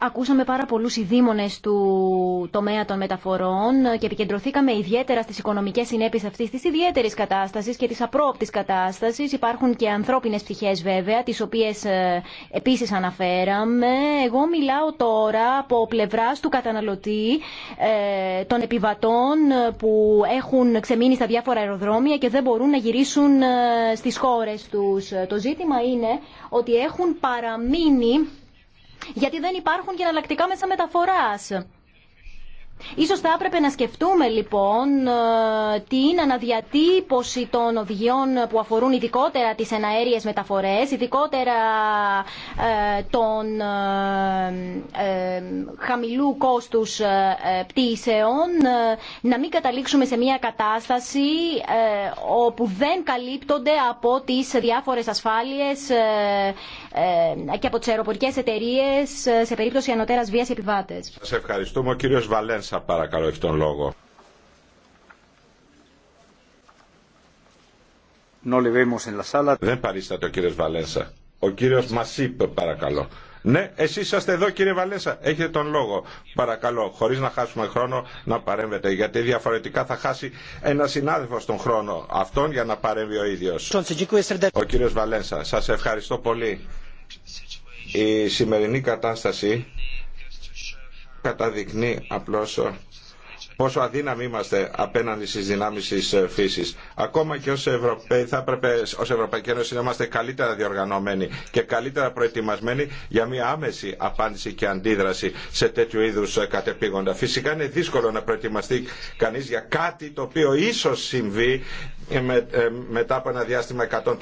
Ακούσαμε πάρα πολλούς ειδήμονες του τομέα των μεταφορών και επικεντρωθήκαμε ιδιαίτερα στις οικονομικές συνέπειες αυτής της ιδιαίτερης κατάστασης και της απρόπτης κατάστασης. Υπάρχουν και ανθρώπινες ψυχές βέβαια, τις οποίες ε, επίσης αναφέραμε. Εγώ μιλάω τώρα από πλευράς του καταναλωτή, ε, των επιβατών ε, που έχουν ξεμείνει στα διάφορα αεροδρόμια και δεν μπορούν να γυρίσουν στις χώρες τους. Το ζήτημα είναι ότι έχουν παραμείνει γιατί δεν υπάρχουν και εναλλακτικά μέσα μεταφοράς. Ίσως θα έπρεπε να σκεφτούμε λοιπόν ε, την αναδιατύπωση των οδηγιών που αφορούν ειδικότερα τις εναέριες μεταφορές, ειδικότερα ε, των ε, χαμηλού κόστους πτήσεων, να μην καταλήξουμε σε μια κατάσταση όπου δεν καλύπτονται από τις διάφορες ασφάλειες και από τις αεροπορικές εταιρείες σε περίπτωση ανωτέρας βίας επιβάτες. Σας ευχαριστούμε ο κύριος Βαλένς σας παρακαλώ έχει τον λόγο. Δεν παρίσταται ο κύριος Βαλένσα. Ο κύριος Μασίπ παρακαλώ. Ναι, εσεί είσαστε εδώ κύριε Βαλένσα. Έχετε τον λόγο. Παρακαλώ, χωρί να χάσουμε χρόνο να παρέμβετε. Γιατί διαφορετικά θα χάσει ένα συνάδελφο τον χρόνο αυτόν για να παρέμβει ο ίδιο. Ο κύριο Βαλένσα, σα ευχαριστώ πολύ. Η σημερινή κατάσταση καταδεικνύει απλώς πόσο αδύναμοι είμαστε απέναντι στι δυνάμεις της ε, φύσης. Ακόμα και ως Ευρωπαίοι θα έπρεπε ω Ευρωπαϊκή Ένωση να είμαστε καλύτερα διοργανωμένοι και καλύτερα προετοιμασμένοι για μια άμεση απάντηση και αντίδραση σε τέτοιου είδου ε, κατεπήγοντα. Φυσικά είναι δύσκολο να προετοιμαστεί κανεί για κάτι το οποίο ίσω συμβεί ε, με, μετά από ένα διάστημα 150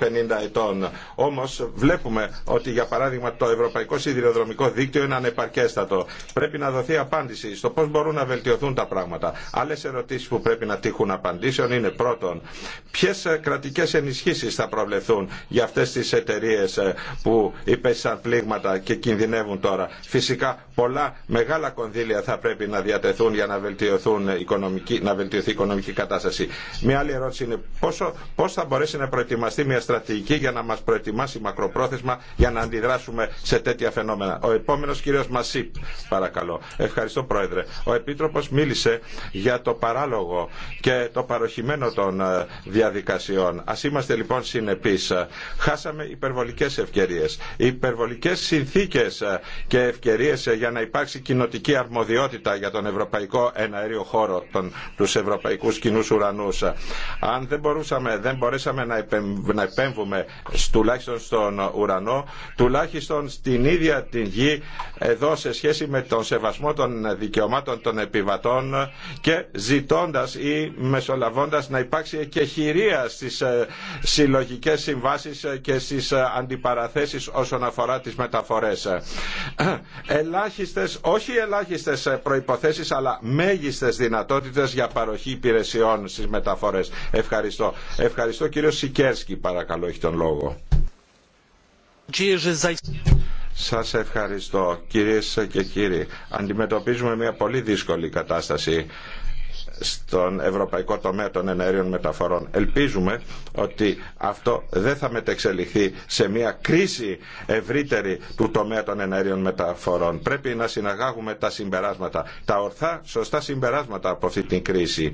ετών. Όμω, βλέπουμε ότι για παράδειγμα το Ευρωπαϊκό Σιδηροδρομικό Δίκτυο είναι ανεπαρκέστατο. Πρέπει να δοθεί απάντηση στο πώ μπορούν να βελτιωθούν τα πράγματα θέματα. Άλλε ερωτήσει που πρέπει να τύχουν απαντήσεων είναι πρώτον, ποιε κρατικέ ενισχύσει θα προβλεφθούν για αυτέ τι εταιρείε ε, που υπέστησαν πλήγματα και κινδυνεύουν τώρα. Φυσικά πολλά μεγάλα κονδύλια θα πρέπει να διατεθούν για να, βελτιωθούν οικονομική, να βελτιωθεί η οικονομική κατάσταση. Μια άλλη ερώτηση είναι πόσο, πώς θα μπορέσει να προετοιμαστεί μια στρατηγική για να μας προετοιμάσει μακροπρόθεσμα για να αντιδράσουμε σε τέτοια φαινόμενα. Ο επόμενος κύριος Μασίπ, παρακαλώ. Ευχαριστώ Πρόεδρε. Ο Επίτροπος μίλησε για το παράλογο και το παροχημένο των ε, διαδικασιών. Ας είμαστε λοιπόν συνεπείς. Χάσαμε υπερβολικές ευκαιρίες. Υπερβολικές συνθήκες ε, και ευκαιρίες ε, για να υπάρξει κοινοτική αρμοδιότητα για τον ευρωπαϊκό εναέριο χώρο, του τους ευρωπαϊκούς κοινού ουρανούς. Αν δεν, μπορούσαμε, δεν μπορέσαμε να επέμβουμε τουλάχιστον στον ουρανό, τουλάχιστον στην ίδια την γη εδώ σε σχέση με τον σεβασμό των δικαιωμάτων των επιβατών και ζητώντας ή μεσολαβώντας να υπάρξει χειρία στις ε, συλλογικές συμβάσεις ε, και στις ε, αντιπαραθέσεις όσον αφορά τις μεταφορές. Ελάχιστες, όχι ελάχιστες προϋποθέσεις αλλά μέγιστες δυνατότητες για παροχή υπηρεσιών στις μεταφορές. Ευχαριστώ. Ευχαριστώ κύριο Σικέρσκι παρακαλώ έχει τον λόγο. Σας ευχαριστώ κυρίες και κύριοι. Αντιμετωπίζουμε μια πολύ δύσκολη κατάσταση στον ευρωπαϊκό τομέα των εναέριων μεταφορών. Ελπίζουμε ότι αυτό δεν θα μετεξελιχθεί σε μια κρίση ευρύτερη του τομέα των ενεργείων μεταφορών. Πρέπει να συναγάγουμε τα συμπεράσματα, τα ορθά σωστά συμπεράσματα από αυτή την κρίση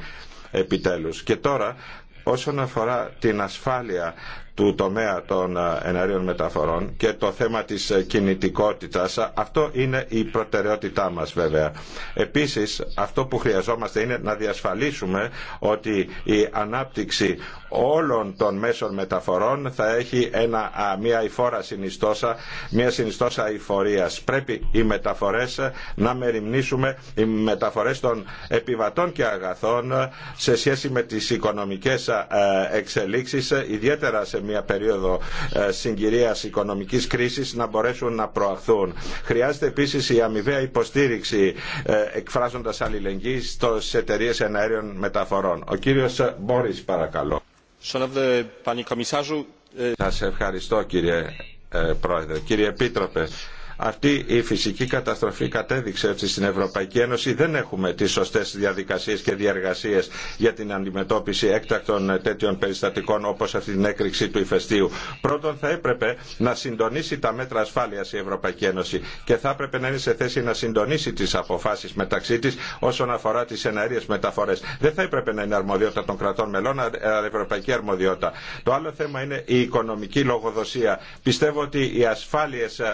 επιτέλους. Και τώρα όσον αφορά την ασφάλεια του τομέα των ε, εναρίων μεταφορών και το θέμα της ε, κινητικότητας. Ε, αυτό είναι η προτεραιότητά μας βέβαια. Επίσης αυτό που χρειαζόμαστε είναι να διασφαλίσουμε ότι η ανάπτυξη όλων των μέσων μεταφορών θα έχει ένα, μια υφόρα συνιστόσα, μια συνιστόσα υφορίας. Πρέπει οι μεταφορές να μεριμνήσουμε, οι μεταφορές των επιβατών και αγαθών σε σχέση με τις οικονομικές εξελίξεις, ιδιαίτερα σε μια περίοδο ε, συγκυρίας οικονομικής κρίσης να μπορέσουν να προαχθούν. Χρειάζεται επίσης η αμοιβαία υποστήριξη ε, εκφράζοντας αλληλεγγύη στις εταιρείες εναέριων μεταφορών. Ο κύριος Μπόρις παρακαλώ. Ε, Σας ευχαριστώ κύριε Πρόεδρε. Κύριε Επίτροπε, αυτή η φυσική καταστροφή κατέδειξε ότι στην Ευρωπαϊκή Ένωση δεν έχουμε τις σωστές διαδικασίες και διεργασίες για την αντιμετώπιση έκτακτων τέτοιων περιστατικών όπως αυτή την έκρηξη του ηφαιστείου. Πρώτον θα έπρεπε να συντονίσει τα μέτρα ασφάλειας η Ευρωπαϊκή Ένωση και θα έπρεπε να είναι σε θέση να συντονίσει τις αποφάσεις μεταξύ της όσον αφορά τις εναερίες μεταφορές. Δεν θα έπρεπε να είναι αρμοδιότητα των κρατών μελών, αλλά ευρωπαϊκή αρμοδιότητα. Το άλλο θέμα είναι η οικονομική λογοδοσία. Πιστεύω ότι η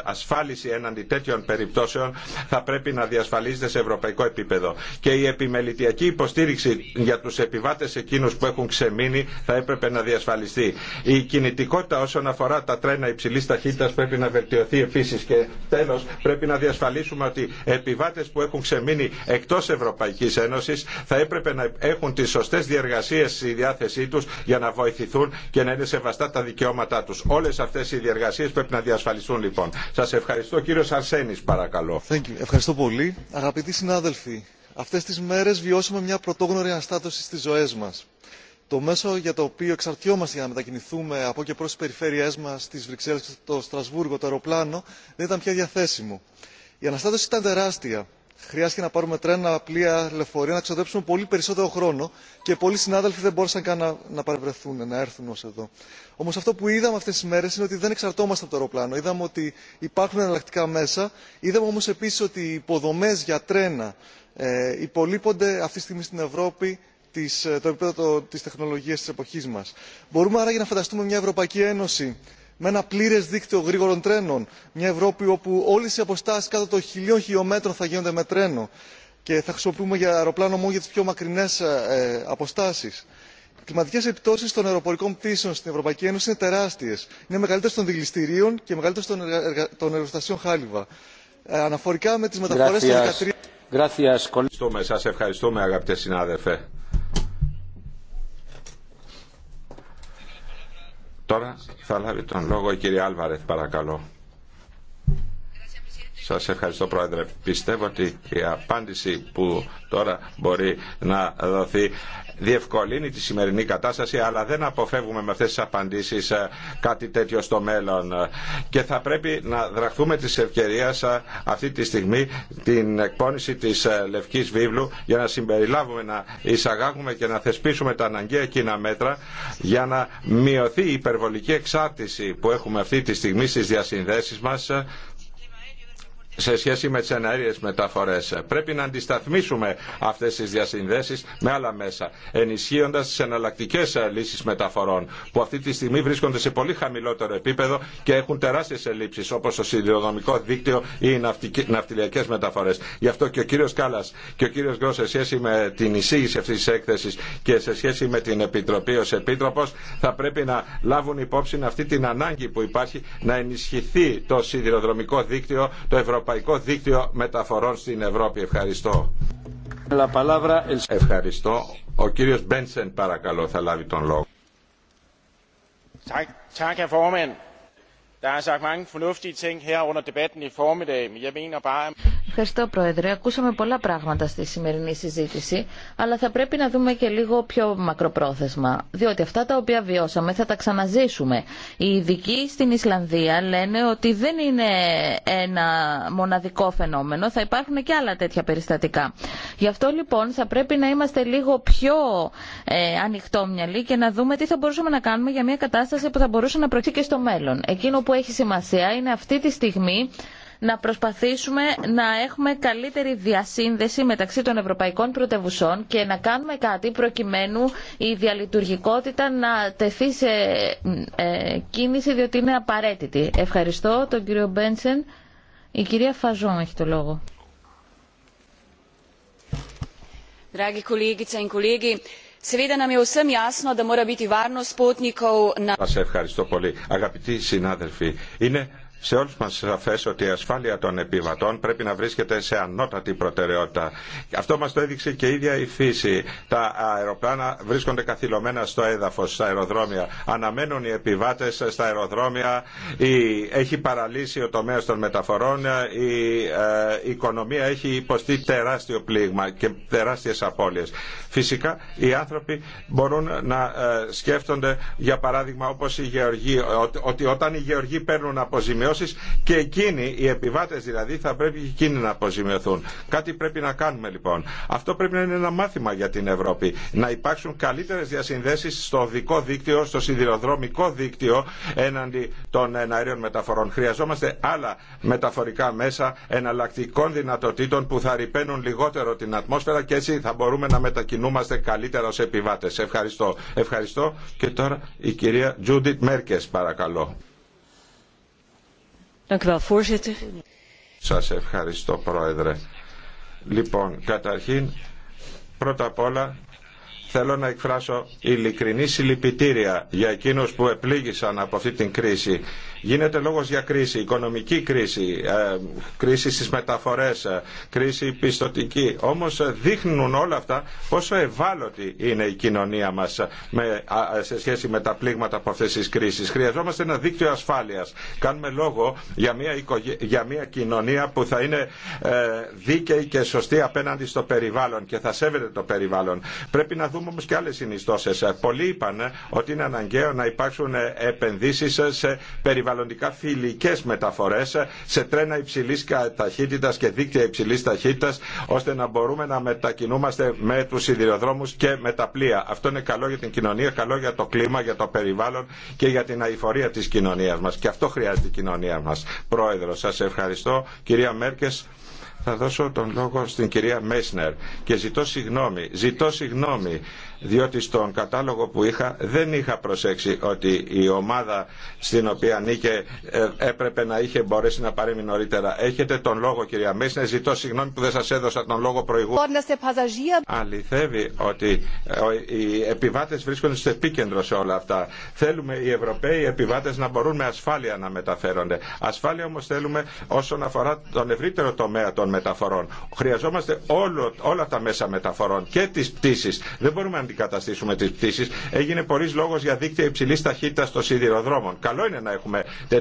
ασφάλιση έναντι τέτοιων περιπτώσεων θα πρέπει να διασφαλίζεται σε ευρωπαϊκό επίπεδο. Και η επιμελητιακή υποστήριξη για τους επιβάτες εκείνου που έχουν ξεμείνει θα έπρεπε να διασφαλιστεί. Η κινητικότητα όσον αφορά τα τρένα υψηλή ταχύτητας πρέπει να βελτιωθεί επίσης Και τέλος πρέπει να διασφαλίσουμε ότι επιβάτες που έχουν ξεμείνει εκτός Ευρωπαϊκής Ένωσης θα έπρεπε να έχουν τις σωστέ διεργασίες στη διάθεσή του για να βοηθηθούν και να είναι σεβαστά τα δικαιώματά τους. Όλες αυτές οι διεργασίες πρέπει να διασφαλιστούν λοιπόν. Σας ευχαριστώ ο κύριο Αρσένης παρακαλώ. Ευχαριστώ πολύ. Αγαπητοί συνάδελφοι, αυτές τις μέρες βιώσαμε μια πρωτόγνωρη αναστάτωση στις ζωέ μας. Το μέσο για το οποίο εξαρτιόμαστε για να μετακινηθούμε από και προς τις περιφέρειές μας, στις Βρυξέλλες, το Στρασβούργο, το αεροπλάνο, δεν ήταν πια διαθέσιμο. Η αναστάτωση ήταν τεράστια χρειάστηκε να πάρουμε τρένα πλοία λεωφορεία να ξοδέψουμε πολύ περισσότερο χρόνο και πολλοί συνάδελφοι δεν μπόρεσαν καν να παρευρεθούν να έρθουν ω εδώ. Όμω αυτό που είδαμε αυτέ τι μέρε είναι ότι δεν εξαρτώμαστε από το αεροπλάνο είδαμε ότι υπάρχουν εναλλακτικά μέσα είδαμε όμω επίσης ότι οι υποδομές για τρένα ε, υπολείπονται αυτή τη στιγμή στην ευρώπη ε, το επίπεδο τη τεχνολογία τη εποχή μα. μπορούμε άραγε να φανταστούμε μια ευρωπαϊκή ένωση με ένα πλήρε δίκτυο γρήγορων τρένων μια ευρώπη όπου όλε οι αποστάσει κάτω των χιλίων χιλιομέτρων θα γίνονται με τρένο και θα χρησιμοποιούμε αεροπλάνο μόνο για τι πιο μακρινέ ε, ε, αποστάσει. οι κλιματικέ επιπτώσει των αεροπορικών πτήσεων στην ευρωπαϊκή ένωση είναι τεράστιε είναι μεγαλύτερε των δηληστηρίων και μεγαλύτερε των εργοστασίων χάλιβα. Ε, αναφορικά με τι μεταφορέ των. 13... σας ευχαριστούμε αγαπητέ συνάδελφε. Τώρα θα λάβει τον λόγο η κυρία Άλβαρεθ, παρακαλώ. Σας ευχαριστώ Πρόεδρε. Πιστεύω ότι η απάντηση που τώρα μπορεί να δοθεί διευκολύνει τη σημερινή κατάσταση αλλά δεν αποφεύγουμε με αυτές τις απαντήσεις ε, κάτι τέτοιο στο μέλλον και θα πρέπει να δραχθούμε της ευκαιρίας ε, αυτή τη στιγμή την εκπόνηση της ε, Λευκής Βίβλου για να συμπεριλάβουμε, να εισαγάγουμε και να θεσπίσουμε τα αναγκαία κοινά μέτρα για να μειωθεί η υπερβολική εξάρτηση που έχουμε αυτή τη στιγμή στις διασυνδέσεις μας σε σχέση με τις εναέριες μεταφορές. Πρέπει να αντισταθμίσουμε αυτές τις διασυνδέσεις με άλλα μέσα, ενισχύοντας τις εναλλακτικέ λύσεις μεταφορών, που αυτή τη στιγμή βρίσκονται σε πολύ χαμηλότερο επίπεδο και έχουν τεράστιες ελλείψεις, όπως το σιδηροδρομικό δίκτυο ή οι ναυτιλιακές μεταφορές. Γι' αυτό και ο κύριος Κάλλας και ο κύριος Γκρό σε σχέση με την εισήγηση αυτής της έκθεσης και σε σχέση με την Επιτροπή ως Επίτροπος, θα πρέπει να λάβουν υπόψη αυτή την ανάγκη που υπάρχει να ενισχυθεί το σιδηροδρομικό δίκτυο, το ευρωπαϊκό Ευρωπαϊκό Δίκτυο Μεταφορών στην Ευρώπη. Ευχαριστώ. Ευχαριστώ. Ο κύριος Μπένσεν παρακαλώ θα λάβει τον λόγο. Ευχαριστώ, Πρόεδρε. Ακούσαμε πολλά πράγματα στη σημερινή συζήτηση, αλλά θα πρέπει να δούμε και λίγο πιο μακροπρόθεσμα. Διότι αυτά τα οποία βιώσαμε θα τα ξαναζήσουμε. Οι ειδικοί στην Ισλανδία λένε ότι δεν είναι ένα μοναδικό φαινόμενο, θα υπάρχουν και άλλα τέτοια περιστατικά. Γι' αυτό λοιπόν θα πρέπει να είμαστε λίγο πιο ε, ανοιχτόμυαλοι και να δούμε τι θα μπορούσαμε να κάνουμε για μια κατάσταση που θα μπορούσε να προκύψει και στο μέλλον. Εκείνο που έχει σημασία είναι αυτή τη στιγμή να προσπαθήσουμε να έχουμε καλύτερη διασύνδεση μεταξύ των ευρωπαϊκών πρωτευουσών και να κάνουμε κάτι προκειμένου η διαλειτουργικότητα να τεθεί σε ε, κίνηση διότι είναι απαραίτητη. Ευχαριστώ τον κύριο Μπένσεν. Η κυρία Φαζόν έχει το λόγο. Seveda nam je vsem jasno, da mora biti varnost potnikov na σε όλους μας σαφές ότι η ασφάλεια των επιβατών πρέπει να βρίσκεται σε ανώτατη προτεραιότητα. Αυτό μας το έδειξε και η ίδια η φύση. Τα αεροπλάνα βρίσκονται καθυλωμένα στο έδαφος, στα αεροδρόμια. Αναμένουν οι επιβάτες στα αεροδρόμια, έχει παραλύσει ο τομέας των μεταφορών, ε, η οικονομία έχει υποστεί τεράστιο πλήγμα και τεράστιες απώλειες. Φυσικά οι άνθρωποι μπορούν να ε, σκέφτονται, για παράδειγμα όπως οι ότι όταν οι γεωργοί παίρνουν αποζημιώσεις, και εκείνοι, οι επιβάτε δηλαδή, θα πρέπει και εκείνοι να αποζημιωθούν. Κάτι πρέπει να κάνουμε λοιπόν. Αυτό πρέπει να είναι ένα μάθημα για την Ευρώπη. Να υπάρξουν καλύτερε διασυνδέσεις στο δικό δίκτυο, στο σιδηροδρομικό δίκτυο έναντι των ε, εναερίων μεταφορών. Χρειαζόμαστε άλλα μεταφορικά μέσα εναλλακτικών δυνατοτήτων που θα ρηπαίνουν λιγότερο την ατμόσφαιρα και έτσι θα μπορούμε να μετακινούμαστε καλύτερα ως επιβάτε Ευχαριστώ. Ευχαριστώ και τώρα η κυρία Τζούντιτ Μέρκε, παρακαλώ. Σας ευχαριστώ Πρόεδρε. Λοιπόν, καταρχήν, πρώτα απ' όλα θέλω να εκφράσω ειλικρινή συλληπιτήρια για εκείνους που επλήγησαν από αυτή την κρίση Γίνεται λόγος για κρίση, οικονομική κρίση, ε, κρίση στις μεταφορές, ε, κρίση πιστοτική. Όμως ε, δείχνουν όλα αυτά πόσο ευάλωτη είναι η κοινωνία μας σε σχέση με τα πλήγματα από αυτές τις κρίσεις. Χρειαζόμαστε ένα δίκτυο ασφάλειας. Κάνουμε λόγο για μια, οικογε... για μια κοινωνία που θα είναι δίκαιη και σωστή απέναντι στο περιβάλλον και θα σέβεται το περιβάλλον. Πρέπει να δούμε όμως και άλλες συνιστώσεις. Πολλοί είπαν ότι είναι αναγκαίο να υπάρξουν επενδύσεις σε περιβαλλον περιβαλλοντικά φιλικές μεταφορές σε τρένα υψηλή ταχύτητα και δίκτυα υψηλή ταχύτητα, ώστε να μπορούμε να μετακινούμαστε με του σιδηροδρόμου και με τα πλοία. Αυτό είναι καλό για την κοινωνία, καλό για το κλίμα, για το περιβάλλον και για την αηφορία τη κοινωνίας μας. Και αυτό χρειάζεται η κοινωνία μα Πρόεδρο, Σα ευχαριστώ. Κυρία Μέρκε, θα δώσω τον λόγο στην κυρία Μέσνερ και ζητώ συγγνώμη, ζητώ συγγνώμη διότι στον κατάλογο που είχα δεν είχα προσέξει ότι η ομάδα στην οποία νίκε ε, έπρεπε να είχε μπορέσει να παρέμει νωρίτερα. Έχετε τον λόγο κυρία Μέσνε, ζητώ συγγνώμη που δεν σας έδωσα τον λόγο προηγούμενο. Αληθεύει ότι ε, οι επιβάτες βρίσκονται σε επίκεντρο σε όλα αυτά. Θέλουμε οι Ευρωπαίοι επιβάτες να μπορούν με ασφάλεια να μεταφέρονται. Ασφάλεια όμως θέλουμε όσον αφορά τον ευρύτερο τομέα των μεταφορών. Χρειαζόμαστε όλο, όλα τα μέσα μεταφορών και τις πτήσεις. Δεν μπορούμε αντικαταστήσουμε τι πτήσει. Έγινε πολλή λόγο για δίκτυα υψηλή ταχύτητα των σιδηροδρόμων. Καλό είναι να έχουμε ε,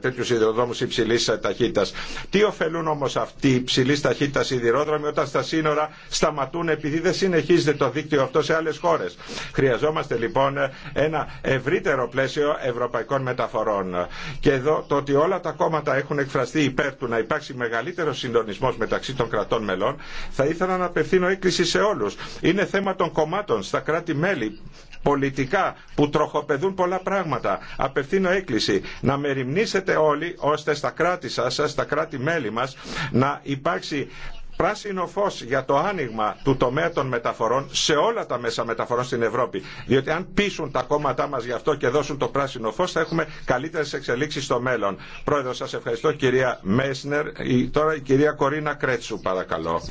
τέτοιου σιδηροδρόμου υψηλή ε, ταχύτητα. Τι ωφελούν όμω αυτοί οι υψηλή ταχύτητα σιδηρόδρομοι όταν στα σύνορα σταματούν επειδή δεν συνεχίζεται το δίκτυο αυτό σε άλλε χώρε. Χρειαζόμαστε λοιπόν ε, ένα ευρύτερο πλαίσιο ευρωπαϊκών μεταφορών. Και εδώ το ότι όλα τα κόμματα έχουν εκφραστεί υπέρ του να υπάρξει μεγαλύτερο συντονισμό μεταξύ των κρατών μελών, θα ήθελα να απευθύνω έκκληση σε όλου. Είναι θέμα των κομμάτων στα κράτη-μέλη πολιτικά που τροχοπεδούν πολλά πράγματα. Απευθύνω έκκληση να μεριμνήσετε όλοι ώστε στα κράτη σας, στα κράτη-μέλη μας να υπάρξει πράσινο φω για το άνοιγμα του τομέα των μεταφορών σε όλα τα μέσα μεταφορών στην Ευρώπη. Διότι αν πείσουν τα κόμματά μα γι' αυτό και δώσουν το πράσινο φω, θα έχουμε καλύτερε εξελίξει στο μέλλον. Πρόεδρο σα ευχαριστώ κυρία Μέσνερ. Τώρα η κυρία Κορίνα Κρέτσου παρακαλώ.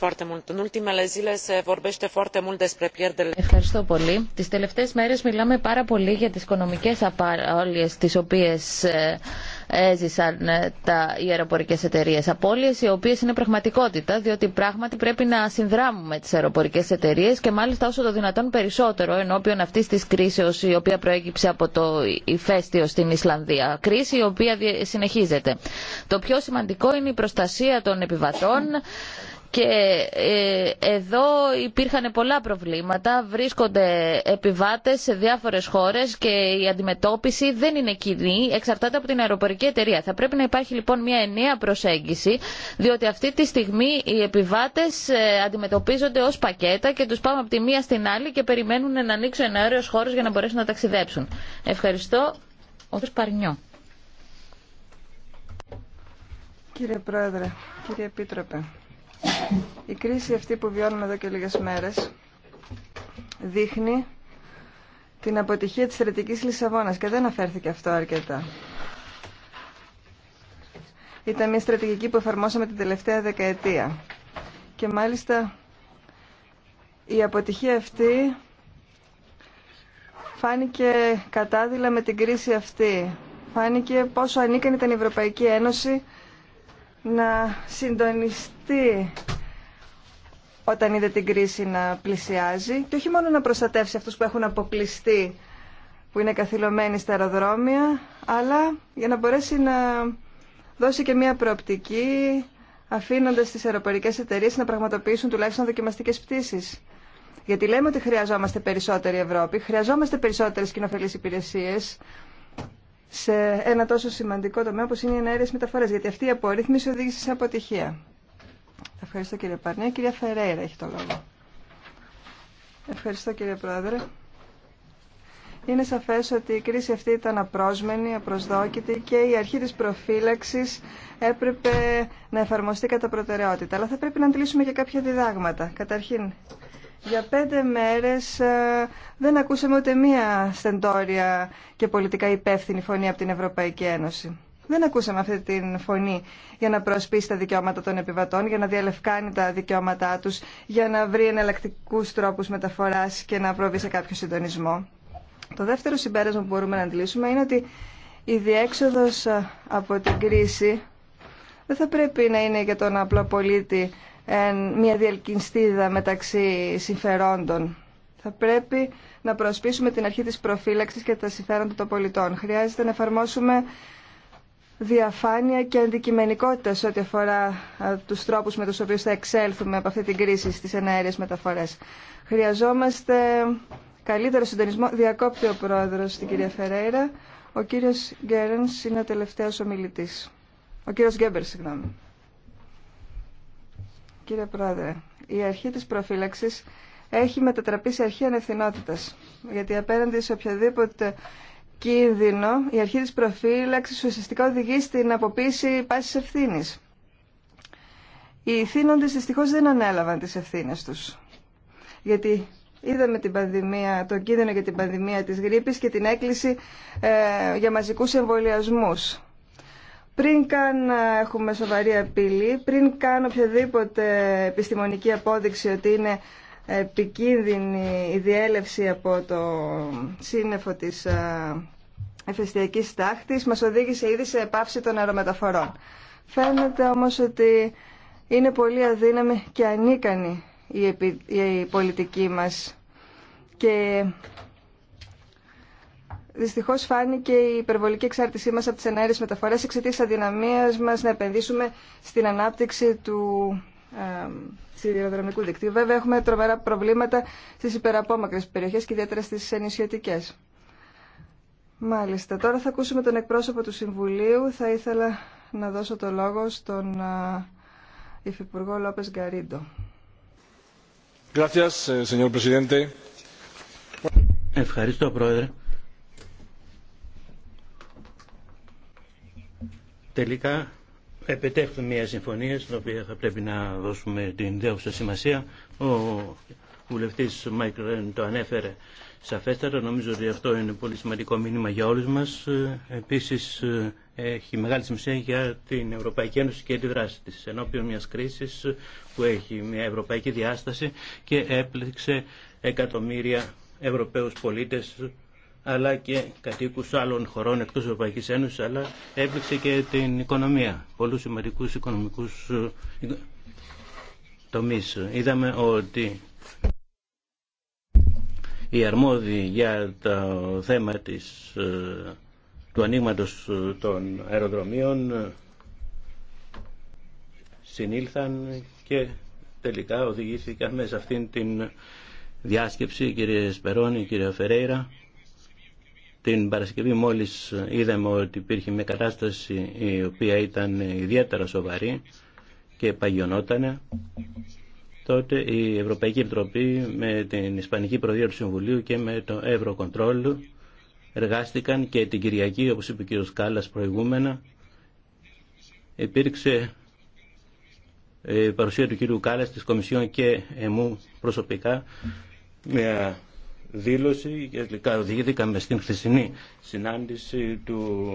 Ευχαριστώ πολύ. Τι τελευταίε μέρε μιλάμε πάρα πολύ για τι οικονομικέ απώλειες τι οποίε. Ε, έζησαν ε, τα, οι αεροπορικέ εταιρείες. απόλυε οι οποίε είναι πραγματικότητα, διότι πράγματι πρέπει να συνδράμουμε τι αεροπορικέ εταιρείε, και μάλιστα όσο το δυνατόν περισσότερο ενώπιον αυτή τη κρίση, η οποία προέκυψε από το ηφαίστειο στην Ισλανδία. Κρίση η οποία συνεχίζεται. Το πιο σημαντικό είναι η προστασία των επιβατών, και ε, εδώ υπήρχαν πολλά προβλήματα. Βρίσκονται επιβάτες σε διάφορες χώρες και η αντιμετώπιση δεν είναι κοινή. Εξαρτάται από την αεροπορική εταιρεία. Θα πρέπει να υπάρχει λοιπόν μια ενιαία προσέγγιση, διότι αυτή τη στιγμή οι επιβάτες ε, αντιμετωπίζονται ως πακέτα και τους πάμε από τη μία στην άλλη και περιμένουν να ανοίξουν ένα αέριο χώρο για να μπορέσουν να ταξιδέψουν. Ευχαριστώ. Κύριε Πρόεδρε, κύριε Επίτροπε, η κρίση αυτή που βιώνουμε εδώ και λίγες μέρες δείχνει την αποτυχία της στρατηγικής Λισαβόνας και δεν αφέρθηκε αυτό αρκετά. Ήταν μια στρατηγική που εφαρμόσαμε την τελευταία δεκαετία και μάλιστα η αποτυχία αυτή φάνηκε κατάδυλα με την κρίση αυτή. Φάνηκε πόσο ανίκανη ήταν η Ευρωπαϊκή Ένωση να συντονιστεί όταν είδε την κρίση να πλησιάζει και όχι μόνο να προστατεύσει αυτούς που έχουν αποκλειστεί που είναι καθυλωμένοι στα αεροδρόμια αλλά για να μπορέσει να δώσει και μια προοπτική αφήνοντας τις αεροπορικές εταιρείε να πραγματοποιήσουν τουλάχιστον δοκιμαστικές πτήσεις. Γιατί λέμε ότι χρειαζόμαστε περισσότερη Ευρώπη, χρειαζόμαστε περισσότερες κοινοφελείς υπηρεσίες, σε ένα τόσο σημαντικό τομέα όπως είναι οι ενέργειες μεταφορές, γιατί αυτή η απορρίθμιση οδήγησε σε αποτυχία. Ευχαριστώ κύριε Παρνία. Κυρία Φερέιρα έχει το λόγο. Ευχαριστώ κύριε Πρόεδρε. Είναι σαφές ότι η κρίση αυτή ήταν απρόσμενη, απροσδόκητη και η αρχή της προφύλαξης έπρεπε να εφαρμοστεί κατά προτεραιότητα. Αλλά θα πρέπει να αντιλήσουμε και κάποια διδάγματα. Καταρχήν, για πέντε μέρες ε, δεν ακούσαμε ούτε μία στεντόρια και πολιτικά υπεύθυνη φωνή από την Ευρωπαϊκή Ένωση. Δεν ακούσαμε αυτή τη φωνή για να προσπίσει τα δικαιώματα των επιβατών, για να διαλευκάνει τα δικαιώματά τους, για να βρει εναλλακτικού τρόπους μεταφοράς και να προβεί σε κάποιο συντονισμό. Το δεύτερο συμπέρασμα που μπορούμε να αντιλήσουμε είναι ότι η διέξοδος ε, από την κρίση δεν θα πρέπει να είναι για τον απλό πολίτη μια διελκυνστίδα μεταξύ συμφερόντων. Θα πρέπει να προσπίσουμε την αρχή της προφύλαξης και τα συμφέροντα των πολιτών. Χρειάζεται να εφαρμόσουμε διαφάνεια και αντικειμενικότητα σε ό,τι αφορά τους τρόπους με τους οποίους θα εξέλθουμε από αυτή την κρίση στις εναέριες μεταφορές. Χρειαζόμαστε καλύτερο συντονισμό. Διακόπτει ο πρόεδρος την κυρία Φερέιρα. Ο κύριος Γκέρενς είναι ο τελευταίος ομιλητής. Ο κύριος Γκέμπερ, συγγνώμη. Κύριε Πρόεδρε, η αρχή της προφύλαξης έχει μετατραπεί σε αρχή ανευθυνότητας, γιατί απέναντι σε οποιοδήποτε κίνδυνο, η αρχή της προφύλαξης ουσιαστικά οδηγεί στην αποποίηση πάσης ευθύνης. Οι θύνοντες δυστυχώ δεν ανέλαβαν τις ευθύνες τους, γιατί είδαμε την πανδημία, τον κίνδυνο για την πανδημία της γρήπης και την έκκληση ε, για μαζικούς εμβολιασμούς πριν καν έχουμε σοβαρή απειλή, πριν καν οποιαδήποτε επιστημονική απόδειξη ότι είναι επικίνδυνη η διέλευση από το σύννεφο της εφεστιακής τάχτης, μας οδήγησε ήδη σε επάυση των αερομεταφορών. Φαίνεται όμως ότι είναι πολύ αδύναμη και ανίκανη η πολιτική μας και Δυστυχώ φάνηκε η υπερβολική εξάρτησή μα από τι ενέργειε μεταφορέ εξαιτία τη αδυναμία μα να επενδύσουμε στην ανάπτυξη του ε, σιδηροδρομικού δικτύου. Βέβαια, έχουμε τρομερά προβλήματα στι υπεραπόμακρε περιοχέ και ιδιαίτερα στι ενισχυτικέ. Μάλιστα. Τώρα θα ακούσουμε τον εκπρόσωπο του Συμβουλίου. Θα ήθελα να δώσω το λόγο στον ε, Υφυπουργό Λόπε Γκαρίντο. Ευχαριστώ, Πρόεδρε. τελικά επιτέχθουν μια συμφωνία στην οποία θα πρέπει να δώσουμε την δέουσα σημασία. Ο βουλευτής Μάικλ Ρεν το ανέφερε σαφέστατα. Νομίζω ότι αυτό είναι πολύ σημαντικό μήνυμα για όλους μας. Επίσης έχει μεγάλη σημασία για την Ευρωπαϊκή Ένωση και τη δράση της ενώπιον μιας κρίσης που έχει μια ευρωπαϊκή διάσταση και έπληξε εκατομμύρια Ευρωπαίους πολίτες αλλά και κατοίκους άλλων χωρών εκτός Ευρωπαϊκής Ένωσης, αλλά έπληξε και την οικονομία, πολλούς σημαντικούς οικονομικούς ε, τομείς. Είδαμε ότι οι αρμόδιοι για το θέμα της, ε, του ανοίγματο των αεροδρομίων ε, συνήλθαν και τελικά οδηγήθηκαν μέσα αυτήν την διάσκεψη, κυρία Σπερώνη, κύριε Φερέιρα, την Παρασκευή μόλις είδαμε ότι υπήρχε μια κατάσταση η οποία ήταν ιδιαίτερα σοβαρή και παγιωνότανε. Τότε η Ευρωπαϊκή Επιτροπή με την Ισπανική Προεδρία του Συμβουλίου και με το Eurocontrol εργάστηκαν και την Κυριακή, όπως είπε ο κ. Κάλλας προηγούμενα, υπήρξε ε, παρουσία του κ. Κάλλας της Κομισιόν και εμού προσωπικά δήλωση και τελικά οδηγήθηκαμε στην χθεσινή συνάντηση του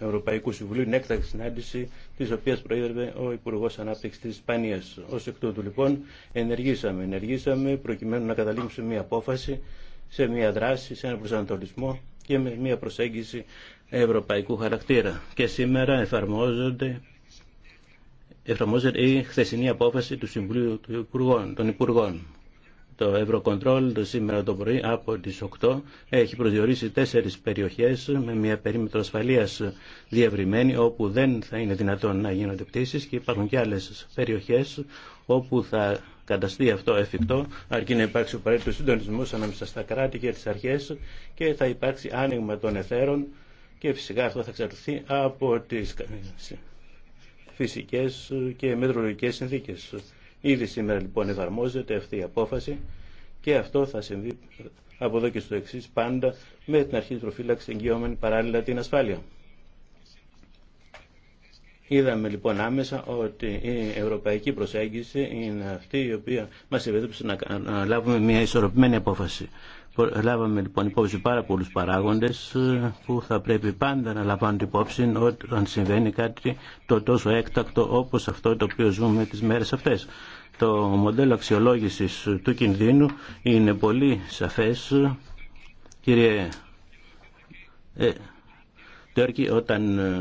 Ευρωπαϊκού Συμβουλίου, την έκτακτη συνάντηση τη οποία προείδευε ο Υπουργό Ανάπτυξη τη Ισπανία. Ω εκ τούτου λοιπόν ενεργήσαμε. Ενεργήσαμε προκειμένου να καταλήξουμε μια απόφαση σε μια δράση, σε ένα προσανατολισμό και με μια προσέγγιση ευρωπαϊκού χαρακτήρα. Και σήμερα εφαρμόζονται εφαρμόζεται η χθεσινή απόφαση του Συμβουλίου των Υπουργών. Το Ευρωκοντρόλ σήμερα το πρωί από τις 8 έχει προσδιορίσει τέσσερις περιοχές με μια περίμετρο ασφαλείας διευρυμένη όπου δεν θα είναι δυνατόν να γίνονται πτήσεις και υπάρχουν και άλλες περιοχές όπου θα καταστεί αυτό εφικτό αρκεί να υπάρξει ο παρέτητος συντονισμός ανάμεσα στα κράτη και τις αρχές και θα υπάρξει άνοιγμα των εθέρων και φυσικά αυτό θα εξαρτηθεί από τις φυσικές και μετρολογικές συνθήκες. Ήδη σήμερα λοιπόν εφαρμόζεται αυτή η απόφαση και αυτό θα συμβεί από εδώ και στο εξή πάντα με την αρχή τη προφύλαξη εγγυόμενη παράλληλα την ασφάλεια. Είδαμε λοιπόν άμεσα ότι η ευρωπαϊκή προσέγγιση είναι αυτή η οποία μας επέτρεψε να λάβουμε μια ισορροπημένη απόφαση. Λάβαμε λοιπόν υπόψη πάρα πολλούς παράγοντες ε, που θα πρέπει πάντα να λαμβάνουν υπόψη όταν συμβαίνει κάτι το τόσο έκτακτο όπως αυτό το οποίο ζούμε τις μέρες αυτές. Το μοντέλο αξιολόγησης του κινδύνου είναι πολύ σαφές. Κύριε ε, όταν ε,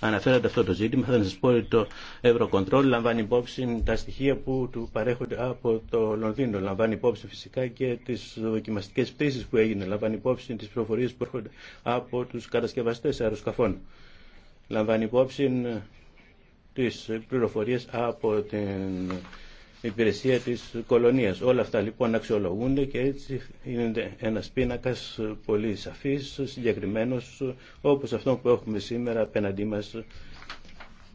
αναφέρατε αυτό το ζήτημα, θα σα πω ότι το Eurocontrol λαμβάνει υπόψη τα στοιχεία που του παρέχονται από το Λονδίνο. Λαμβάνει υπόψη φυσικά και τις δοκιμαστικέ πτήσει που έγινε. Λαμβάνει υπόψη τις πληροφορίες που έρχονται από τους κατασκευαστέ αεροσκαφών. Λαμβάνει υπόψη τις πληροφορίες από την υπηρεσία της κολονίας. Όλα αυτά λοιπόν αξιολογούνται και έτσι είναι ένας πίνακας πολύ σαφής, συγκεκριμένος, όπως αυτό που έχουμε σήμερα απέναντί μας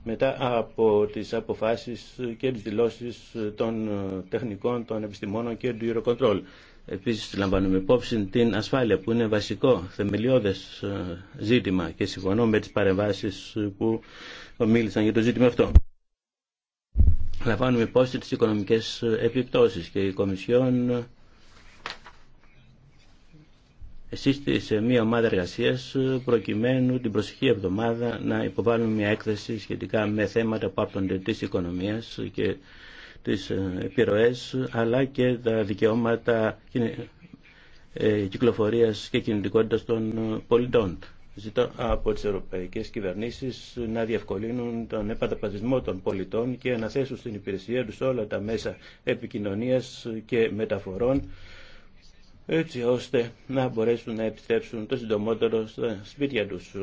μετά από τις αποφάσεις και τις δηλώσεις των τεχνικών, των επιστημόνων και του Eurocontrol. Επίσης λαμβάνουμε υπόψη την ασφάλεια που είναι βασικό θεμελιώδες ε, ζήτημα και συμφωνώ με τις παρεμβάσεις που μίλησαν για το ζήτημα αυτό λαμβάνουμε υπόψη τις οικονομικές ε, επιπτώσεις και η Κομισιόν ε, εσύστησε μια ομάδα εργασία ε, προκειμένου την προσεχή εβδομάδα να υποβάλουμε μια έκθεση σχετικά με θέματα που άπτονται τη οικονομία και τι επιρροές αλλά και τα δικαιώματα κυκλοφορίας και κινητικότητας των πολιτών. Ζητώ από τις ευρωπαϊκές κυβερνήσεις να διευκολύνουν τον επαναπατρισμό των πολιτών και να θέσουν στην υπηρεσία τους όλα τα μέσα επικοινωνίας και μεταφορών έτσι ώστε να μπορέσουν να επιστρέψουν το συντομότερο στα σπίτια τους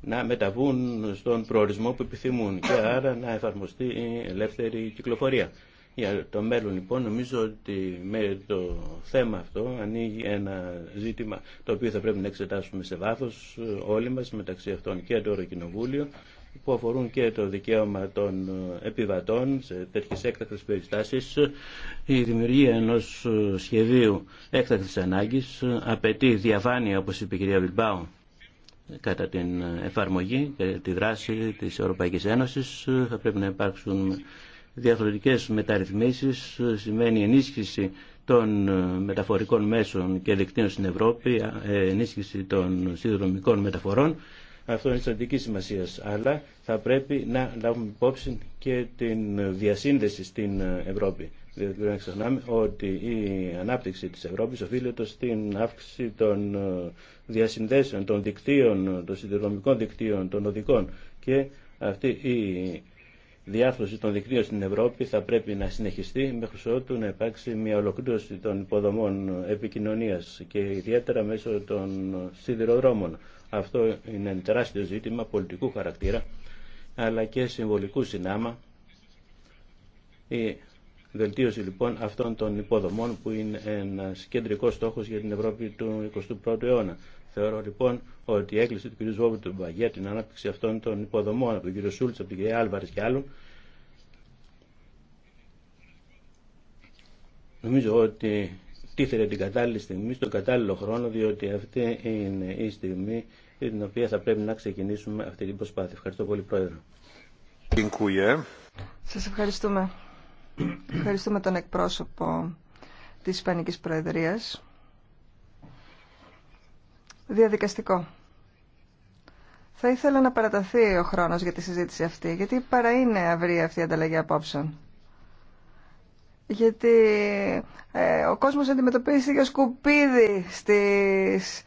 να μεταβούν στον προορισμό που επιθυμούν και άρα να εφαρμοστεί η ελεύθερη κυκλοφορία. Για το μέλλον λοιπόν νομίζω ότι με το θέμα αυτό ανοίγει ένα ζήτημα το οποίο θα πρέπει να εξετάσουμε σε βάθος ε, όλοι μας μεταξύ αυτών και το Ευρωκοινοβούλιο που αφορούν και το δικαίωμα των ε, επιβατών σε τέτοιες έκτακτες περιστάσεις. Η δημιουργία ενός ε, σχεδίου έκτακτης ανάγκης απαιτεί διαφάνεια όπως είπε η κυρία Βιλμπάου κατά την εφαρμογή και τη δράση της Ευρωπαϊκής Ένωσης θα πρέπει να υπάρξουν διαθροτικές μεταρρυθμίσεις σημαίνει ενίσχυση των μεταφορικών μέσων και δικτύων στην Ευρώπη, ε, ενίσχυση των συνδρομικών μεταφορών. Αυτό είναι στρατηγική σημασία. Αλλά θα πρέπει να λάβουμε υπόψη και την διασύνδεση στην Ευρώπη. Δεν δηλαδή, πρέπει να ξεχνάμε ότι η ανάπτυξη της Ευρώπης οφείλεται στην αύξηση των ε, διασυνδέσεων, των δικτύων, των συνδρομικών δικτύων, των οδικών. Και αυτή η διάρθρωση των δικτύων στην Ευρώπη θα πρέπει να συνεχιστεί μέχρι ότου να υπάρξει μια ολοκλήρωση των υποδομών επικοινωνίας και ιδιαίτερα μέσω των σιδηροδρόμων. Αυτό είναι ένα τεράστιο ζήτημα πολιτικού χαρακτήρα αλλά και συμβολικού συνάμα η βελτίωση λοιπόν αυτών των υποδομών που είναι ένα κεντρικό στόχος για την Ευρώπη του 21ου αιώνα. Θεωρώ λοιπόν ότι η έκκληση του κ. Ζόβου του για την ανάπτυξη αυτών των υποδομών από τον κ. Σούλτ, από την κ. Άλβαρη και άλλων νομίζω ότι τίθεται την κατάλληλη στιγμή, στον κατάλληλο χρόνο, διότι αυτή είναι η στιγμή την οποία θα πρέπει να ξεκινήσουμε αυτή την προσπάθεια. Ευχαριστώ πολύ, Πρόεδρε. Σα ευχαριστούμε. Ευχαριστούμε τον εκπρόσωπο τη Ισπανικής Προεδρία. Διαδικαστικό. Θα ήθελα να παραταθεί ο χρόνος για τη συζήτηση αυτή, γιατί παρά είναι αυρή αυτή η ανταλλαγή απόψεων. Γιατί ε, ο κόσμος αντιμετωπίζει για σκουπίδι στις,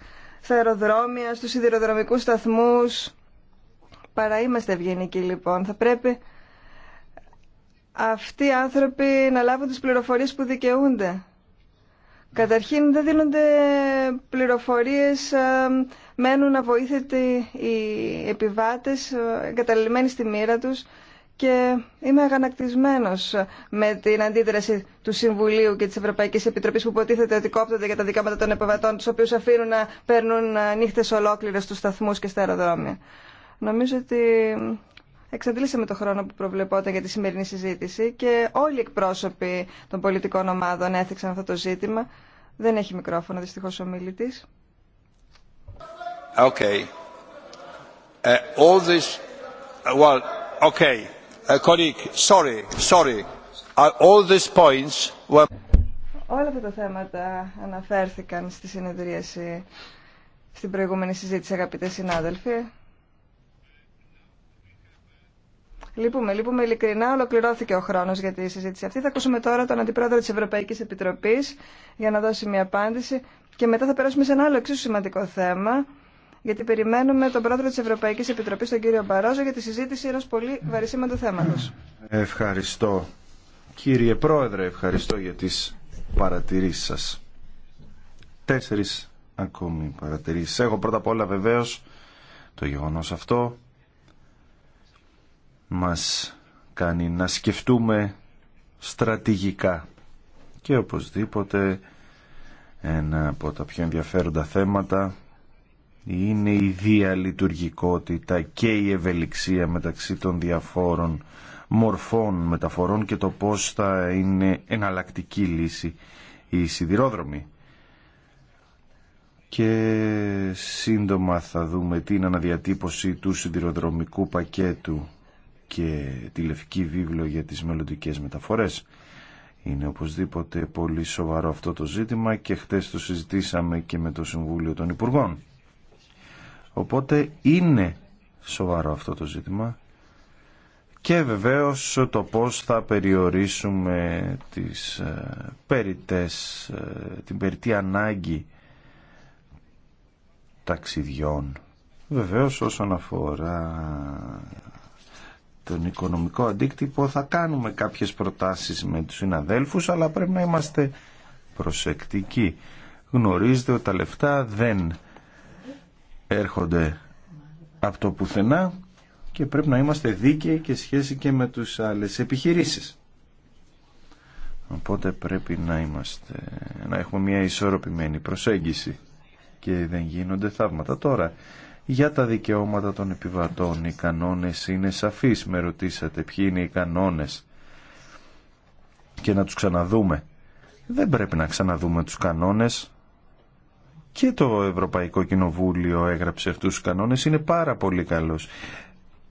αεροδρόμια, στους σιδηροδρομικούς σταθμούς. Παρά είμαστε ευγενικοί λοιπόν. Θα πρέπει αυτοί οι άνθρωποι να λάβουν τις πληροφορίες που δικαιούνται. Καταρχήν δεν δίνονται πληροφορίες, ε, μένουν να αβοήθητοι οι επιβάτες ε, εγκαταλειμμένοι στη μοίρα τους και είμαι αγανακτισμένος με την αντίδραση του Συμβουλίου και της Ευρωπαϊκής Επιτροπής που υποτίθεται ότι κόπτονται για τα δικαιώματα των επιβατών τους οποίους αφήνουν να παίρνουν ε, νύχτες ολόκληρες στους σταθμούς και στα αεροδρόμια. Νομίζω ότι εξαντλήσαμε το χρόνο που προβλεπόταν για τη σημερινή συζήτηση και όλοι οι εκπρόσωποι των πολιτικών ομάδων έθιξαν αυτό το ζήτημα δεν έχει μικρόφωνο δυστυχώ, ο Okay. Uh, all this, uh, well, okay. Uh, colleague, sorry, sorry. Uh, all these points were... Όλα αυτά τα θέματα αναφέρθηκαν στη συνεδρίαση στην προηγούμενη συζήτηση, αγαπητέ συνάδελφοι. Λυπούμε, λυπούμε ειλικρινά. Ολοκληρώθηκε ο χρόνο για τη συζήτηση αυτή. Θα ακούσουμε τώρα τον Αντιπρόεδρο τη Ευρωπαϊκή Επιτροπή για να δώσει μια απάντηση και μετά θα περάσουμε σε ένα άλλο εξίσου σημαντικό θέμα. Γιατί περιμένουμε τον πρόεδρο τη Ευρωπαϊκή Επιτροπή, τον κύριο Μπαρόζο, για τη συζήτηση ενό πολύ βαρισίμαντο θέματο. Ευχαριστώ. Κύριε Πρόεδρε, ευχαριστώ για τι παρατηρήσει σα. Τέσσερι ακόμη παρατηρήσει. Έχω πρώτα απ' όλα βεβαίω το γεγονό αυτό μας κάνει να σκεφτούμε στρατηγικά και οπωσδήποτε ένα από τα πιο ενδιαφέροντα θέματα είναι η διαλειτουργικότητα και η ευελιξία μεταξύ των διαφόρων μορφών μεταφορών και το πώς θα είναι εναλλακτική λύση η σιδηρόδρομη. Και σύντομα θα δούμε την αναδιατύπωση του σιδηροδρομικού πακέτου και τη Λευκή Βίβλο για τις μελλοντικέ μεταφορές. Είναι οπωσδήποτε πολύ σοβαρό αυτό το ζήτημα και χτες το συζητήσαμε και με το Συμβούλιο των Υπουργών. Οπότε είναι σοβαρό αυτό το ζήτημα και βεβαίως το πώς θα περιορίσουμε τις ε, περιτές, ε, την περιττή ανάγκη ταξιδιών. Βεβαίως όσον αφορά τον οικονομικό αντίκτυπο θα κάνουμε κάποιες προτάσεις με τους συναδέλφους αλλά πρέπει να είμαστε προσεκτικοί. Γνωρίζετε ότι τα λεφτά δεν έρχονται από το πουθενά και πρέπει να είμαστε δίκαιοι και σχέση και με τους άλλες επιχειρήσεις. Οπότε πρέπει να, είμαστε, να έχουμε μια ισορροπημένη προσέγγιση και δεν γίνονται θαύματα τώρα. Για τα δικαιώματα των επιβατών οι κανόνες είναι σαφείς. Με ρωτήσατε ποιοι είναι οι κανόνες και να τους ξαναδούμε. Δεν πρέπει να ξαναδούμε τους κανόνες. Και το Ευρωπαϊκό Κοινοβούλιο έγραψε αυτούς τους κανόνες. Είναι πάρα πολύ καλός.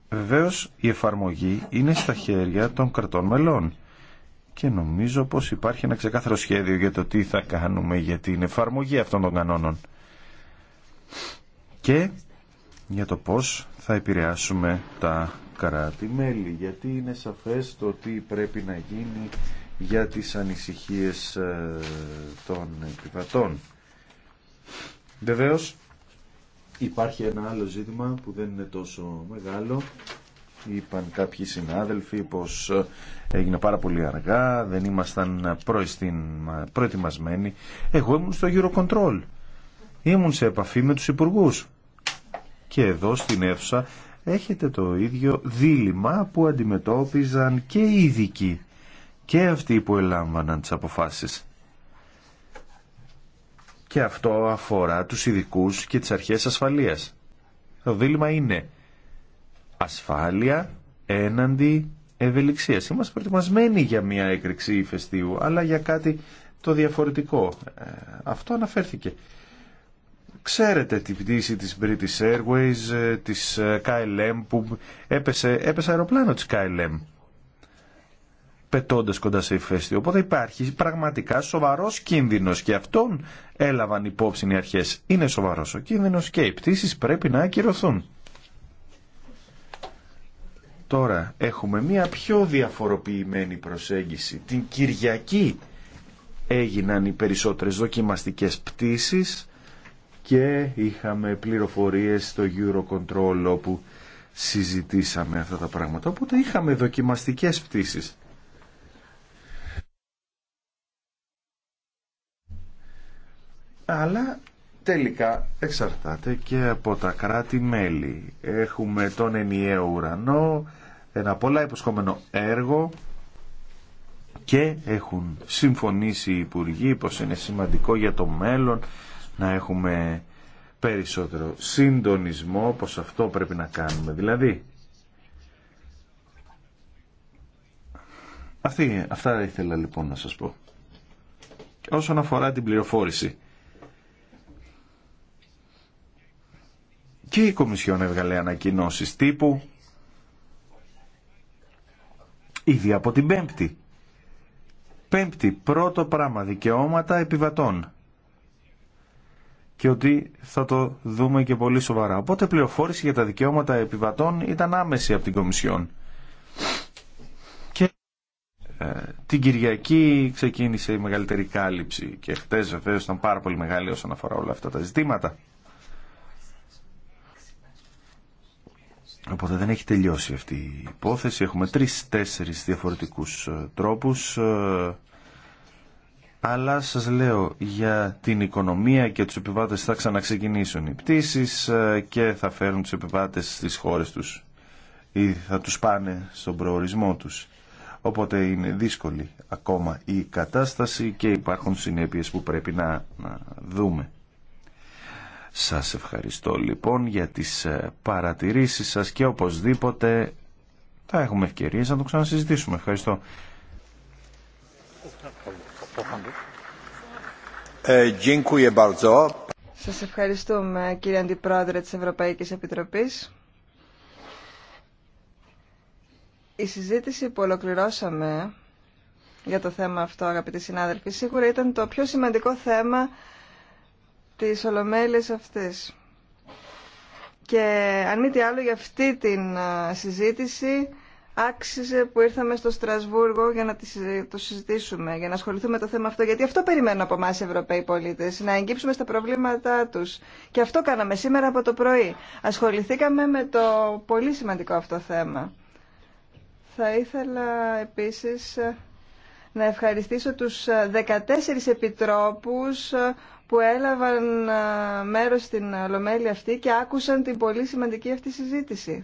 Βεβαίω, η εφαρμογή είναι στα χέρια των κρατών μελών και νομίζω πως υπάρχει ένα ξεκάθαρο σχέδιο για το τι θα κάνουμε για την εφαρμογή αυτών των κανόνων. Και για το πώς θα επηρεάσουμε τα κράτη-μέλη, γιατί είναι σαφές το τι πρέπει να γίνει για τις ανησυχίες ε, των επιβατών. Βεβαίως, υπάρχει ένα άλλο ζήτημα που δεν είναι τόσο μεγάλο. Είπαν κάποιοι συνάδελφοι πως ε, έγινε πάρα πολύ αργά, δεν ήμασταν προετοιμασμένοι. Εγώ ήμουν στο Eurocontrol. Ήμουν σε επαφή με τους υπουργούς και εδώ στην αίθουσα έχετε το ίδιο δίλημα που αντιμετώπιζαν και οι ειδικοί και αυτοί που ελάμβαναν τις αποφάσεις. Και αυτό αφορά τους ειδικού και τις αρχές ασφαλείας. Το δίλημα είναι ασφάλεια έναντι ευελιξίας. Είμαστε προετοιμασμένοι για μια έκρηξη ηφαιστείου, αλλά για κάτι το διαφορετικό. Ε, αυτό αναφέρθηκε. Ξέρετε την πτήση της British Airways, ε, της ε, KLM που έπεσε, έπεσε αεροπλάνο της KLM πετώντας κοντά σε ηφαίστειο. Οπότε υπάρχει πραγματικά σοβαρός κίνδυνος και αυτόν έλαβαν υπόψη οι αρχές. Είναι σοβαρός ο κίνδυνος και οι πτήσεις πρέπει να ακυρωθούν. Τώρα έχουμε μία πιο διαφοροποιημένη προσέγγιση. Την Κυριακή έγιναν οι περισσότερες δοκιμαστικές πτήσεις και είχαμε πληροφορίες στο Eurocontrol όπου συζητήσαμε αυτά τα πράγματα. Οπότε είχαμε δοκιμαστικές πτήσεις. Αλλά τελικά εξαρτάται και από τα κράτη-μέλη. Έχουμε τον ενιαίο ουρανό, ένα πολλά υποσχόμενο έργο και έχουν συμφωνήσει οι υπουργοί πως είναι σημαντικό για το μέλλον να έχουμε περισσότερο συντονισμό, πως αυτό πρέπει να κάνουμε. Δηλαδή, αυτή, αυτά ήθελα λοιπόν να σας πω. Όσον αφορά την πληροφόρηση, και η Κομισιόν έβγαλε ανακοινώσεις τύπου ήδη από την Πέμπτη. Πέμπτη, πρώτο πράγμα, δικαιώματα επιβατών και ότι θα το δούμε και πολύ σοβαρά. Οπότε πληροφόρηση για τα δικαιώματα επιβατών ήταν άμεση από την Κομισιόν. Και ε, την Κυριακή ξεκίνησε η μεγαλύτερη κάλυψη και χθε βεβαίω ήταν πάρα πολύ μεγάλη όσον αφορά όλα αυτά τα ζητήματα. Οπότε δεν έχει τελειώσει αυτή η υπόθεση. Έχουμε τρεις-τέσσερις διαφορετικούς ε, τρόπους. Ε, αλλά σας λέω για την οικονομία και τους επιβάτες θα ξαναξεκινήσουν οι πτήσεις ε, και θα φέρουν τους επιβάτες στις χώρες τους ή θα τους πάνε στον προορισμό τους. Οπότε είναι δύσκολη ακόμα η κατάσταση και υπάρχουν συνέπειες που πρέπει να, δούμε. Σας ευχαριστώ λοιπόν για τις ε, παρατηρήσεις σας και οπωσδήποτε θα έχουμε ευκαιρίες να το ξανασυζητήσουμε. Ευχαριστώ. Ε, Σας ευχαριστούμε κύριε Αντιπρόεδρε της Ευρωπαϊκής Επιτροπής. Η συζήτηση που ολοκληρώσαμε για το θέμα αυτό αγαπητοί συνάδελφοι σίγουρα ήταν το πιο σημαντικό θέμα της ολομέλειας αυτής. Και αν μη τι άλλο για αυτή την συζήτηση άξιζε που ήρθαμε στο Στρασβούργο για να ε, το συζητήσουμε, για να ασχοληθούμε με το θέμα αυτό. Γιατί αυτό περιμένουν από εμά οι Ευρωπαίοι πολίτε, να εγγύψουμε στα προβλήματά του. Και αυτό κάναμε σήμερα από το πρωί. Ασχοληθήκαμε με το πολύ σημαντικό αυτό θέμα. Θα ήθελα επίσης ε, να ευχαριστήσω τους 14 ε, επιτρόπους που έλαβαν μέρος στην Ολομέλη αυτή και άκουσαν την πολύ σημαντική αυτή συζήτηση.